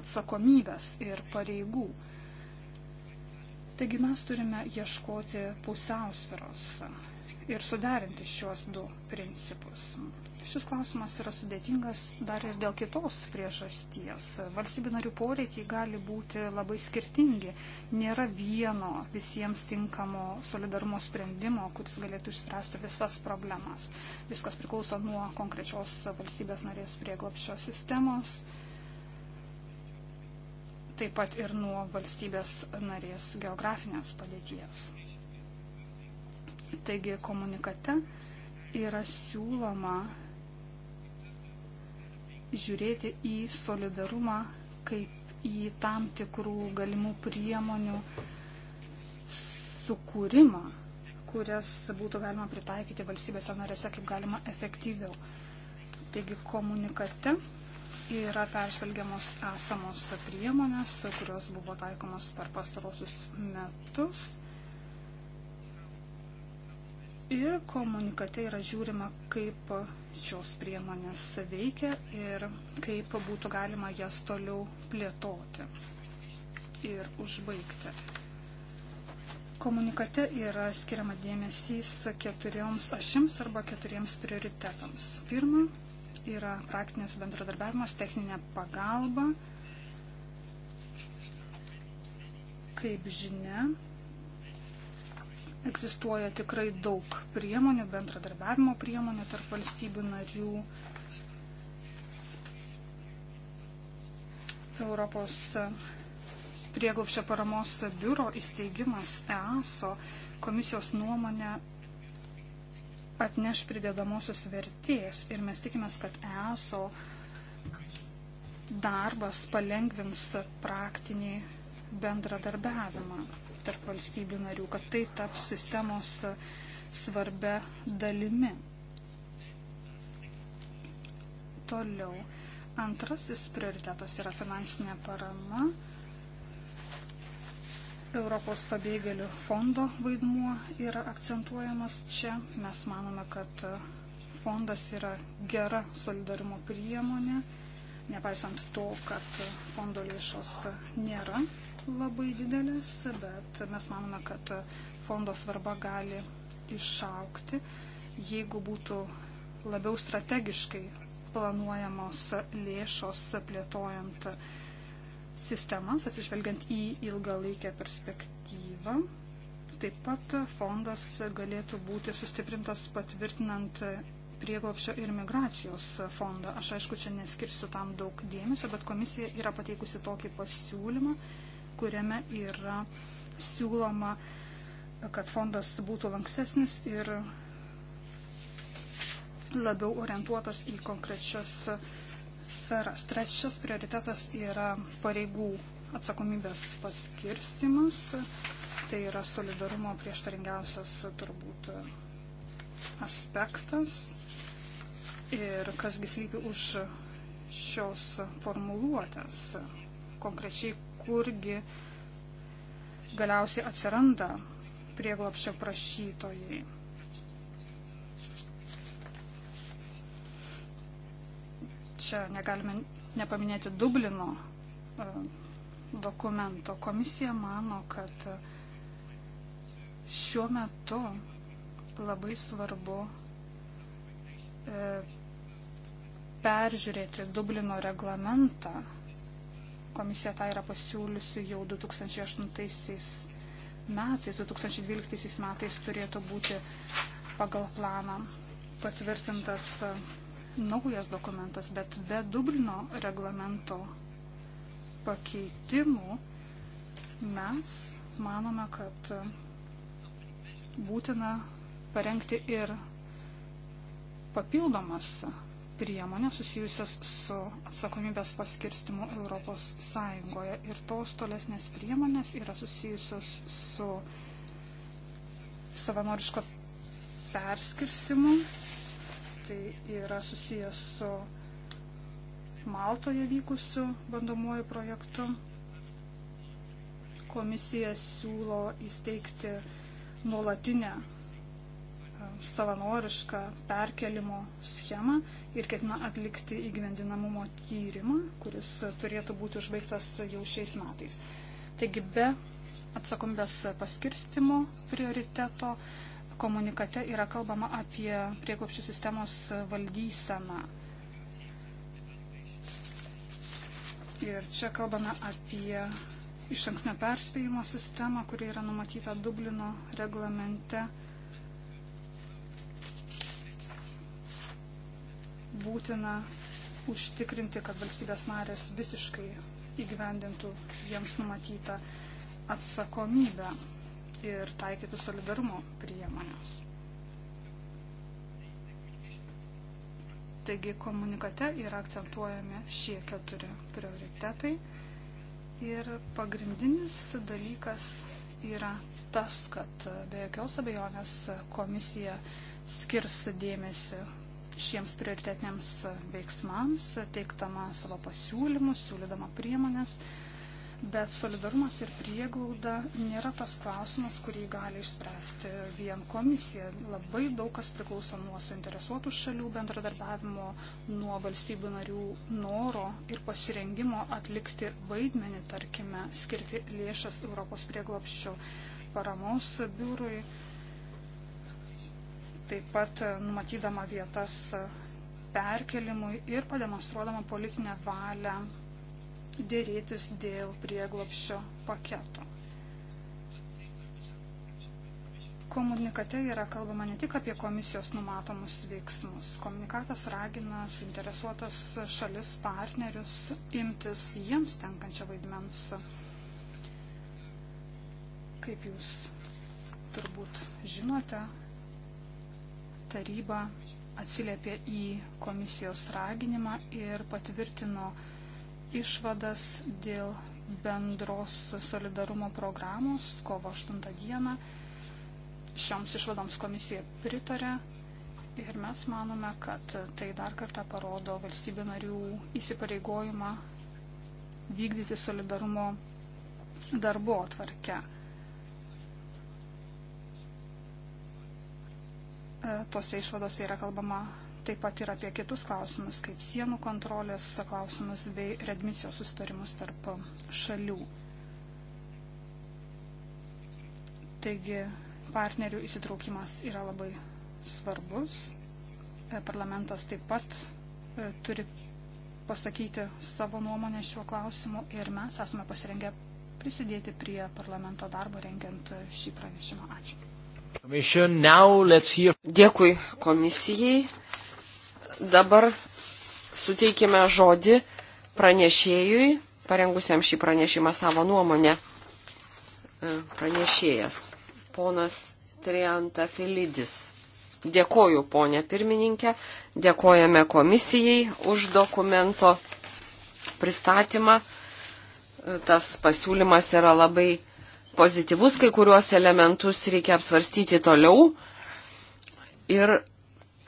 Speaker 3: atsakomybės ir pareigų. Taigi mes turime ieškoti pusiausviros ir suderinti šiuos du principus. Šis klausimas yra sudėtingas dar ir dėl kitos priežasties. Valstybių narių poreikiai gali būti labai skirtingi. Nėra vieno visiems tinkamo solidarumo sprendimo, kuris galėtų išspręsti visas problemas. Viskas priklauso nuo konkrečios valstybės narės prieglapščio sistemos taip pat ir nuo valstybės narės geografinės padėties. Taigi komunikate yra siūloma žiūrėti į solidarumą kaip į tam tikrų galimų priemonių sukūrimą, kurias būtų galima pritaikyti valstybėse narėse kaip galima efektyviau. Taigi komunikate yra peržvelgiamos esamos priemonės, kurios buvo taikomos per pastarosius metus Ir komunikate yra žiūrima, kaip šios priemonės veikia ir kaip būtų galima jas toliau plėtoti ir užbaigti. Komunikate yra skiriama dėmesys keturioms ašims arba keturiems prioritetams. Pirma yra praktinis bendradarbiavimas, techninė pagalba. Kaip žinia, Egzistuoja tikrai daug priemonių, bendradarbiavimo priemonių tarp valstybių narių. Europos prieglopščio paramos biuro įsteigimas EASO komisijos nuomonė atneš pridedamosios vertės ir mes tikimės, kad EASO darbas palengvins praktinį bendradarbiavimą tarp valstybių narių, kad tai taps sistemos svarbia dalimi. Toliau. Antrasis prioritetas yra finansinė parama. Europos pabėgėlių fondo vaidmuo yra akcentuojamas čia. Mes manome, kad fondas yra gera solidarumo priemonė, nepaisant to, kad fondo lėšos nėra labai didelis, bet mes manome, kad fondo svarba gali išaukti, jeigu būtų labiau strategiškai planuojamos lėšos plėtojant sistemas, atsižvelgiant į ilgalaikę perspektyvą. Taip pat fondas galėtų būti sustiprintas patvirtinant prieglopšio ir migracijos fondą. Aš aišku, čia neskirsiu tam daug dėmesio, bet komisija yra pateikusi tokį pasiūlymą kuriame yra siūloma, kad fondas būtų lanksesnis ir labiau orientuotas į konkrečias sferas. Trečias prioritetas yra pareigų atsakomybės paskirstimas. Tai yra solidarumo prieštaringiausias turbūt aspektas. Ir kasgi slypi už šios formuluotės, konkrečiai kurgi galiausiai atsiranda prieglopščio prašytojai. Čia negalime nepaminėti Dublino e, dokumento. Komisija mano, kad šiuo metu labai svarbu e, peržiūrėti Dublino reglamentą Komisija tą yra pasiūliusi jau 2008 metais. 2012 metais turėtų būti pagal planą patvirtintas e, naujas dokumentas, bet be Dublino reglamento pakeitimų mes manome, kad e, būtina parengti ir papildomas priemonę susijusias su atsakomybės paskirstimu Europos Sąjungoje. Ir tos tolesnės priemonės yra susijusios su savanoriško perskirstimu. Tai yra susijęs su Maltoje vykusiu bandomuoju projektu. Komisija siūlo įsteigti nuolatinę savanorišką perkelimo schemą ir ketina atlikti įgyvendinamumo tyrimą, kuris turėtų būti užbaigtas jau šiais metais. Taigi be atsakomybės paskirstimo prioriteto komunikate yra kalbama apie prieklopščių sistemos valdyseną. Ir čia kalbame apie iš anksnio perspėjimo sistemą, kuri yra numatyta Dublino reglamente būtina užtikrinti, kad valstybės narės visiškai įgyvendintų jiems numatytą atsakomybę ir taikytų solidarumo priemonės. Taigi komunikate yra akcentuojami šie keturi prioritetai ir pagrindinis dalykas yra tas, kad be jokios abejonės komisija skirs dėmesį šiems prioritetiniams veiksmams, teikdama savo pasiūlymus, siūlydama priemonės. Bet solidarumas ir prieglauda nėra tas klausimas, kurį gali išspręsti vien komisija. Labai daug kas priklauso nuo suinteresuotų šalių bendradarbiavimo, nuo valstybių narių noro ir pasirengimo atlikti vaidmenį, tarkime, skirti lėšas Europos prieglopščio paramos biurui taip pat e, numatydama vietas e, perkelimui ir pademonstruodama politinę valią dėrėtis dėl prieglopščio paketo. Komunikate yra kalbama ne tik apie komisijos numatomus veiksmus. Komunikatas ragina suinteresuotas šalis partnerius imtis jiems tenkančio vaidmens, kaip jūs turbūt žinote, taryba atsiliepė į komisijos raginimą ir patvirtino išvadas dėl bendros solidarumo programos kovo 8 dieną. Šioms išvadoms komisija pritarė ir mes manome, kad tai dar kartą parodo valstybių narių įsipareigojimą vykdyti solidarumo darbo atvarkę. E, tose išvadose yra kalbama taip pat ir apie kitus klausimus, kaip sienų kontrolės klausimus bei redmisijos sustarimus tarp šalių. Taigi partnerių įsitraukimas yra labai svarbus. E, parlamentas taip pat e, turi pasakyti savo nuomonę šiuo klausimu ir mes esame pasirengę prisidėti prie parlamento darbo rengiant šį pranešimą. Ačiū.
Speaker 1: Dėkui komisijai. Dabar suteikime žodį pranešėjui, parengusiam šį pranešimą savo nuomonę. E, pranešėjas, ponas Trianta Filidis. Dėkoju, ponė pirmininkė, dėkojame komisijai už dokumento pristatymą. E, tas pasiūlymas yra labai pozityvus, kai kuriuos elementus reikia apsvarstyti toliau ir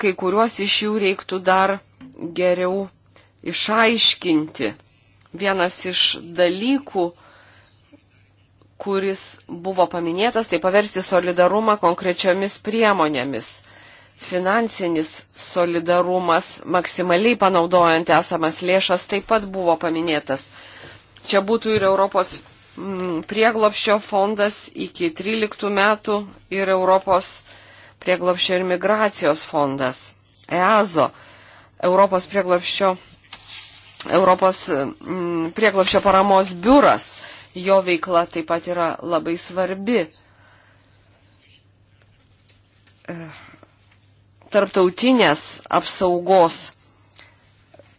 Speaker 1: kai kuriuos iš jų reiktų dar geriau išaiškinti. Vienas iš dalykų, kuris buvo paminėtas, tai paversti solidarumą konkrečiomis priemonėmis. Finansinis solidarumas, maksimaliai panaudojant esamas lėšas, taip pat buvo paminėtas. Čia būtų ir Europos Mm, prieglopščio fondas iki 13 metų ir Europos prieglopščio ir migracijos fondas. EASO, Europos prieglopščio, Europos mm, prieglopščio paramos biuras, jo veikla taip pat yra labai svarbi. E, tarptautinės apsaugos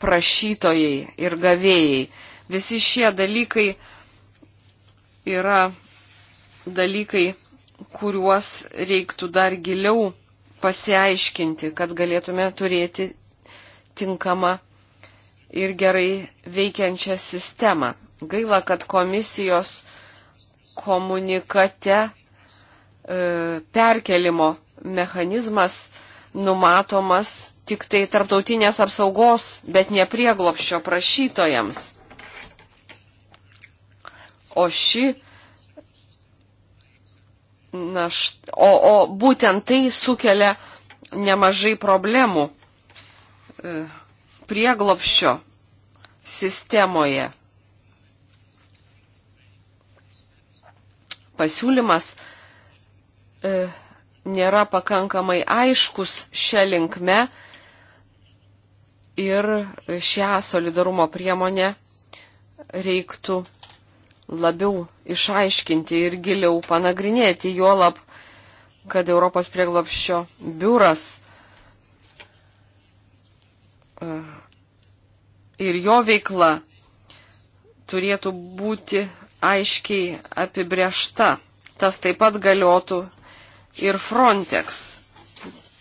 Speaker 1: prašytojai ir gavėjai. Visi šie dalykai yra dalykai, kuriuos reiktų dar giliau pasiaiškinti, kad galėtume turėti tinkamą ir gerai veikiančią sistemą. Gaila, kad komisijos komunikate e, perkelimo mechanizmas numatomas tik tai tarptautinės apsaugos, bet ne prieglopščio prašytojams. O ši našta, o, o būtent tai sukelia nemažai problemų e, prieglopščio sistemoje. Pasiūlymas e, nėra pakankamai aiškus šią linkme ir šią solidarumo priemonę reiktų labiau išaiškinti ir giliau panagrinėti, juolab, kad Europos prieglopščio biuras e, ir jo veikla turėtų būti aiškiai apibriešta. Tas taip pat galiotų ir Frontex.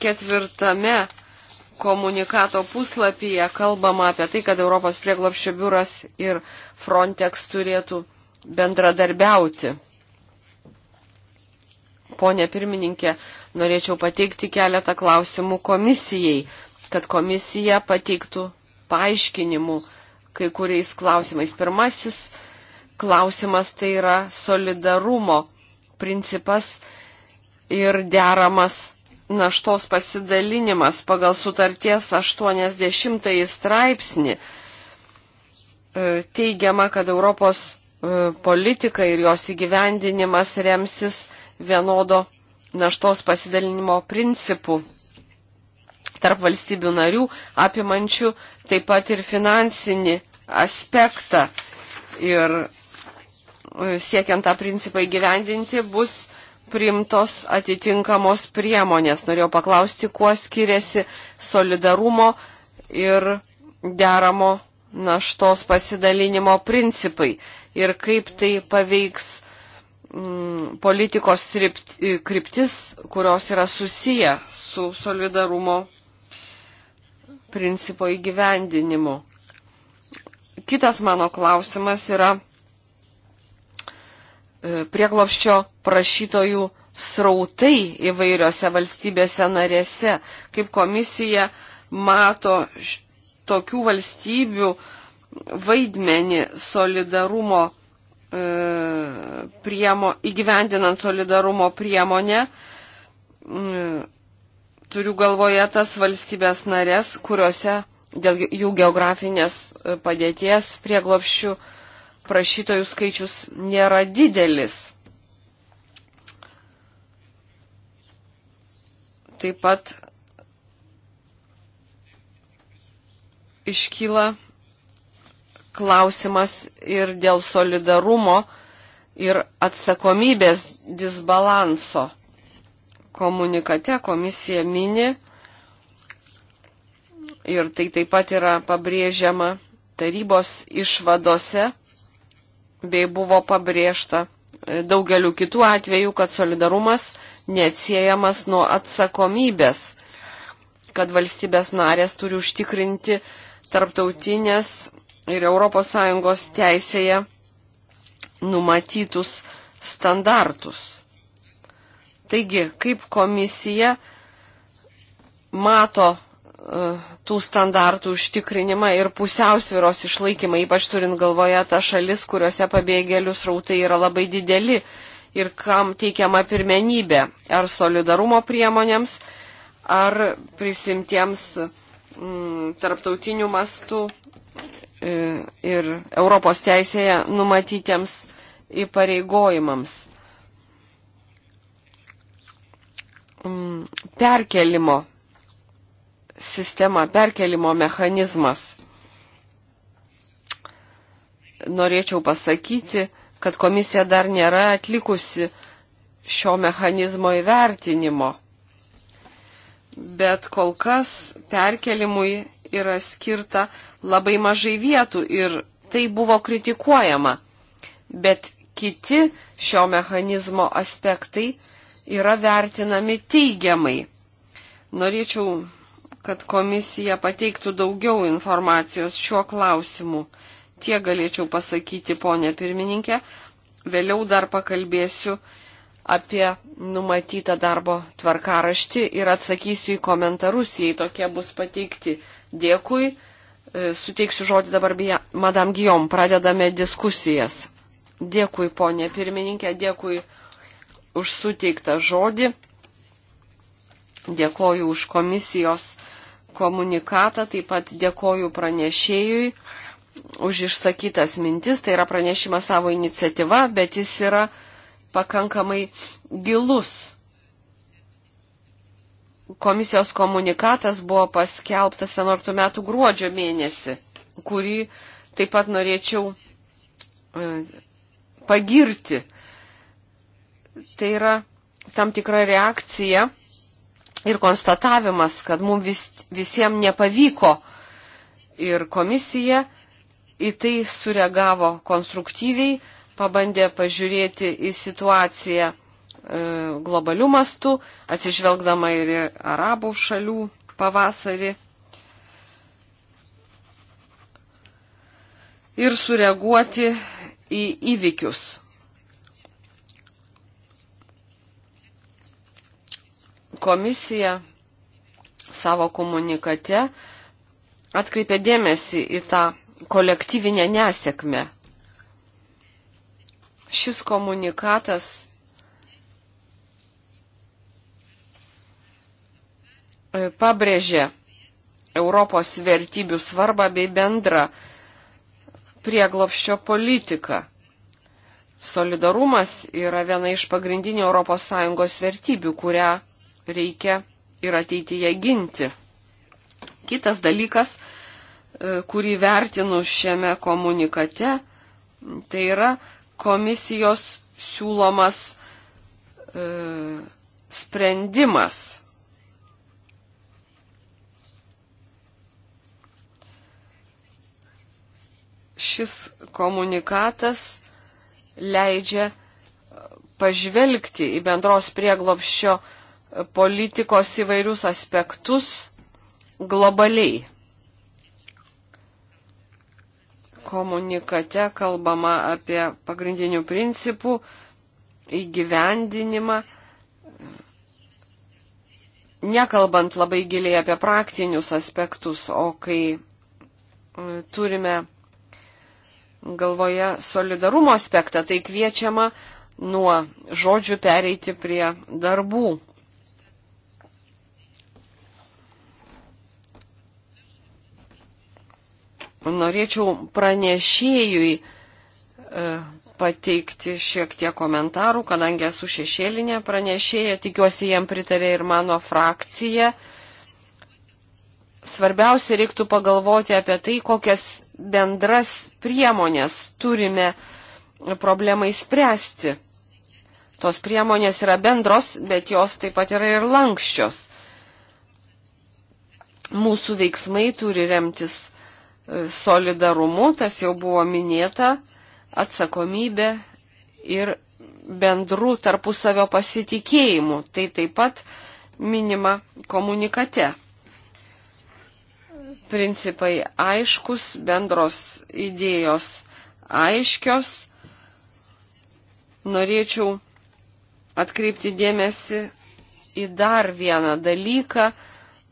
Speaker 1: Ketvirtame komunikato puslapyje kalbama apie tai, kad Europos prieglopščio biuras ir Frontex turėtų bendradarbiauti. Pone pirmininkė, norėčiau pateikti keletą klausimų komisijai, kad komisija pateiktų paaiškinimų kai kuriais klausimais. Pirmasis klausimas tai yra solidarumo principas ir deramas naštos pasidalinimas pagal sutarties 80 straipsnį. E, teigiama, kad Europos E, politika ir jos įgyvendinimas remsis vienodo naštos pasidalinimo principų tarp valstybių narių, apimančių taip pat ir finansinį aspektą. Ir e, siekiant tą principą įgyvendinti bus priimtos atitinkamos priemonės. Norėjau paklausti, kuo skiriasi solidarumo ir deramo naštos pasidalinimo principai ir kaip tai paveiks mm, politikos kryptis, kurios yra susiję su solidarumo principo įgyvendinimu. Kitas mano klausimas yra e, prieglopščio prašytojų srautai įvairiose valstybėse narėse, kaip komisija mato tokių valstybių vaidmenį solidarumo e, priemo, įgyvendinant solidarumo priemonę, mm, turiu galvoje tas valstybės narės, kuriuose dėl jų geografinės e, padėties prieglopščių prašytojų skaičius nėra didelis. Taip pat iškyla klausimas ir dėl solidarumo ir atsakomybės disbalanso. Komunikate komisija mini ir tai taip pat yra pabrėžiama tarybos išvadose bei buvo pabrėžta daugeliu kitų atvejų, kad solidarumas neatsiejamas nuo atsakomybės, kad valstybės narės turi užtikrinti tarptautinės ir ES teisėje numatytus standartus. Taigi, kaip komisija mato e, tų standartų užtikrinimą ir pusiausviros išlaikymą, ypač turint galvoje tą šalis, kuriuose pabėgėlių srautai yra labai dideli ir kam teikiama pirmenybė - ar solidarumo priemonėms, ar prisimtiems m, mm, tarptautinių mastų e, ir Europos teisėje numatytiems įpareigojimams. Mm, perkelimo sistema, perkelimo mechanizmas. Norėčiau pasakyti, kad komisija dar nėra atlikusi šio mechanizmo įvertinimo bet kol kas perkelimui yra skirta labai mažai vietų ir tai buvo kritikuojama. Bet kiti šio mechanizmo aspektai yra vertinami teigiamai. Norėčiau, kad komisija pateiktų daugiau informacijos šiuo klausimu. Tie galėčiau pasakyti, ponė pirmininkė. Vėliau dar pakalbėsiu apie numatytą darbo tvarkaraštį ir atsakysiu į komentarus, jei tokie bus pateikti. Dėkui. E, suteiksiu žodį dabar Madam Gijom. Pradedame diskusijas. Dėkui, ponė pirmininkė, dėkui už suteiktą žodį. Dėkoju už komisijos komunikatą, taip pat dėkoju pranešėjui už išsakytas mintis. Tai yra pranešimas savo iniciatyva, bet jis yra uh, pakankamai gilus. Komisijos komunikatas buvo paskelbtas 11 metų gruodžio mėnesį, kurį taip pat norėčiau e, pagirti. Tai yra tam tikra reakcija ir konstatavimas, kad mums vis, visiems nepavyko ir komisija į tai sureagavo konstruktyviai, pabandė pažiūrėti į situaciją e, globalių mastų, atsižvelgdama ir į arabų šalių pavasarį. Ir sureaguoti į įvykius. Komisija savo komunikate atkreipė dėmesį į tą kolektyvinę nesėkmę šis komunikatas pabrėžė Europos vertybių svarbą bei bendrą prieglopščio politiką. Solidarumas yra viena iš pagrindinių ES vertybių, kurią reikia ir ateityje ginti. Kitas dalykas, e, kurį vertinu šiame komunikate, tai yra, komisijos siūlomas e, sprendimas. Šis komunikatas leidžia pažvelgti į bendros prieglopščio politikos įvairius aspektus globaliai. komunikate kalbama apie pagrindinių principų įgyvendinimą, nekalbant labai giliai apie praktinius aspektus, o kai e, turime galvoje solidarumo aspektą, tai kviečiama nuo žodžių pereiti prie darbų. Norėčiau pranešėjui e, pateikti šiek tiek komentarų, kadangi esu šešėlinė pranešėja, tikiuosi jiem pritarė ir mano frakcija. Svarbiausia reiktų pagalvoti apie tai, kokias bendras priemonės turime problemai spręsti. Tos priemonės yra bendros, bet jos taip pat yra ir lankščios. Mūsų veiksmai turi remtis solidarumu, tas jau buvo minėta, atsakomybė ir bendrų tarpusavio pasitikėjimų. Tai taip pat minima komunikate. Principai aiškus, bendros idėjos aiškios. Norėčiau atkreipti dėmesį į dar vieną dalyką.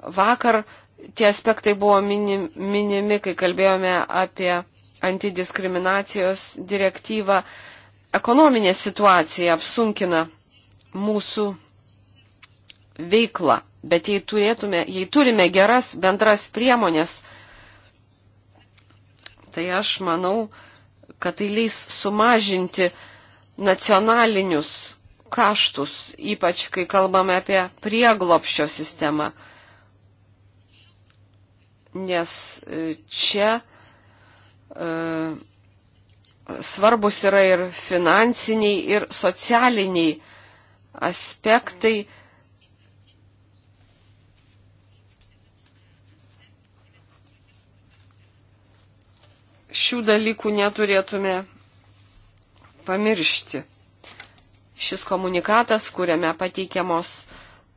Speaker 1: Vakar Tie aspektai buvo minimi, minimi kai kalbėjome apie antidiskriminacijos direktyvą. Ekonominė situacija apsunkina mūsų veiklą, bet jei, turėtume, jei turime geras bendras priemonės, tai aš manau, kad tai leis sumažinti nacionalinius kaštus, ypač kai kalbame apie prieglopščio sistemą nes e, čia uh, svarbus yra ir finansiniai, ir socialiniai aspektai. Šių dalykų neturėtume pamiršti. Šis komunikatas, kuriame pateikiamos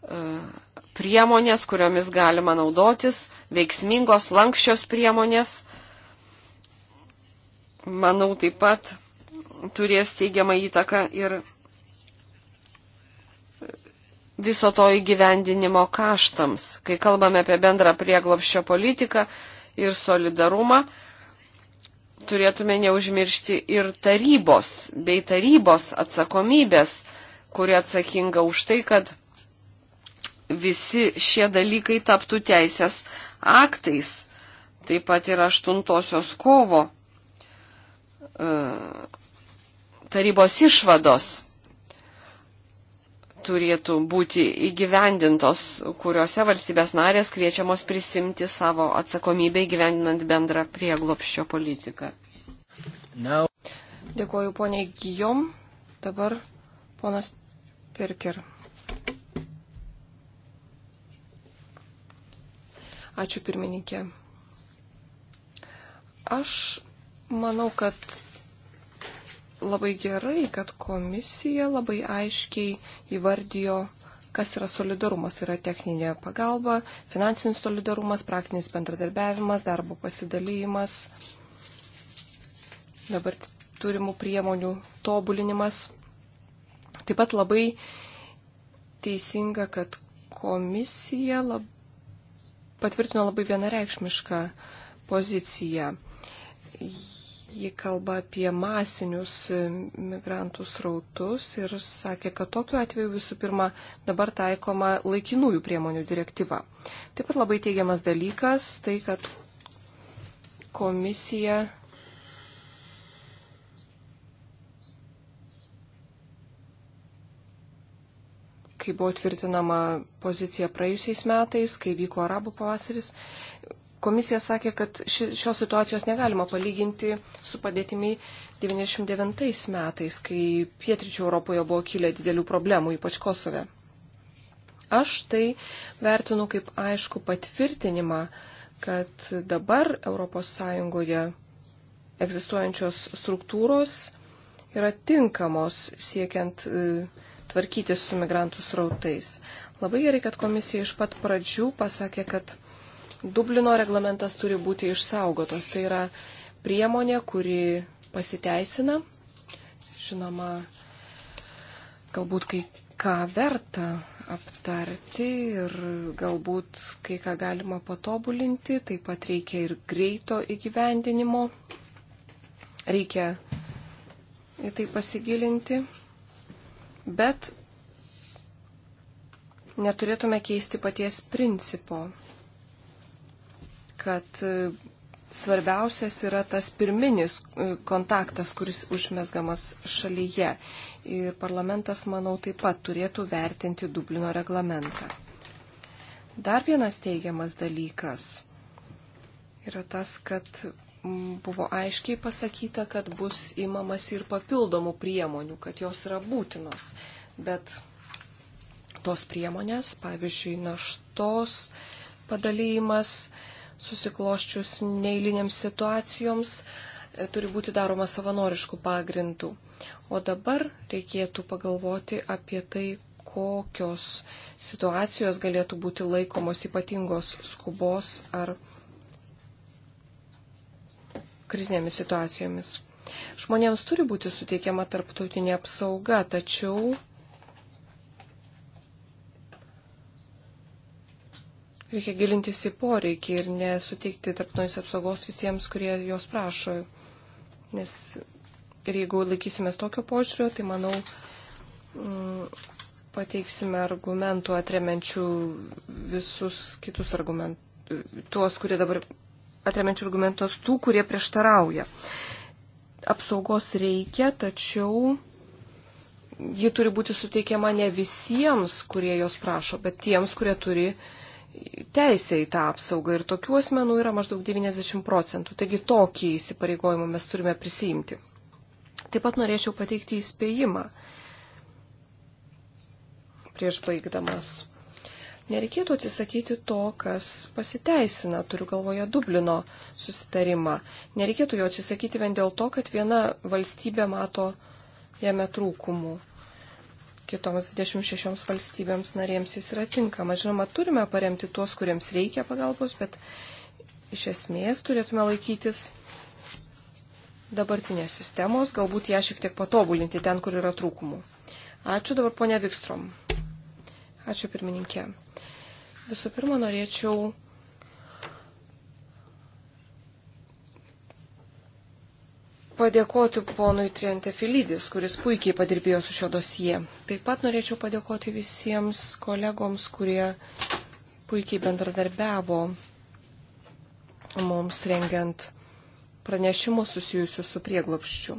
Speaker 1: uh, priemonės, kuriomis galima naudotis, veiksmingos, lankščios priemonės. Manau, taip pat turės teigiamą įtaką ir viso to įgyvendinimo kaštams. Kai kalbame apie bendrą prieglopščio politiką ir solidarumą, turėtume neužmiršti ir tarybos bei tarybos atsakomybės, kuri atsakinga už tai, kad visi šie dalykai taptų teisės aktais. Taip pat ir 8 kovo e, tarybos išvados turėtų būti įgyvendintos, kuriuose valstybės narės kviečiamos prisimti savo atsakomybę įgyvendinant bendrą prieglopščio politiką. No.
Speaker 2: Dėkuoju poniai Gijom, dabar ponas Pirker. Ačiū pirmininkė. Aš manau, kad labai gerai, kad komisija labai aiškiai įvardijo, kas yra solidarumas. Tai yra techninė pagalba, finansinis solidarumas, praktinis bendradarbiavimas, darbo pasidalymas, dabar turimų priemonių tobulinimas. Taip pat labai teisinga, kad komisija lab, patvirtino labai vienareikšmišką poziciją. Ji kalba apie masinius migrantų srautus ir sakė, kad tokiu atveju visų pirma dabar taikoma laikinųjų priemonių direktyva. Taip pat labai teigiamas dalykas tai, kad komisija kai buvo tvirtinama pozicija praėjusiais metais, kai vyko arabų pavasaris, komisija sakė, kad ši, šios situacijos negalima palyginti su padėtimi 99 metais, kai pietričių Europoje buvo kilę didelių problemų, ypač Kosove. Aš tai vertinu kaip aišku patvirtinimą, kad dabar ES egzistuojančios struktūros yra tinkamos siekiant uh, tvarkyti su migrantų srautais. Labai gerai, kad komisija iš pat pradžių pasakė, kad Dublino reglamentas turi būti išsaugotas. Tai yra priemonė, kuri pasiteisina. Žinoma, galbūt kai ką verta aptarti ir galbūt kai ką galima patobulinti, taip pat reikia ir greito įgyvendinimo, reikia į tai pasigilinti bet neturėtume keisti paties principo, kad e, svarbiausias yra tas pirminis e, kontaktas, kuris užmesgamas šalyje. Ir parlamentas, manau, taip pat turėtų vertinti Dublino reglamentą. Dar vienas teigiamas dalykas yra tas, kad buvo aiškiai pasakyta, kad bus įmamas ir papildomų priemonių, kad jos yra būtinos. Bet tos priemonės, pavyzdžiui, naštos padalymas susikloščius neįliniams situacijoms, e, turi būti daroma savanoriškų pagrindų. O dabar reikėtų pagalvoti apie tai, kokios situacijos galėtų būti laikomos ypatingos skubos ar skubos krizinėmis situacijomis. Žmonėms turi būti suteikiama tarptautinė apsauga, tačiau reikia gilintis į poreikį ir nesuteikti tarptautinės apsaugos visiems, kurie jos prašo. Nes ir jeigu laikysimės tokio požiūrio, tai manau, m, mm, pateiksime argumentų atremenčių visus kitus argumentus, tuos, kurie dabar atremiančių argumentus tų, kurie prieštarauja. Apsaugos reikia, tačiau ji turi būti suteikiama ne visiems, kurie jos prašo, bet tiems, kurie turi teisę į tą apsaugą. Ir tokių asmenų yra maždaug 90 procentų. Taigi tokį įsipareigojimą mes turime prisijimti. Taip pat norėčiau pateikti įspėjimą prieš baigdamas Nereikėtų atsisakyti to, kas pasiteisina, turiu galvoje Dublino susitarimą. Nereikėtų jo atsisakyti vien dėl to, kad viena valstybė mato jame trūkumų. Kitoms 26 valstybėms narėms jis yra tinkama. Žinoma, turime paremti tuos, kuriems reikia pagalbos, bet iš esmės turėtume laikytis dabartinės sistemos, galbūt ją šiek tiek patobulinti ten, kur yra trūkumų. Ačiū dabar ponia Vikstrom. Ačiū pirmininkė. Visų pirma, norėčiau padėkoti ponui Trientefilidis, kuris puikiai padirbėjo su šio dosie. Taip pat norėčiau padėkoti visiems kolegoms, kurie puikiai bendradarbiavo mums rengiant pranešimus susijusius su prieglopščiu.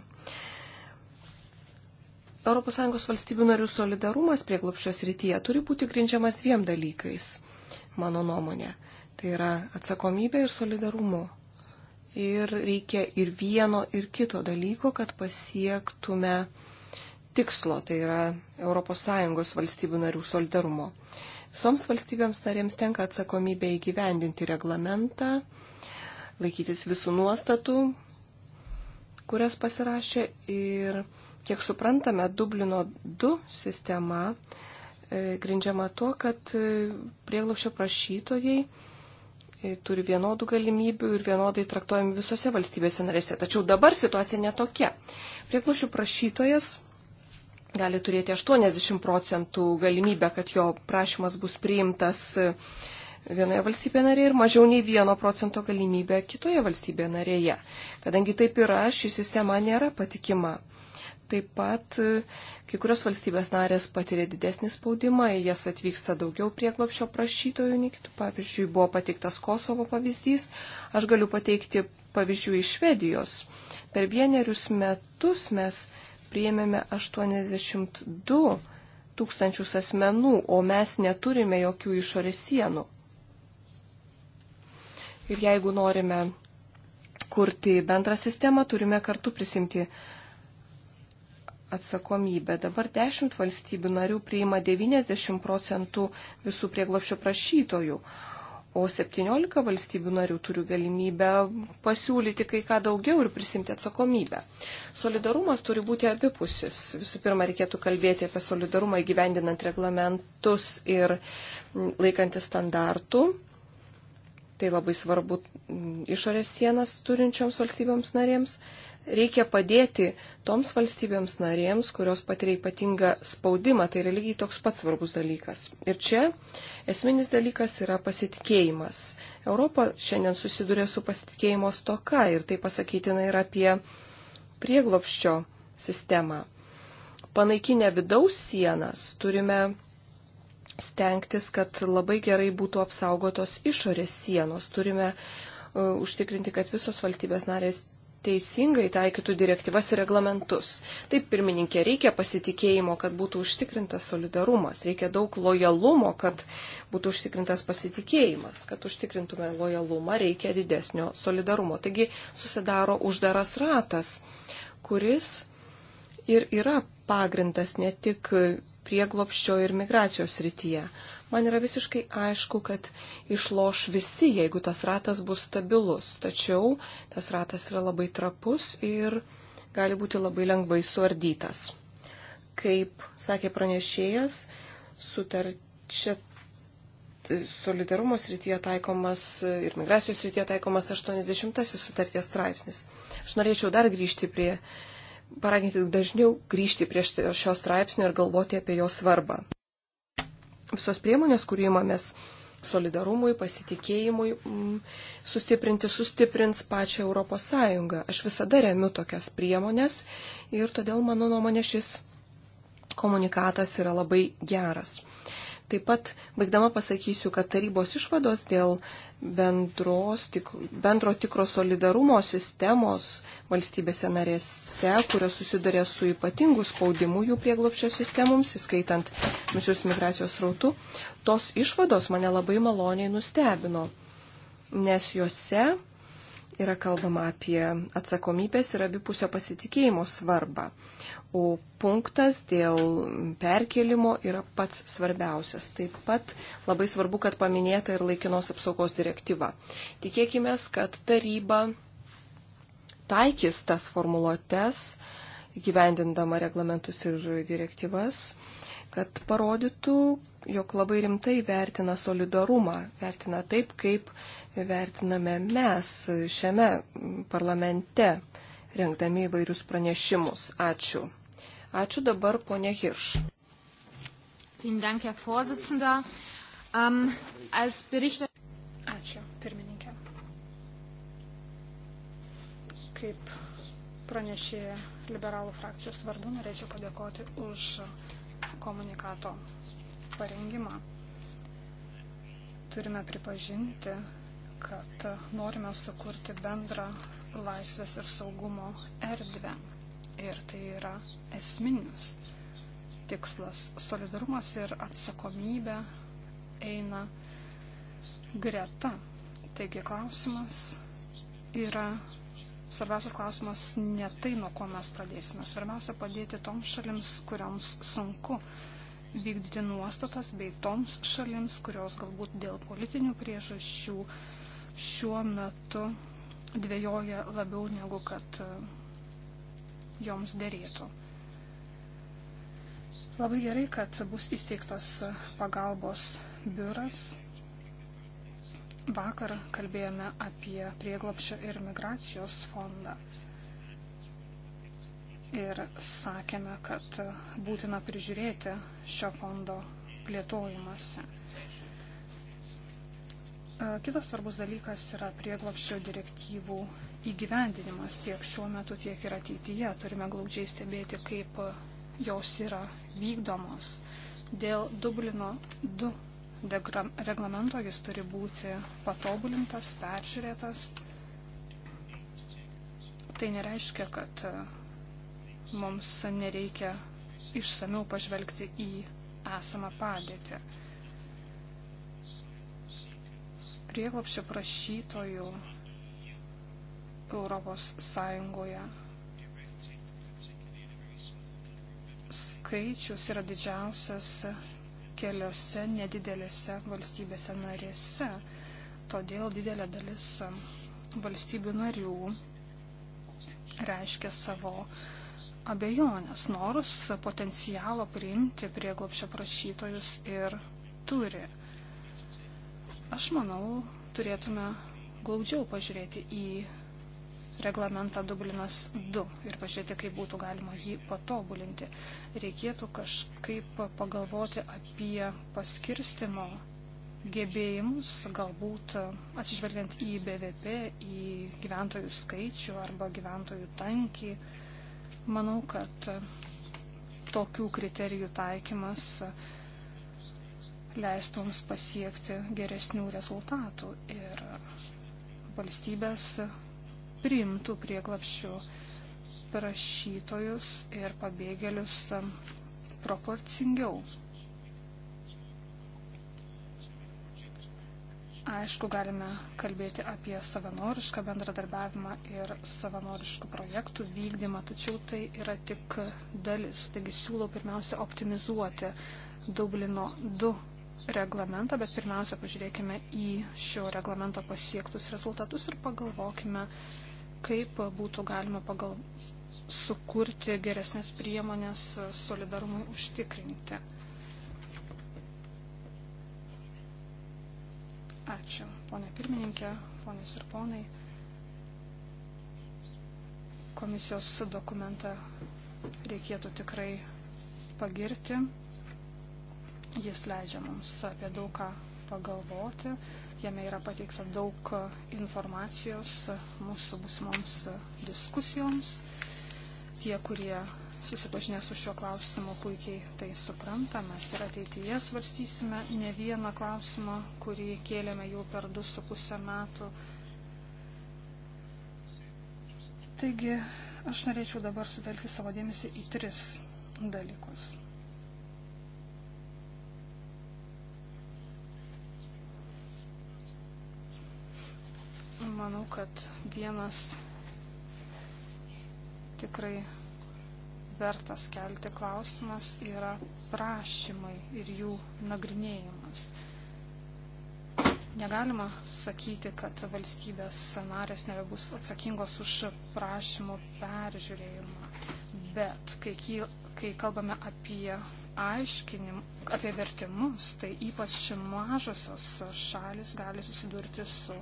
Speaker 2: ES valstybių narių solidarumas prieglopščios rytyje turi būti grindžiamas dviem dalykais mano nuomonė. Tai yra atsakomybė ir solidarumo. Ir reikia ir vieno, ir kito dalyko, kad pasiektume tikslo, tai yra ES valstybių narių solidarumo. Visoms valstybėms narėms tenka atsakomybė įgyvendinti reglamentą, laikytis visų nuostatų, kurias pasirašė ir, kiek suprantame, Dublino 2 sistema E, grindžiama tuo, kad e, prieglaušio prašytojai e, turi vienodų galimybių ir vienodai traktuojami visose valstybėse narėse. Tačiau dabar situacija netokia. Prieglaušio prašytojas gali turėti 80 procentų galimybę, kad jo prašymas bus priimtas vienoje valstybėje narėje ir mažiau nei 1 procento galimybę kitoje valstybėje narėje. Kadangi taip yra, ši sistema nėra patikima. Taip pat e, kai kurios valstybės narės patiria didesnį spaudimą, į jas atvyksta daugiau prieklopšio prašytojų nei kitų. Pavyzdžiui, buvo pateiktas Kosovo pavyzdys. Aš galiu pateikti pavyzdžių iš Švedijos. Per vienerius metus mes priėmėme 82 tūkstančius asmenų, o mes neturime jokių išorės sienų. Ir jeigu norime kurti bendrą sistemą, turime kartu prisimti atsakomybę. Dabar 10 valstybių narių priima 90 procentų visų prieglopšio prašytojų, o 17 valstybių narių turi galimybę pasiūlyti kai ką daugiau ir prisimti atsakomybę. Solidarumas turi būti abipusis. Visų pirma, reikėtų kalbėti apie solidarumą įgyvendinant reglamentus ir laikantį standartų. Tai labai svarbu išorės sienas turinčioms valstybėms narėms reikia padėti toms valstybėms narėms, kurios patiria ypatingą spaudimą. Tai yra lygiai toks pats svarbus dalykas. Ir čia esminis dalykas yra pasitikėjimas. Europa šiandien susiduria su pasitikėjimo stoka ir tai pasakytina yra apie prieglopščio sistemą. Panaikinę vidaus sienas turime stengtis, kad labai gerai būtų apsaugotos išorės sienos. Turime uh, užtikrinti, kad visos valstybės narės teisingai taikytų direktyvas ir reglamentus. Taip, pirmininkė, reikia pasitikėjimo, kad būtų užtikrintas solidarumas, reikia daug lojalumo, kad būtų užtikrintas pasitikėjimas, kad užtikrintume lojalumą, reikia didesnio solidarumo. Taigi susidaro uždaras ratas, kuris ir yra pagrindas ne tik prieglopščio ir migracijos rytyje. Man yra visiškai aišku, kad išloš visi, jeigu tas ratas bus stabilus. Tačiau tas ratas yra labai trapus ir gali būti labai lengvai suardytas. Kaip sakė pranešėjas, sutarčia solidarumo srityje taikomas ir migracijos srityje taikomas 80-asis sutarties straipsnis. Aš norėčiau dar grįžti prie, paraginti dažniau grįžti prie šio straipsnio ir galvoti apie jo svarbą visos priemonės, kurį įmamės solidarumui, pasitikėjimui mm, sustiprinti, sustiprins pačią Europos Sąjungą. Aš visada remiu tokias priemonės ir todėl mano nuomonė šis komunikatas yra labai geras. Taip pat baigdama pasakysiu, kad tarybos išvados dėl bendros, tik, bendro tikro solidarumo sistemos valstybėse narėse, kurios susidarė su ypatingu spaudimu jų prieglopščio sistemoms, įskaitant mišius migracijos rautų, tos išvados mane labai maloniai nustebino, nes juose yra kalbama apie atsakomybės ir abipusio pasitikėjimo svarbą. O punktas dėl perkelimo yra pats svarbiausias. Taip pat labai svarbu, kad paminėta ir laikinos apsaugos direktyva. Tikėkime, kad taryba taikys tas formuluotės, gyvendindama reglamentus ir direktyvas, kad parodytų, jog labai rimtai vertina solidarumą, vertina taip, kaip vertiname mes šiame parlamente, rengdami įvairius pranešimus. Ačiū. Ačiū dabar ponė Hirš.
Speaker 1: Ähm,
Speaker 3: Ačiū, pirmininkė. Kaip pranešė liberalų frakcijos vardu, norėčiau padėkoti už komunikato parengimą. Turime pripažinti, kad norime sukurti bendrą laisvės ir saugumo erdvę ir tai yra esminis tikslas. Solidarumas ir atsakomybė eina greta. Taigi klausimas yra, svarbiausias klausimas ne tai, nuo ko mes pradėsime. Svarbiausia padėti toms šalims, kurioms sunku vykdyti nuostatas, bei toms šalims, kurios galbūt dėl politinių priežasčių šiuo metu dvėjoja labiau negu kad joms dėrėtų. Labai gerai, kad bus įsteigtas pagalbos biuras. Vakar kalbėjome apie prieglopščio ir migracijos fondą ir sakėme, kad būtina prižiūrėti šio fondo plėtojimąsi. Kitas svarbus dalykas yra prieglopščio direktyvų įgyvendinimas tiek šiuo metu, tiek ir ateityje. Turime glaudžiai stebėti, kaip jos yra vykdomos. Dėl Dublino 2 reglamento jis turi būti patobulintas, peržiūrėtas. Tai nereiškia, kad e, mums nereikia išsamiau pažvelgti į esamą padėtį. Prieglopščio prašytojų Europos Sąjungoje. Skaičius yra didžiausias keliose nedidelėse valstybėse narėse. Todėl didelė dalis valstybių narių reiškia savo abejonės, norus potencialo priimti prieglopšio prašytojus ir turi. Aš manau, turėtume glaudžiau pažiūrėti į reglamentą Dublinas 2 ir pažiūrėti, kaip būtų galima jį patobulinti. Reikėtų kažkaip pagalvoti apie paskirstimo gebėjimus, galbūt atsižvelgiant į BVP, į gyventojų skaičių arba gyventojų tankį. Manau, kad tokių kriterijų taikymas leistų mums pasiekti geresnių rezultatų ir valstybės priimtų prieklapščių prašytojus ir pabėgėlius um, proporcingiau. Aišku, galime kalbėti apie savanorišką bendradarbiavimą ir savanoriškų projektų vykdymą, tačiau tai yra tik dalis. Taigi siūlau pirmiausia optimizuoti Dublino 2 reglamentą, bet pirmiausia pažiūrėkime į šio reglamento pasiektus rezultatus ir pagalvokime, kaip būtų galima pagal sukurti geresnės priemonės solidarumui užtikrinti. Ačiū, ponė pirmininkė, ponės ir ponai. Komisijos dokumentą reikėtų tikrai pagirti. Jis leidžia mums apie daug ką pagalvoti. Jame yra pateikta daug e, informacijos e, mūsų busimoms e, diskusijoms. Tie, kurie susipažinę su šiuo klausimu, puikiai tai supranta. Mes ir ateityje svarstysime ne vieną klausimą, kurį kėlėme jau per 2,5 metų. Taigi, aš norėčiau dabar sutelkti savo dėmesį į tris dalykus. Manau, kad vienas tikrai vertas kelti klausimas yra prašymai ir jų nagrinėjimas. Negalima sakyti, kad valstybės narės nebebus atsakingos už prašymo peržiūrėjimą, bet kai, kai kalbame apie aiškinim, apie vertimus, tai ypač mažosios šalis gali susidurti su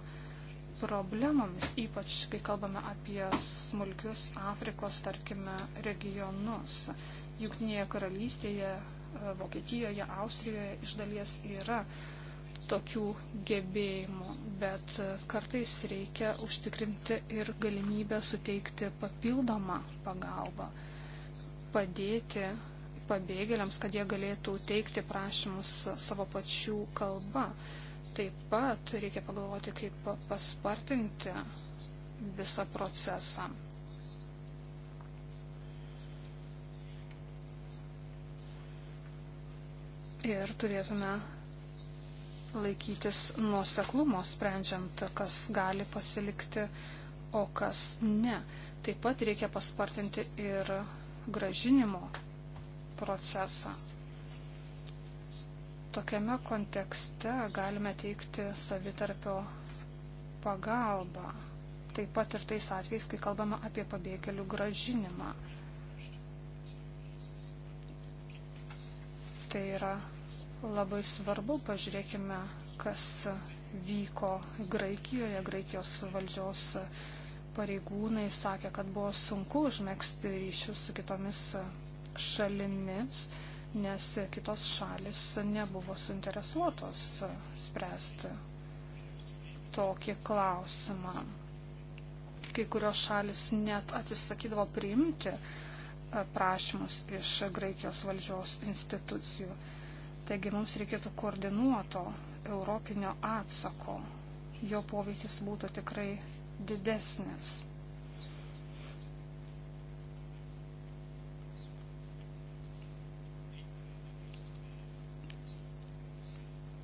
Speaker 3: problemomis, ypač kai kalbame apie smulkius Afrikos, tarkime, regionus. Junktinėje karalystėje, e, Vokietijoje, Austrijoje iš dalies yra tokių gebėjimų, bet e, kartais reikia užtikrinti ir galimybę suteikti papildomą pagalbą, padėti pabėgėliams, kad jie galėtų teikti prašymus savo pačių kalba. Taip pat reikia pagalvoti, kaip paspartinti visą procesą. Ir turėtume laikytis nuoseklumo, sprendžiant, kas gali pasilikti, o kas ne. Taip pat reikia paspartinti ir gražinimo procesą. Tokiame kontekste galime teikti savitarpio pagalbą, taip pat ir tais atvejais, kai kalbama apie pabėgėlių gražinimą. Tai yra labai svarbu, pažiūrėkime, kas vyko Graikijoje, Graikijos valdžios pareigūnai sakė, kad buvo sunku užmėgsti ryšius su kitomis šalimis nes kitos šalis nebuvo suinteresuotos spręsti tokį klausimą. Kai kurios šalis net atsisakydavo priimti e, prašymus iš Graikijos valdžios institucijų. Taigi mums reikėtų koordinuoto europinio atsako. Jo poveikis būtų tikrai didesnis.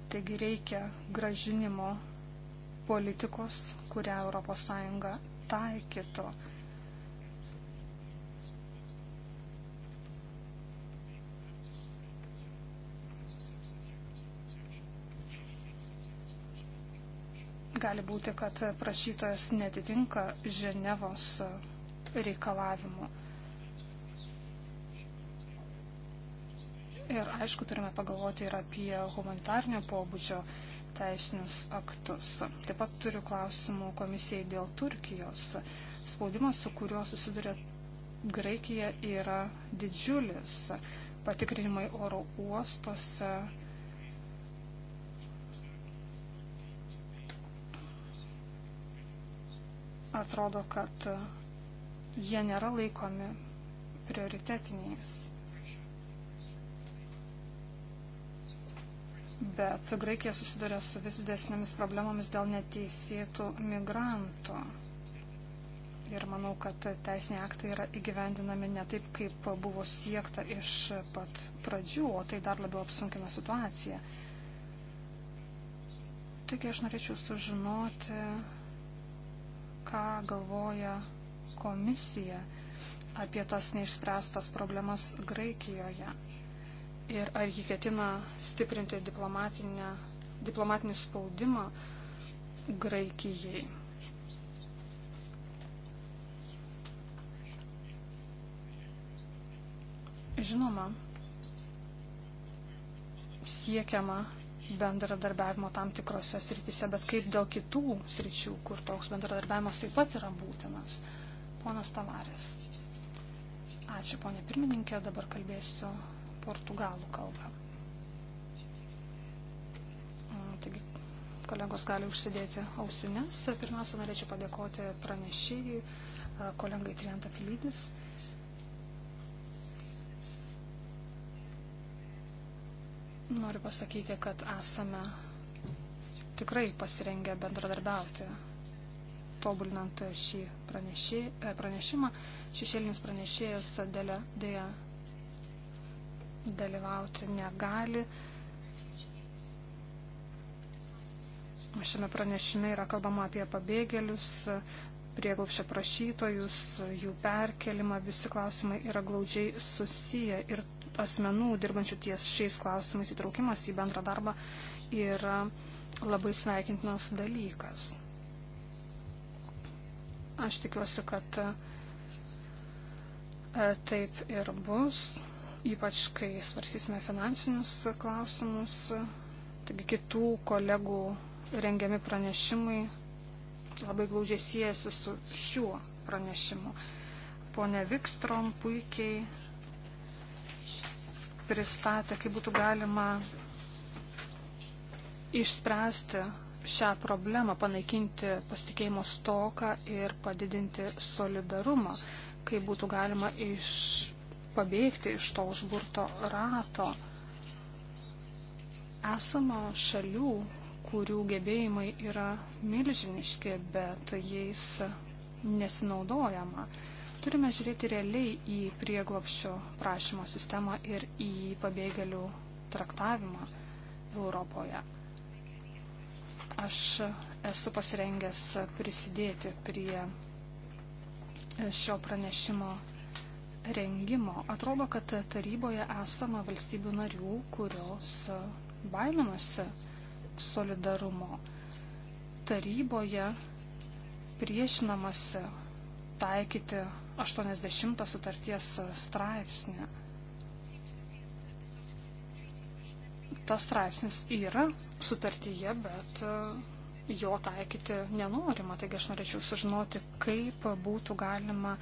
Speaker 3: Taigi reikia gražinimo politikos, kurią ES taikytų. Gali būti, kad prašytojas netitinka Ženevos reikalavimų. Ir aišku, turime pagalvoti ir apie humanitarnio pobūdžio teisinius aktus. Taip pat turiu klausimų komisijai dėl Turkijos. Spaudimas, su kuriuo susiduria Graikija, yra didžiulis. Patikrinimai oro uostose. Atrodo, kad jie nėra laikomi prioritetiniais bet Graikija susiduria su vis didesnėmis problemomis dėl neteisėtų migrantų. Ir manau, kad teisiniai aktai yra įgyvendinami ne taip, kaip buvo siekta iš pat pradžių, o tai dar labiau apsunkina situaciją. Taigi aš norėčiau sužinoti, ką galvoja komisija apie tas neišspręstas problemas Graikijoje ir ar ji ketina stiprinti diplomatinį spaudimą Graikijai. Žinoma, siekiama bendradarbiavimo tam tikrose srityse, bet kaip dėl kitų sričių, kur toks bendradarbiavimas taip pat yra būtinas. Ponas Tavarės. Ačiū, ponė pirmininkė, dabar kalbėsiu portugalų kalbą. Mm, taigi, kolegos gali užsidėti ausines. Pirmiausia, norėčiau padėkoti pranešėjui, kolegai Trianta Filidis. Noriu pasakyti, kad esame tikrai pasirengę bendradarbiauti, tobulinant šį pranešį, e, pranešimą. Šešėlinis pranešėjas dėja dalyvauti negali. Šiame pranešime yra kalbama apie pabėgėlius, prieglupščio prašytojus, jų perkelimą. Visi klausimai yra glaudžiai susiję ir asmenų dirbančių ties šiais klausimais įtraukimas į bendrą darbą yra labai sveikintinas dalykas. Aš tikiuosi, kad e, taip ir bus ypač kai svarsysime finansinius klausimus. Taigi kitų kolegų rengiami pranešimai labai glaudžiai siejasi su šiuo pranešimu. Pone Vikstrom puikiai pristatė, kaip būtų galima išspręsti šią problemą, panaikinti pasitikėjimo stoką ir padidinti solidarumą, kaip būtų galima iš pabėgti iš to užburto rato. Esama šalių, kurių gebėjimai yra milžiniški, bet jais nesinaudojama. Turime žiūrėti realiai į prieglopščio prašymo sistemą ir į pabėgėlių traktavimą Europoje. Aš esu pasirengęs prisidėti prie šio pranešimo rengimo. Atrodo, kad taryboje esama valstybių narių, kurios baiminasi solidarumo. Taryboje priešinamasi taikyti 80 sutarties straipsnį. Tas straipsnis yra sutartyje, bet jo taikyti nenorima. Taigi aš norėčiau sužinoti, kaip būtų galima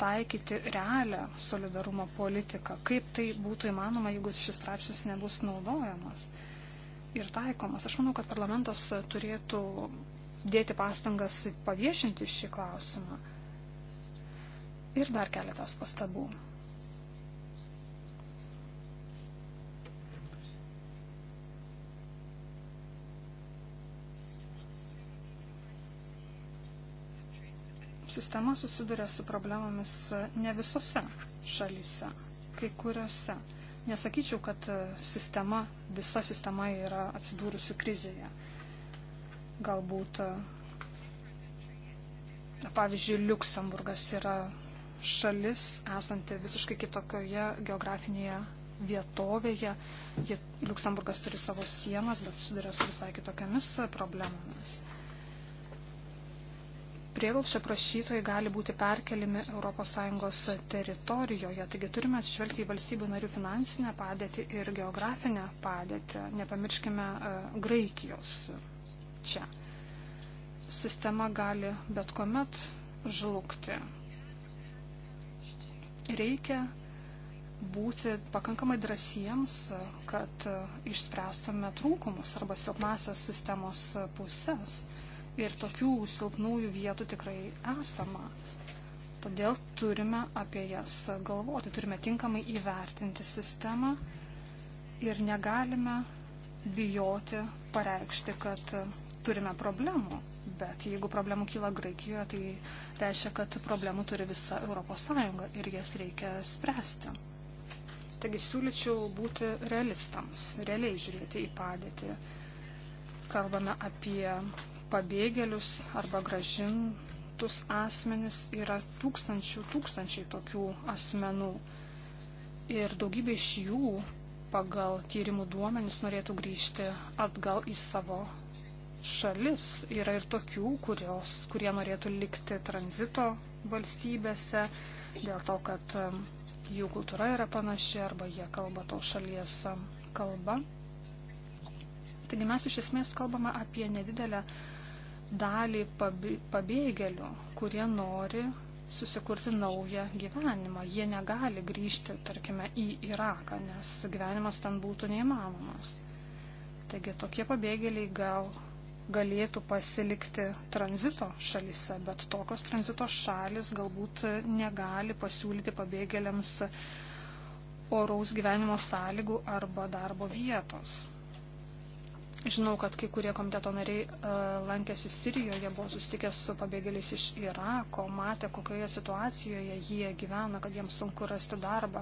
Speaker 3: taikyti realią solidarumo politiką. Kaip tai būtų įmanoma, jeigu šis straipsnis nebus naudojamas ir taikomas? Aš manau, kad parlamentas turėtų dėti pastangas paviešinti šį klausimą. Ir dar keletas pastabų. sistema susiduria su problemomis e, ne visose šalyse, kai kuriuose. Nesakyčiau, kad e, sistema, visa sistema yra atsidūrusi krizėje. Galbūt, e, pavyzdžiui, Luksemburgas yra šalis esanti visiškai kitokioje geografinėje vietovėje. Luksemburgas turi savo sienas, bet susiduria su visai kitokiamis problemomis prieglopščio prašytojai gali būti perkelimi ES teritorijoje. Taigi turime atsižvelgti į valstybių narių finansinę padėtį ir geografinę padėtį. Nepamirškime e, Graikijos čia. Sistema gali bet kuomet žlugti. Reikia būti pakankamai drąsiems, kad išspręstume trūkumus arba silpnasias sistemos pusės. Ir tokių silpnųjų vietų tikrai esama. Todėl turime apie jas galvoti, turime tinkamai įvertinti sistemą ir negalime bijoti pareikšti, kad turime problemų. Bet jeigu problemų kyla Graikijoje, tai reiškia, kad problemų turi visa ES ir jas reikia spręsti. Taigi siūlyčiau būti realistams, realiai žiūrėti į padėtį. Kalbame apie pabėgėlius arba gražintus asmenis yra tūkstančių, tūkstančiai tokių asmenų. Ir daugybė iš jų pagal tyrimų duomenys norėtų grįžti atgal į savo šalis. Yra ir tokių, kurios, kurie norėtų likti tranzito valstybėse dėl to, kad um, jų kultūra yra panaši arba jie kalba to šalies um, kalba. Taigi mes iš esmės kalbame apie nedidelę dalį pabėgėlių, kurie nori susikurti naują gyvenimą. Jie negali grįžti, tarkime, į Iraką, nes gyvenimas ten būtų neįmanomas. Taigi tokie pabėgėliai gal galėtų pasilikti tranzito šalise, bet tokios tranzito šalis galbūt negali pasiūlyti pabėgėliams oraus gyvenimo sąlygų arba darbo vietos. Žinau, kad kai kurie komiteto nariai e, lankėsi Sirijoje, buvo susitikę su pabėgėliais iš Irako, matė, kokioje situacijoje jie gyvena, kad jiems sunku rasti darbą,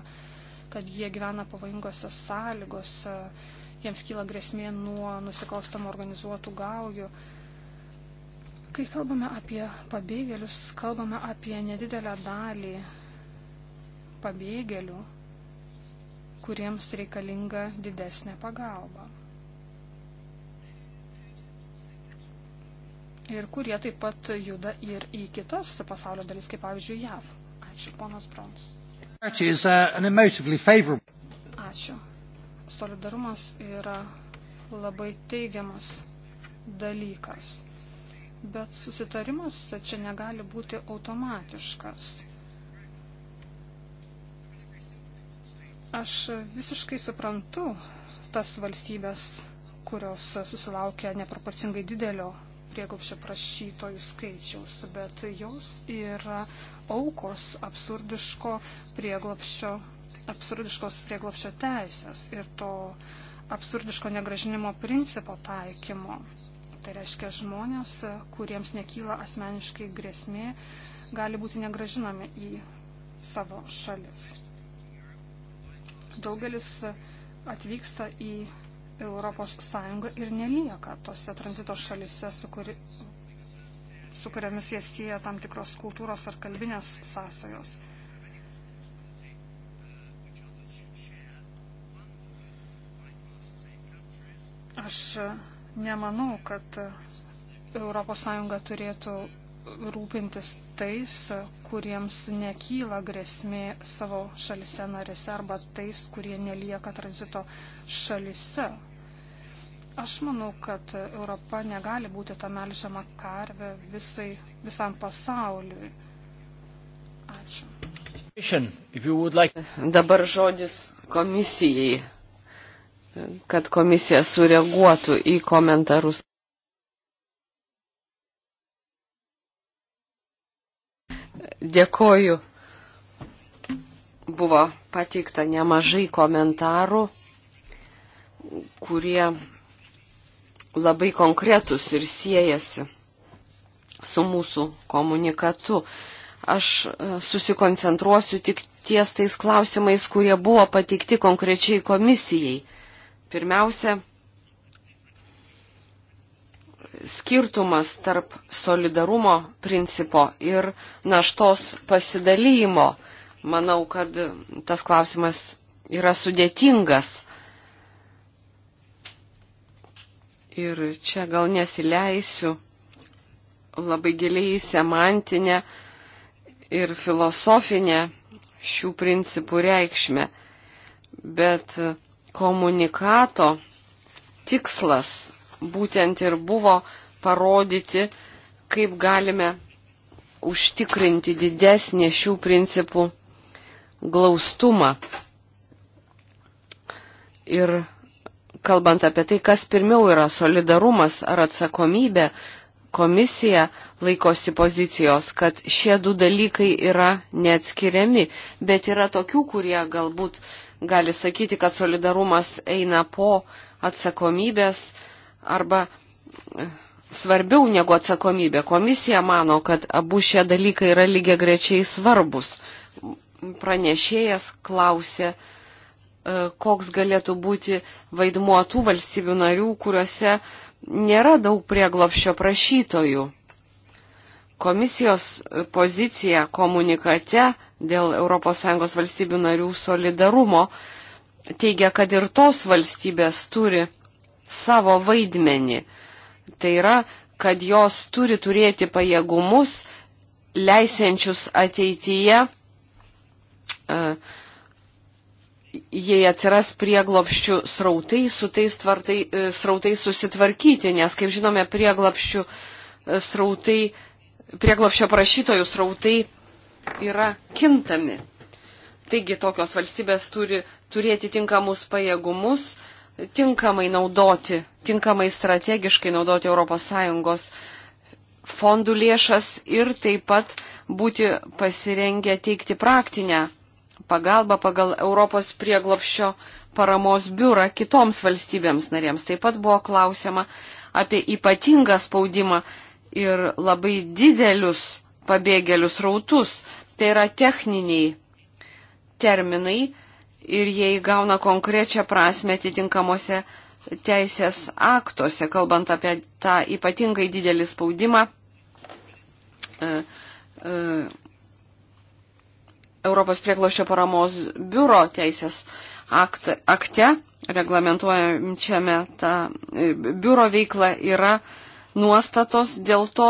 Speaker 3: kad jie gyvena pavojingose sąlygose, jiems kyla grėsmė nuo nusikalstamų organizuotų gaujų. Kai kalbame apie pabėgėlius, kalbame apie nedidelę dalį pabėgėlių, kuriems reikalinga didesnė pagalba. ir kurie taip pat juda ir į kitas pasaulio dalis, kaip pavyzdžiui JAV. Ačiū, ponas Brons. Uh, Ačiū. Solidarumas yra labai teigiamas dalykas. Bet susitarimas čia negali būti automatiškas. Aš visiškai suprantu tas valstybės, kurios susilaukia neproporcingai didelio prieglopščio prašytojų skaičiaus, bet jos yra aukos absurdiško prieglopščio, absurdiškos prieglopščio teisės ir to absurdiško negražinimo principo taikymo. Tai reiškia žmonės, kuriems nekyla asmeniškai grėsmė, gali būti negražinami į savo šalis. Daugelis atvyksta į ES ir nelieka tose tranzito šalise, su, kuri, su kuriamis jie sieja tam tikros kultūros ar kalbinės sąsajos. Aš nemanau, kad ES turėtų rūpintis tais, kuriems nekyla grėsmė savo šalise narėse arba tais, kurie nelieka tranzito šalise. Aš manau, kad Europa negali būti ta melžiama karvė visai, visam pasauliui.
Speaker 1: Ačiū. Dabar žodis komisijai, kad komisija sureaguotų į komentarus. Dėkoju. Buvo pateikta nemažai komentarų, kurie labai konkretus ir siejasi su mūsų komunikatu. Aš e, susikoncentruosiu tik ties tais klausimais, kurie buvo pateikti konkrečiai komisijai. Pirmiausia, skirtumas tarp solidarumo principo ir naštos pasidalymo. Manau, kad tas klausimas yra sudėtingas. Ir čia gal nesileisiu labai giliai į semantinę ir filosofinę šių principų reikšmę, bet komunikato tikslas būtent ir buvo parodyti, kaip galime užtikrinti didesnį šių principų glaustumą. Ir kalbant apie tai, kas pirmiau yra solidarumas ar atsakomybė, komisija laikosi pozicijos, kad šie du dalykai yra neatskiriami, bet yra tokių, kurie galbūt gali sakyti, kad solidarumas eina po atsakomybės arba e, svarbiau negu atsakomybė. Komisija mano, kad abu šie dalykai yra lygiai grečiai svarbus. Pranešėjas klausė, E, koks galėtų būti vaidmuo tų valstybių narių, kuriuose nėra daug prieglopščio prašytojų. Komisijos pozicija komunikate dėl ES valstybių narių solidarumo teigia, kad ir tos valstybės turi savo vaidmenį. Tai yra, kad jos turi turėti pajėgumus, leisiančius ateityje uh, jei atsiras prieglopščių srautai, su tais tvartai, e, srautai susitvarkyti, nes, kaip žinome, prieglopščių e, srautai, prieglopščio prašytojų srautai yra kintami. Taigi tokios valstybės turi turėti tinkamus pajėgumus, tinkamai naudoti, tinkamai strategiškai naudoti ES fondų lėšas ir taip pat būti pasirengę teikti praktinę pagalbą pagal Europos prieglopščio paramos biurą kitoms valstybėms narėms. Taip pat buvo klausima apie ypatingą spaudimą ir labai didelius pabėgėlius rautus. Tai yra techniniai terminai ir jie įgauna konkrečią prasme atitinkamuose teisės aktuose, kalbant apie tą ypatingai didelį spaudimą. E, e, Europos prieglošio paramos biuro teisės akt, akte, reglamentuojančiame tą e, biuro veiklą, yra nuostatos dėl to,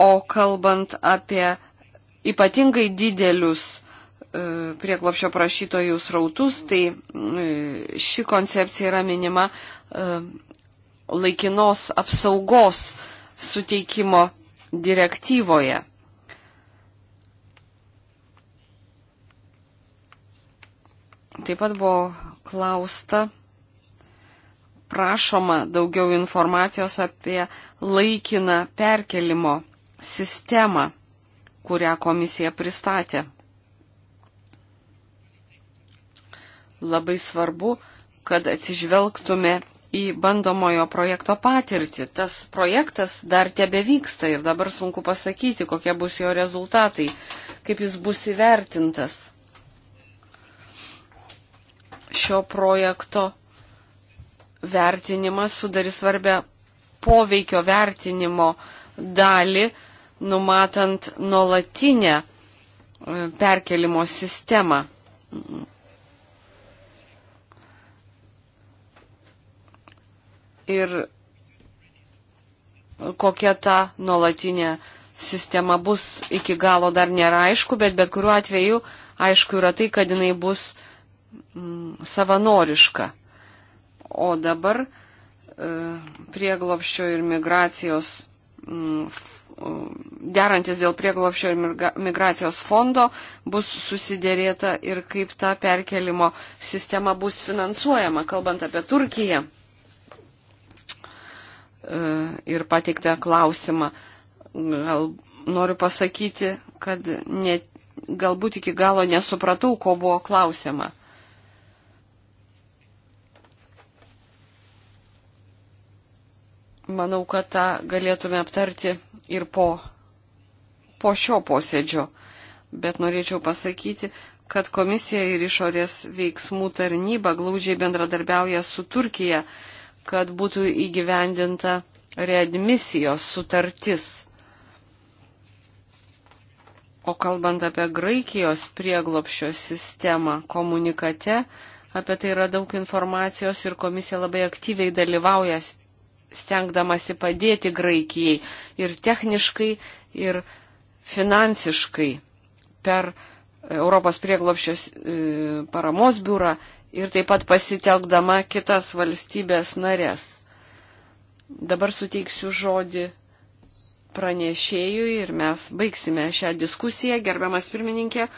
Speaker 1: o kalbant apie ypatingai didelius e, prieklopšio prašytojų srautus, tai e, ši koncepcija yra minima laikinos apsaugos suteikimo direktyvoje. Taip pat buvo klausta, prašoma daugiau informacijos apie laikiną perkelimo sistemą, kurią komisija pristatė. Labai svarbu, kad atsižvelgtume į bandomojo projekto patirtį. Tas projektas dar tebe vyksta ir dabar sunku pasakyti, kokie bus jo rezultatai, kaip jis bus įvertintas šio projekto vertinimas sudarys svarbę poveikio vertinimo dalį, numatant nuolatinę e, perkelimo sistemą. Ir kokia ta nuolatinė sistema bus iki galo dar nėra aišku, bet bet kuriuo atveju aišku yra tai, kad jinai bus Mm, savanoriška. O dabar e, prieglopščio ir migracijos, mm, e, derantis dėl prieglopščio ir migracijos fondo, bus susidėrėta ir kaip ta perkelimo sistema bus finansuojama, kalbant apie Turkiją. E, ir pateiktą klausimą. Gal noriu pasakyti, kad ne, galbūt iki galo nesupratau, ko buvo klausima. manau, kad tą galėtume aptarti ir po, po šio posėdžio. Bet norėčiau pasakyti, kad komisija ir išorės veiksmų tarnyba glaudžiai bendradarbiauja su Turkija, kad būtų įgyvendinta readmisijos sutartis. O kalbant apie Graikijos prieglopšio sistemą komunikate, apie tai yra daug informacijos ir komisija labai aktyviai dalyvaujas stengdamasi padėti Graikijai ir techniškai, ir finansiškai per Europos prieglopščios e, paramos biurą ir taip pat pasitelkdama kitas valstybės narės. Dabar suteiksiu žodį pranešėjui ir mes baigsime šią diskusiją. Gerbiamas pirmininkė,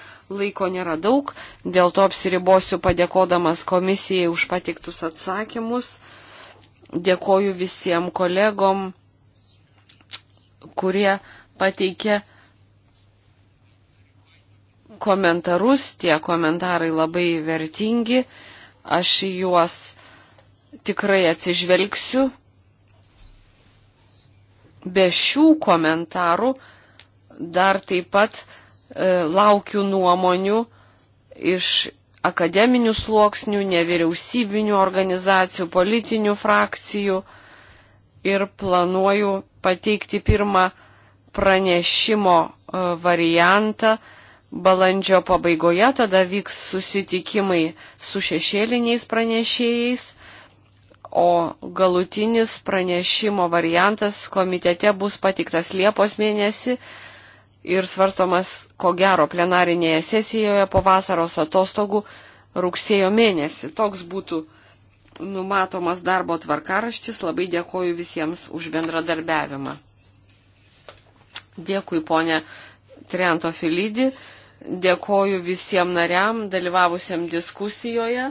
Speaker 1: laiko nėra daug, dėl to apsiribosiu padėkodamas komisijai už pateiktus atsakymus. Dėkoju visiems kolegom, kurie pateikė komentarus. Tie komentarai labai vertingi. Aš į juos tikrai atsižvelgsiu. Be šių komentarų dar taip pat e, laukiu nuomonių iš akademinių sluoksnių, nevyriausybinių organizacijų, politinių frakcijų ir planuoju pateikti pirmą pranešimo e, variantą balandžio pabaigoje, tada vyks susitikimai su šešėliniais pranešėjais, o galutinis pranešimo variantas komitete bus patiktas Liepos mėnesį ir svarstomas, ko gero, plenarinėje sesijoje po vasaros atostogų rugsėjo mėnesį. Toks būtų numatomas darbo tvarkaraštis. Labai dėkoju visiems už bendradarbiavimą. Dėkui, ponė Trianto Filidį. Dėkoju visiems nariam, dalyvavusiam diskusijoje.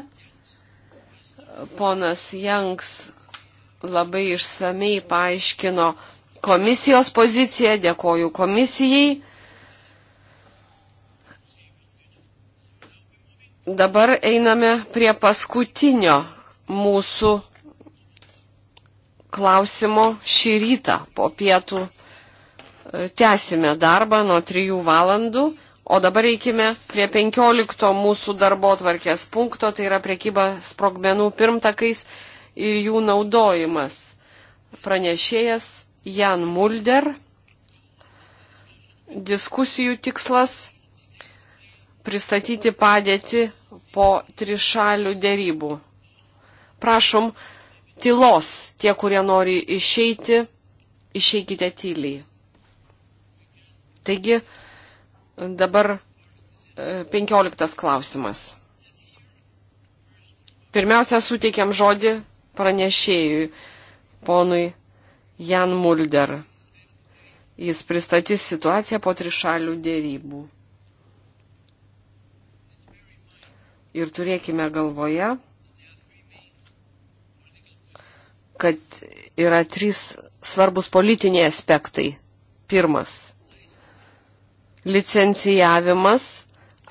Speaker 1: Ponas Janks labai išsamei paaiškino komisijos poziciją, dėkoju komisijai. Dabar einame prie paskutinio mūsų klausimo šį rytą. Po pietų e, tęsime darbą nuo 3 valandų, o dabar eikime prie 15 mūsų darbo tvarkės punkto, tai yra priekyba sprogmenų pirmtakais ir jų naudojimas. Pranešėjas Jan Mulder. Diskusijų tikslas - pristatyti padėtį po trišalių dėrybų. Prašom tylos, tie, kurie nori išeiti, išeikite tyliai. Taigi dabar e, penkioliktas klausimas. Pirmiausia, suteikiam žodį pranešėjui, ponui Jan Mulder. Jis pristatys situaciją po trišalių dėrybų. Ir turėkime galvoje, kad yra trys svarbus politiniai aspektai. Pirmas - licencijavimas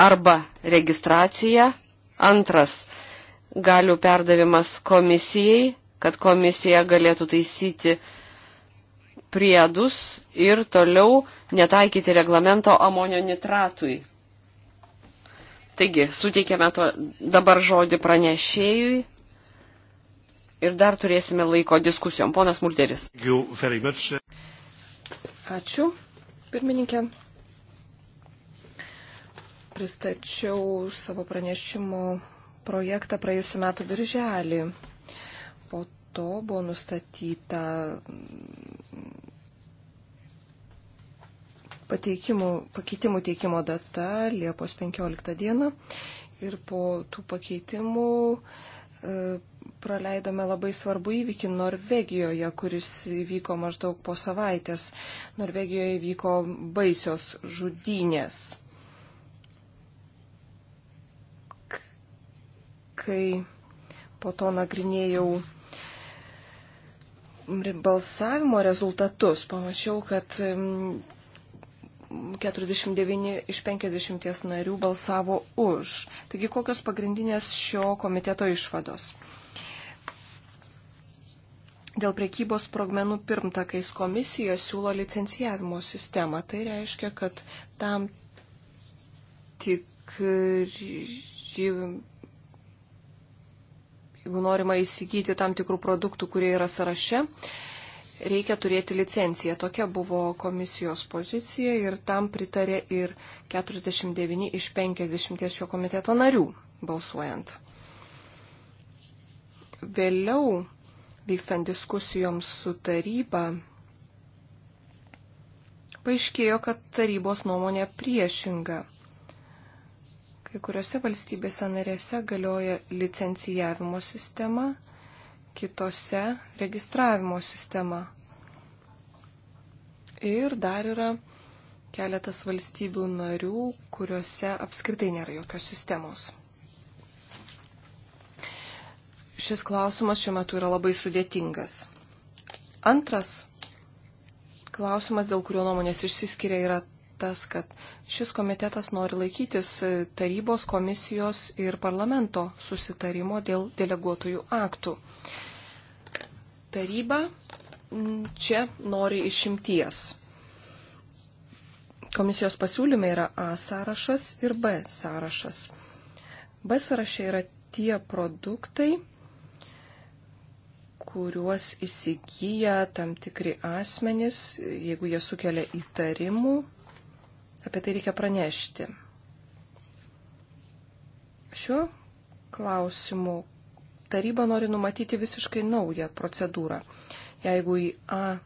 Speaker 1: arba registracija. Antras - galių perdavimas komisijai, kad komisija galėtų taisyti uh, priedus ir toliau netaikyti reglamento amonio nitratui. Taigi, suteikėme to dabar žodį pranešėjui ir dar turėsime laiko diskusijom. Ponas Mulderis. Ačiū, pirmininkė.
Speaker 2: Pristačiau savo pranešimo projektą praėjusiu metu birželį. Po to buvo nustatyta pakeitimų teikimo data Liepos 15 diena ir po tų pakeitimų e, praleidome labai svarbu įvykį Norvegijoje, kuris įvyko maždaug po savaitės. Norvegijoje įvyko baisios žudynės. Kai po to nagrinėjau balsavimo rezultatus, pamačiau, kad 49 iš 50 narių balsavo už. Taigi kokios pagrindinės šio komiteto išvados? Dėl prekybos progmenų pirmtakais komisija siūlo licencijavimo sistemą. Tai reiškia, kad tam tikri jeigu norima įsigyti tam tikrų produktų, kurie yra sąraše, reikia turėti licenciją. Tokia buvo komisijos pozicija ir tam pritarė ir 49 iš 50 šio komiteto narių balsuojant. Vėliau, vykstant diskusijoms su taryba, paaiškėjo, kad tarybos nuomonė priešinga. Kai kuriuose valstybėse narėse galioja licencijavimo sistema kitose registravimo sistema. Ir dar yra keletas valstybių narių, kuriuose apskritai nėra jokios sistemos. Šis klausimas šiuo metu yra labai sudėtingas. Antras klausimas, dėl kurio nuomonės išsiskiria, yra tas, kad šis komitetas nori laikytis tarybos, komisijos ir parlamento susitarimo dėl deleguotojų aktų taryba mm, čia nori išimties. Komisijos pasiūlyme yra A sąrašas ir B sąrašas. B sąraše yra tie produktai, kuriuos įsigyja tam tikri asmenys, jeigu jie sukelia įtarimų, apie tai reikia pranešti. Šiuo klausimu taryba nori numatyti visiškai naują procedūrą. Jeigu į A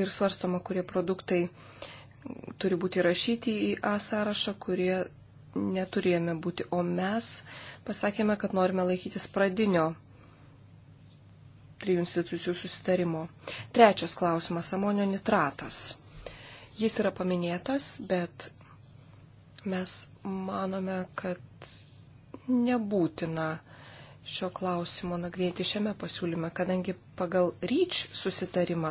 Speaker 2: ir svarstoma, kurie produktai turi būti rašyti į A sąrašą, kurie neturėjome būti, o mes pasakėme, kad norime laikytis pradinio trijų institucijų susitarimo. Trečias klausimas - amonio nitratas. Jis yra paminėtas, bet mes manome, kad nebūtina šio klausimo nagrinėti šiame pasiūlyme, kadangi pagal ryč susitarimą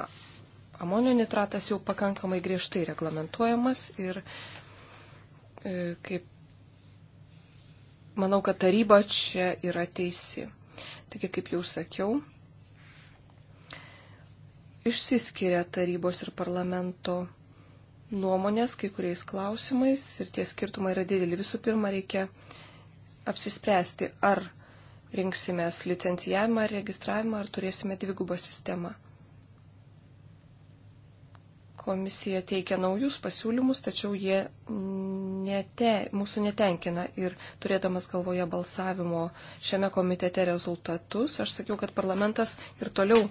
Speaker 2: amonio nitratas jau pakankamai griežtai reglamentuojamas ir e, kaip manau, kad taryba čia yra teisi. Taigi, kaip jau sakiau, išsiskiria tarybos ir parlamento nuomonės kai kuriais klausimais ir tie skirtumai yra dideli. Visų pirma, reikia apsispręsti, ar rinksimės licencijavimą ar registravimą, ar turėsime dvigubą sistemą. Komisija teikia naujus pasiūlymus, tačiau jie nete, mūsų netenkina. Ir turėdamas galvoje balsavimo šiame komitete rezultatus, aš sakiau, kad parlamentas ir toliau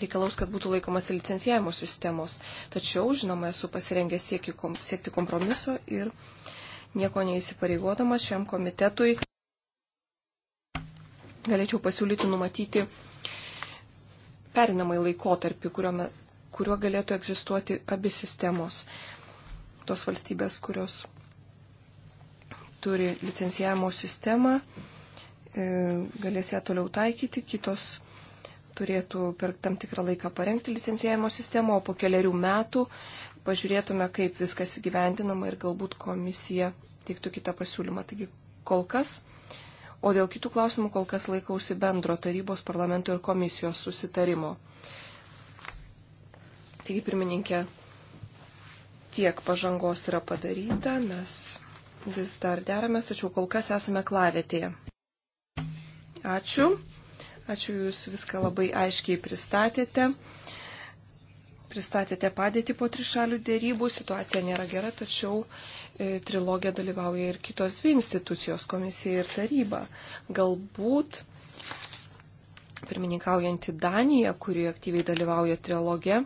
Speaker 2: reikalaus, kad būtų laikomas licencijavimo sistemos. Tačiau, žinoma, esu pasirengęs siekti kompromiso ir nieko neįsipareigodamas šiam komitetui galėčiau pasiūlyti numatyti perinamai laikotarpį, kuriuo, kuriuo galėtų egzistuoti abi sistemos. Tos valstybės, kurios turi licencijavimo sistemą, e, galės ją toliau taikyti, kitos turėtų per tam tikrą laiką parengti licencijavimo sistemą, o po keliarių metų pažiūrėtume, kaip viskas įgyvendinama ir galbūt komisija teiktų kitą pasiūlymą. Taigi kol kas, o dėl kitų klausimų kol kas laikausi bendro tarybos, parlamento ir komisijos susitarimo. Taigi, pirmininkė, tiek pažangos yra padaryta, mes vis dar deramės, tačiau kol kas esame klavėtėje. Ačiū. Ačiū Jūs viską labai aiškiai pristatėte pristatėte padėtį po trišalių dėrybų. Situacija nėra gera, tačiau e, trilogija dalyvauja ir kitos dvi institucijos - komisija ir taryba. Galbūt pirmininkaujanti Danija, kuri aktyviai dalyvauja trilogija,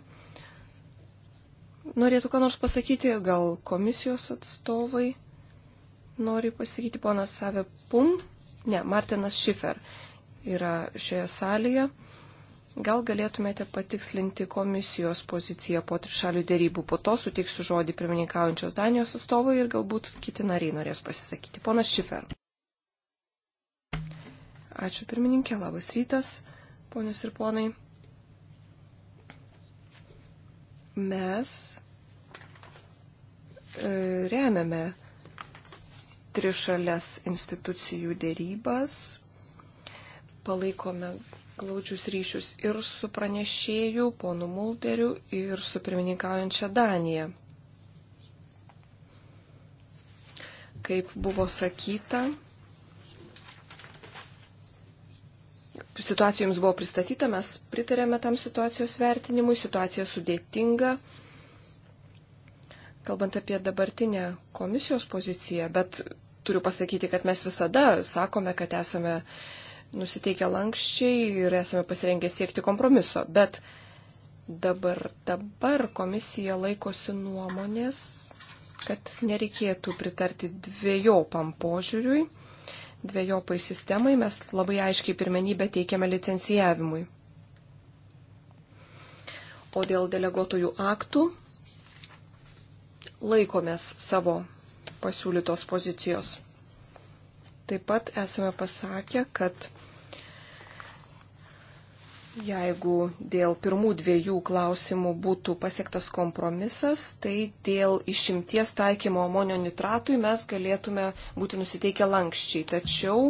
Speaker 2: norėtų ką nors pasakyti, gal komisijos atstovai nori pasakyti ponas Save Pum, ne, Martinas Šifer yra šioje salėje. Gal galėtumėte patikslinti komisijos poziciją po trišalių dėrybų, po to suteiksiu žodį pirmininkaujančios Danijos atstovui ir galbūt kiti nariai norės pasisakyti. Ponas Šifer. Ačiū pirmininkė, labas rytas, ponios ir ponai. Mes e, remiame trišalės institucijų dėrybas, palaikome glaučius ryšius ir su pranešėju, ponu Multeriu, ir su pirmininkaujančia Danija. Kaip buvo sakyta, situacija jums buvo pristatyta, mes pritarėme tam situacijos vertinimui, situacija sudėtinga, kalbant apie dabartinę komisijos poziciją, bet turiu pasakyti, kad mes visada sakome, kad esame nusiteikę lankščiai ir esame pasirengę siekti kompromiso. Bet dabar, dabar komisija laikosi nuomonės, kad nereikėtų pritarti dviejopam požiūriui, dviejopai sistemai. Mes labai aiškiai pirmenybę teikiame licencijavimui. O dėl deleguotojų aktų laikomės savo pasiūlytos pozicijos. Taip pat esame pasakę, kad jeigu dėl pirmų dviejų klausimų būtų pasiektas kompromisas, tai dėl išimties taikymo amonio nitratui mes galėtume būti nusiteikę lankščiai. Tačiau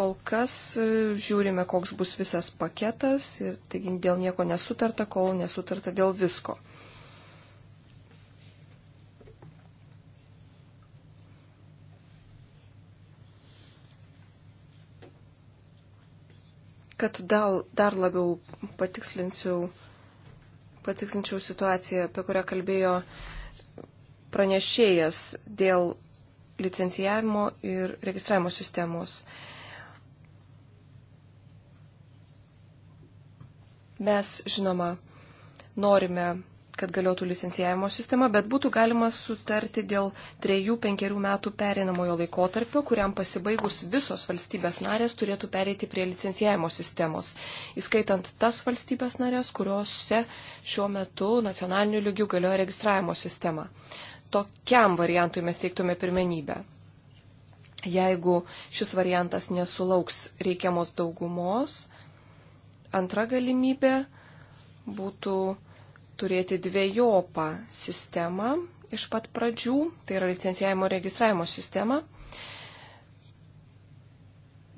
Speaker 2: kol kas e, žiūrime, koks bus visas paketas ir taigi dėl nieko nesutarta, kol nesutarta dėl visko. Kad dal, dar labiau patikslinsiu, patikslinčiau situaciją, apie kurią kalbėjo pranešėjas dėl licencijavimo ir registravimo sistemos. Mes, žinoma, norime kad galiotų licencijavimo sistema, bet būtų galima sutarti dėl trejų, penkerių metų pereinamojo laikotarpio, kuriam pasibaigus visos valstybės narės turėtų pereiti prie licencijavimo sistemos, įskaitant tas valstybės narės, kuriuose šiuo metu nacionaliniu lygiu galioja registravimo sistema. Tokiam variantui mes teiktume pirmenybę. Jeigu šis variantas nesulauks reikiamos daugumos, antra galimybė būtų turėti dviejopą sistemą iš pat pradžių, tai yra licencijavimo registravimo sistema,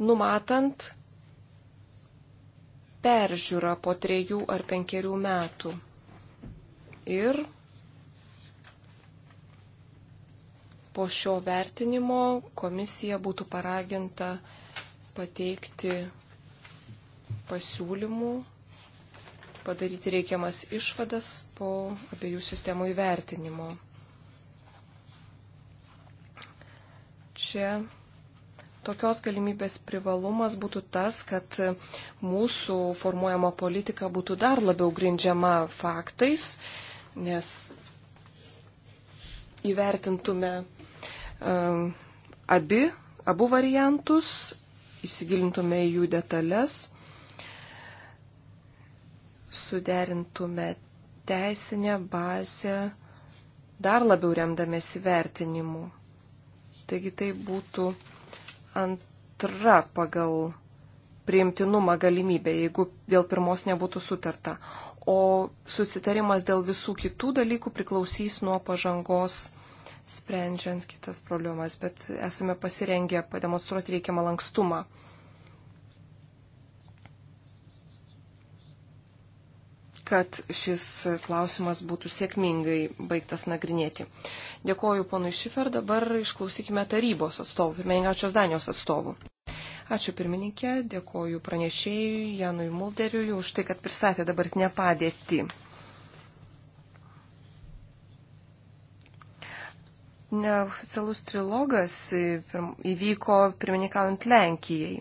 Speaker 2: numatant peržiūrą po trejų ar penkerių metų. Ir po šio vertinimo komisija būtų paraginta pateikti pasiūlymų padaryti reikiamas išvadas po abiejų sistemų įvertinimo. Čia tokios galimybės privalumas būtų tas, kad mūsų formuojama politika būtų dar labiau grindžiama faktais, nes įvertintume um, abi, abu variantus, įsigilintume į jų detalės suderintume teisinę bazę dar labiau remdamėsi vertinimu. Taigi tai būtų antra pagal priimtinumą galimybė, jeigu dėl pirmos nebūtų sutarta. O susitarimas dėl visų kitų dalykų priklausys nuo pažangos sprendžiant kitas problemas, bet esame pasirengę pademonstruoti reikiamą lankstumą. kad šis klausimas būtų sėkmingai baigtas nagrinėti. Dėkoju ponui Šifer, dabar išklausykime tarybos atstovų, pirmininkaučios Danijos atstovų. Ačiū pirmininkė, dėkoju pranešėjui Janui Mulderiui už tai, kad pristatė dabartinę padėtį. Neoficialus trilogas įvyko pirmininkaujant Lenkijai.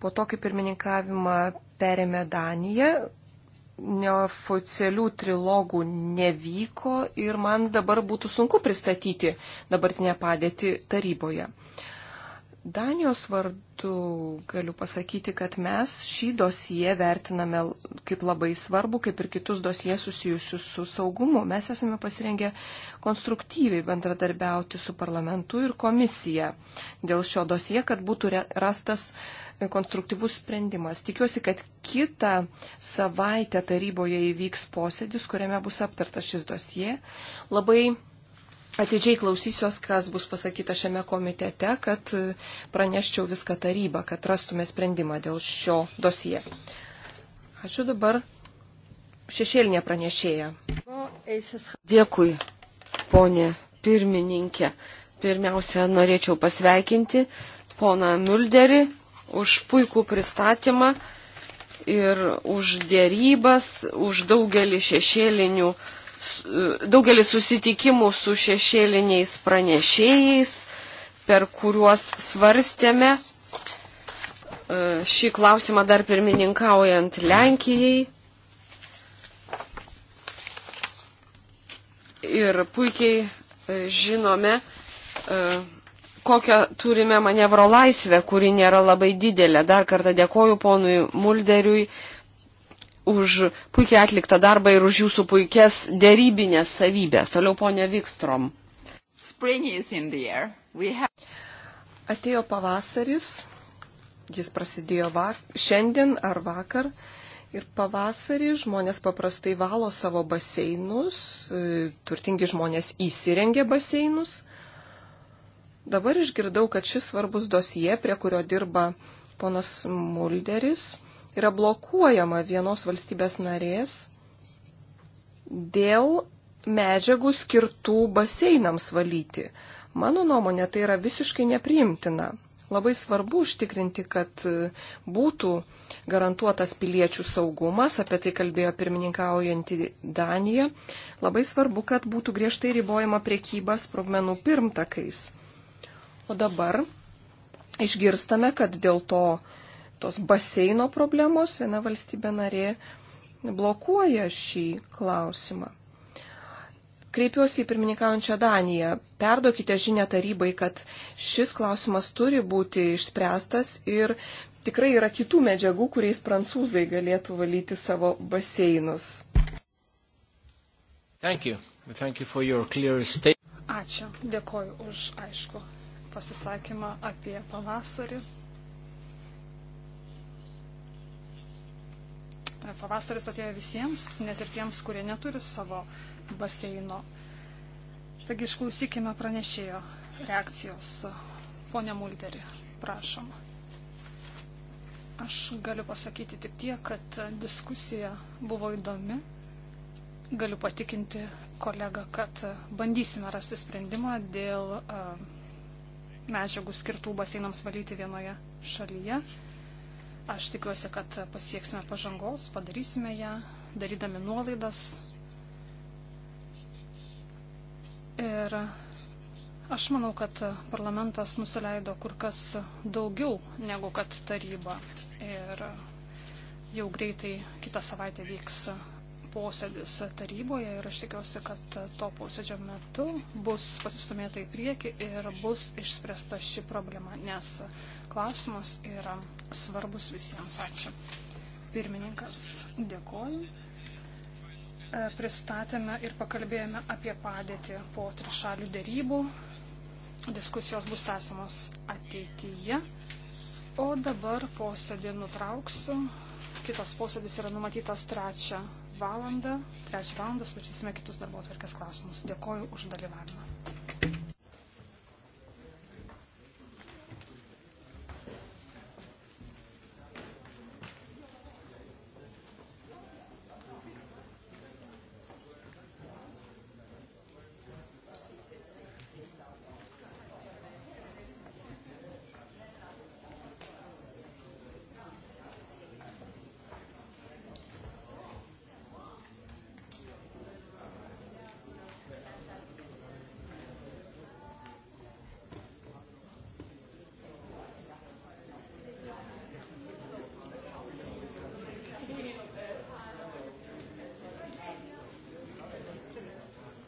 Speaker 2: Po to, kai pirmininkavimą perėmė Danija, neoficialių trilogų nevyko ir man dabar būtų sunku pristatyti dabartinę padėtį taryboje. Danijos vardu galiu pasakyti, kad mes šį dosiją vertiname kaip labai svarbu, kaip ir kitus dosiją susijusius su saugumu. Mes esame pasirengę konstruktyviai bendradarbiauti su parlamentu ir komisija dėl šio dosiją, kad būtų rastas konstruktyvus sprendimas. Tikiuosi, kad kitą savaitę taryboje įvyks posėdis, kuriame bus aptartas šis dosie. Labai atidžiai klausysiuos, kas bus pasakyta šiame komitete, kad praneščiau viską tarybą, kad rastume sprendimą dėl šio dosie. Ačiū dabar
Speaker 1: šešėlinė pranešėja. Dėkui, ponė pirmininkė. Pirmiausia, norėčiau pasveikinti poną Mulderį už puikų pristatymą ir už dėrybas, už daugelį šešėlinių, daugelį susitikimų su šešėliniais pranešėjais, per kuriuos svarstėme e, šį klausimą dar pirmininkaujant Lenkijai. Ir puikiai e, žinome, e, kokią turime manevro laisvę, kuri nėra labai didelė. Dar kartą dėkoju ponui Mulderiui už puikiai atliktą darbą ir už jūsų puikias dėrybinės savybės. Toliau ponė Vikstrom.
Speaker 2: Have... Atėjo pavasaris, jis prasidėjo vak... šiandien ar vakar. Ir pavasarį žmonės paprastai valo savo baseinus, e, turtingi žmonės įsirengia baseinus. Dabar išgirdau, kad šis svarbus dosie, prie kurio dirba ponas Mulderis, yra blokuojama vienos valstybės narės dėl medžiagų skirtų baseinams valyti. Mano nuomonė, tai yra visiškai nepriimtina. Labai svarbu užtikrinti, kad būtų garantuotas piliečių saugumas, apie tai kalbėjo pirmininkaujanti Danija. Labai svarbu, kad būtų griežtai ribojama priekyba sprogmenų pirmtakais. O dabar išgirstame, kad dėl to tos baseino problemos viena valstybė narė blokuoja šį klausimą. Kreipiuosi į pirmininkaujančią Daniją. Perduokite žinę tarybai, kad šis klausimas turi būti išspręstas ir tikrai yra kitų medžiagų, kuriais prancūzai galėtų valyti savo baseinus.
Speaker 1: Thank you. Thank you
Speaker 3: Ačiū. Dėkoju už aišku pasisakymą apie pavasarį. Pavasaris atėjo visiems, net ir tiems, kurie neturi savo baseino. Taigi išklausykime pranešėjo reakcijos. Pone Mulderi, prašom. Aš galiu pasakyti tik tie, kad diskusija buvo įdomi. Galiu patikinti kolegą, kad bandysime rasti sprendimą dėl uh, medžiagų skirtų baseinams valyti vienoje šalyje. Aš tikiuosi, kad pasieksime pažangos, padarysime ją, darydami nuolaidas. Ir aš manau, kad parlamentas nusileido kur kas daugiau negu kad taryba. Ir jau greitai kitą savaitę vyks posėdis taryboje ir aš tikiuosi, kad to posėdžio metu bus pasistumėta į priekį ir bus išspręsta ši problema, nes klausimas yra svarbus visiems. Ačiū. Pirmininkas, dėkoju. E, pristatėme ir pakalbėjome apie padėtį po trišalių dėrybų. Diskusijos bus tęsiamos ateityje. O dabar posėdį nutrauksiu. Kitas posėdis yra numatytas trečią valandą, trečią valandą svarstysime kitus darbo atvarkės klausimus. Dėkoju už dalyvavimą.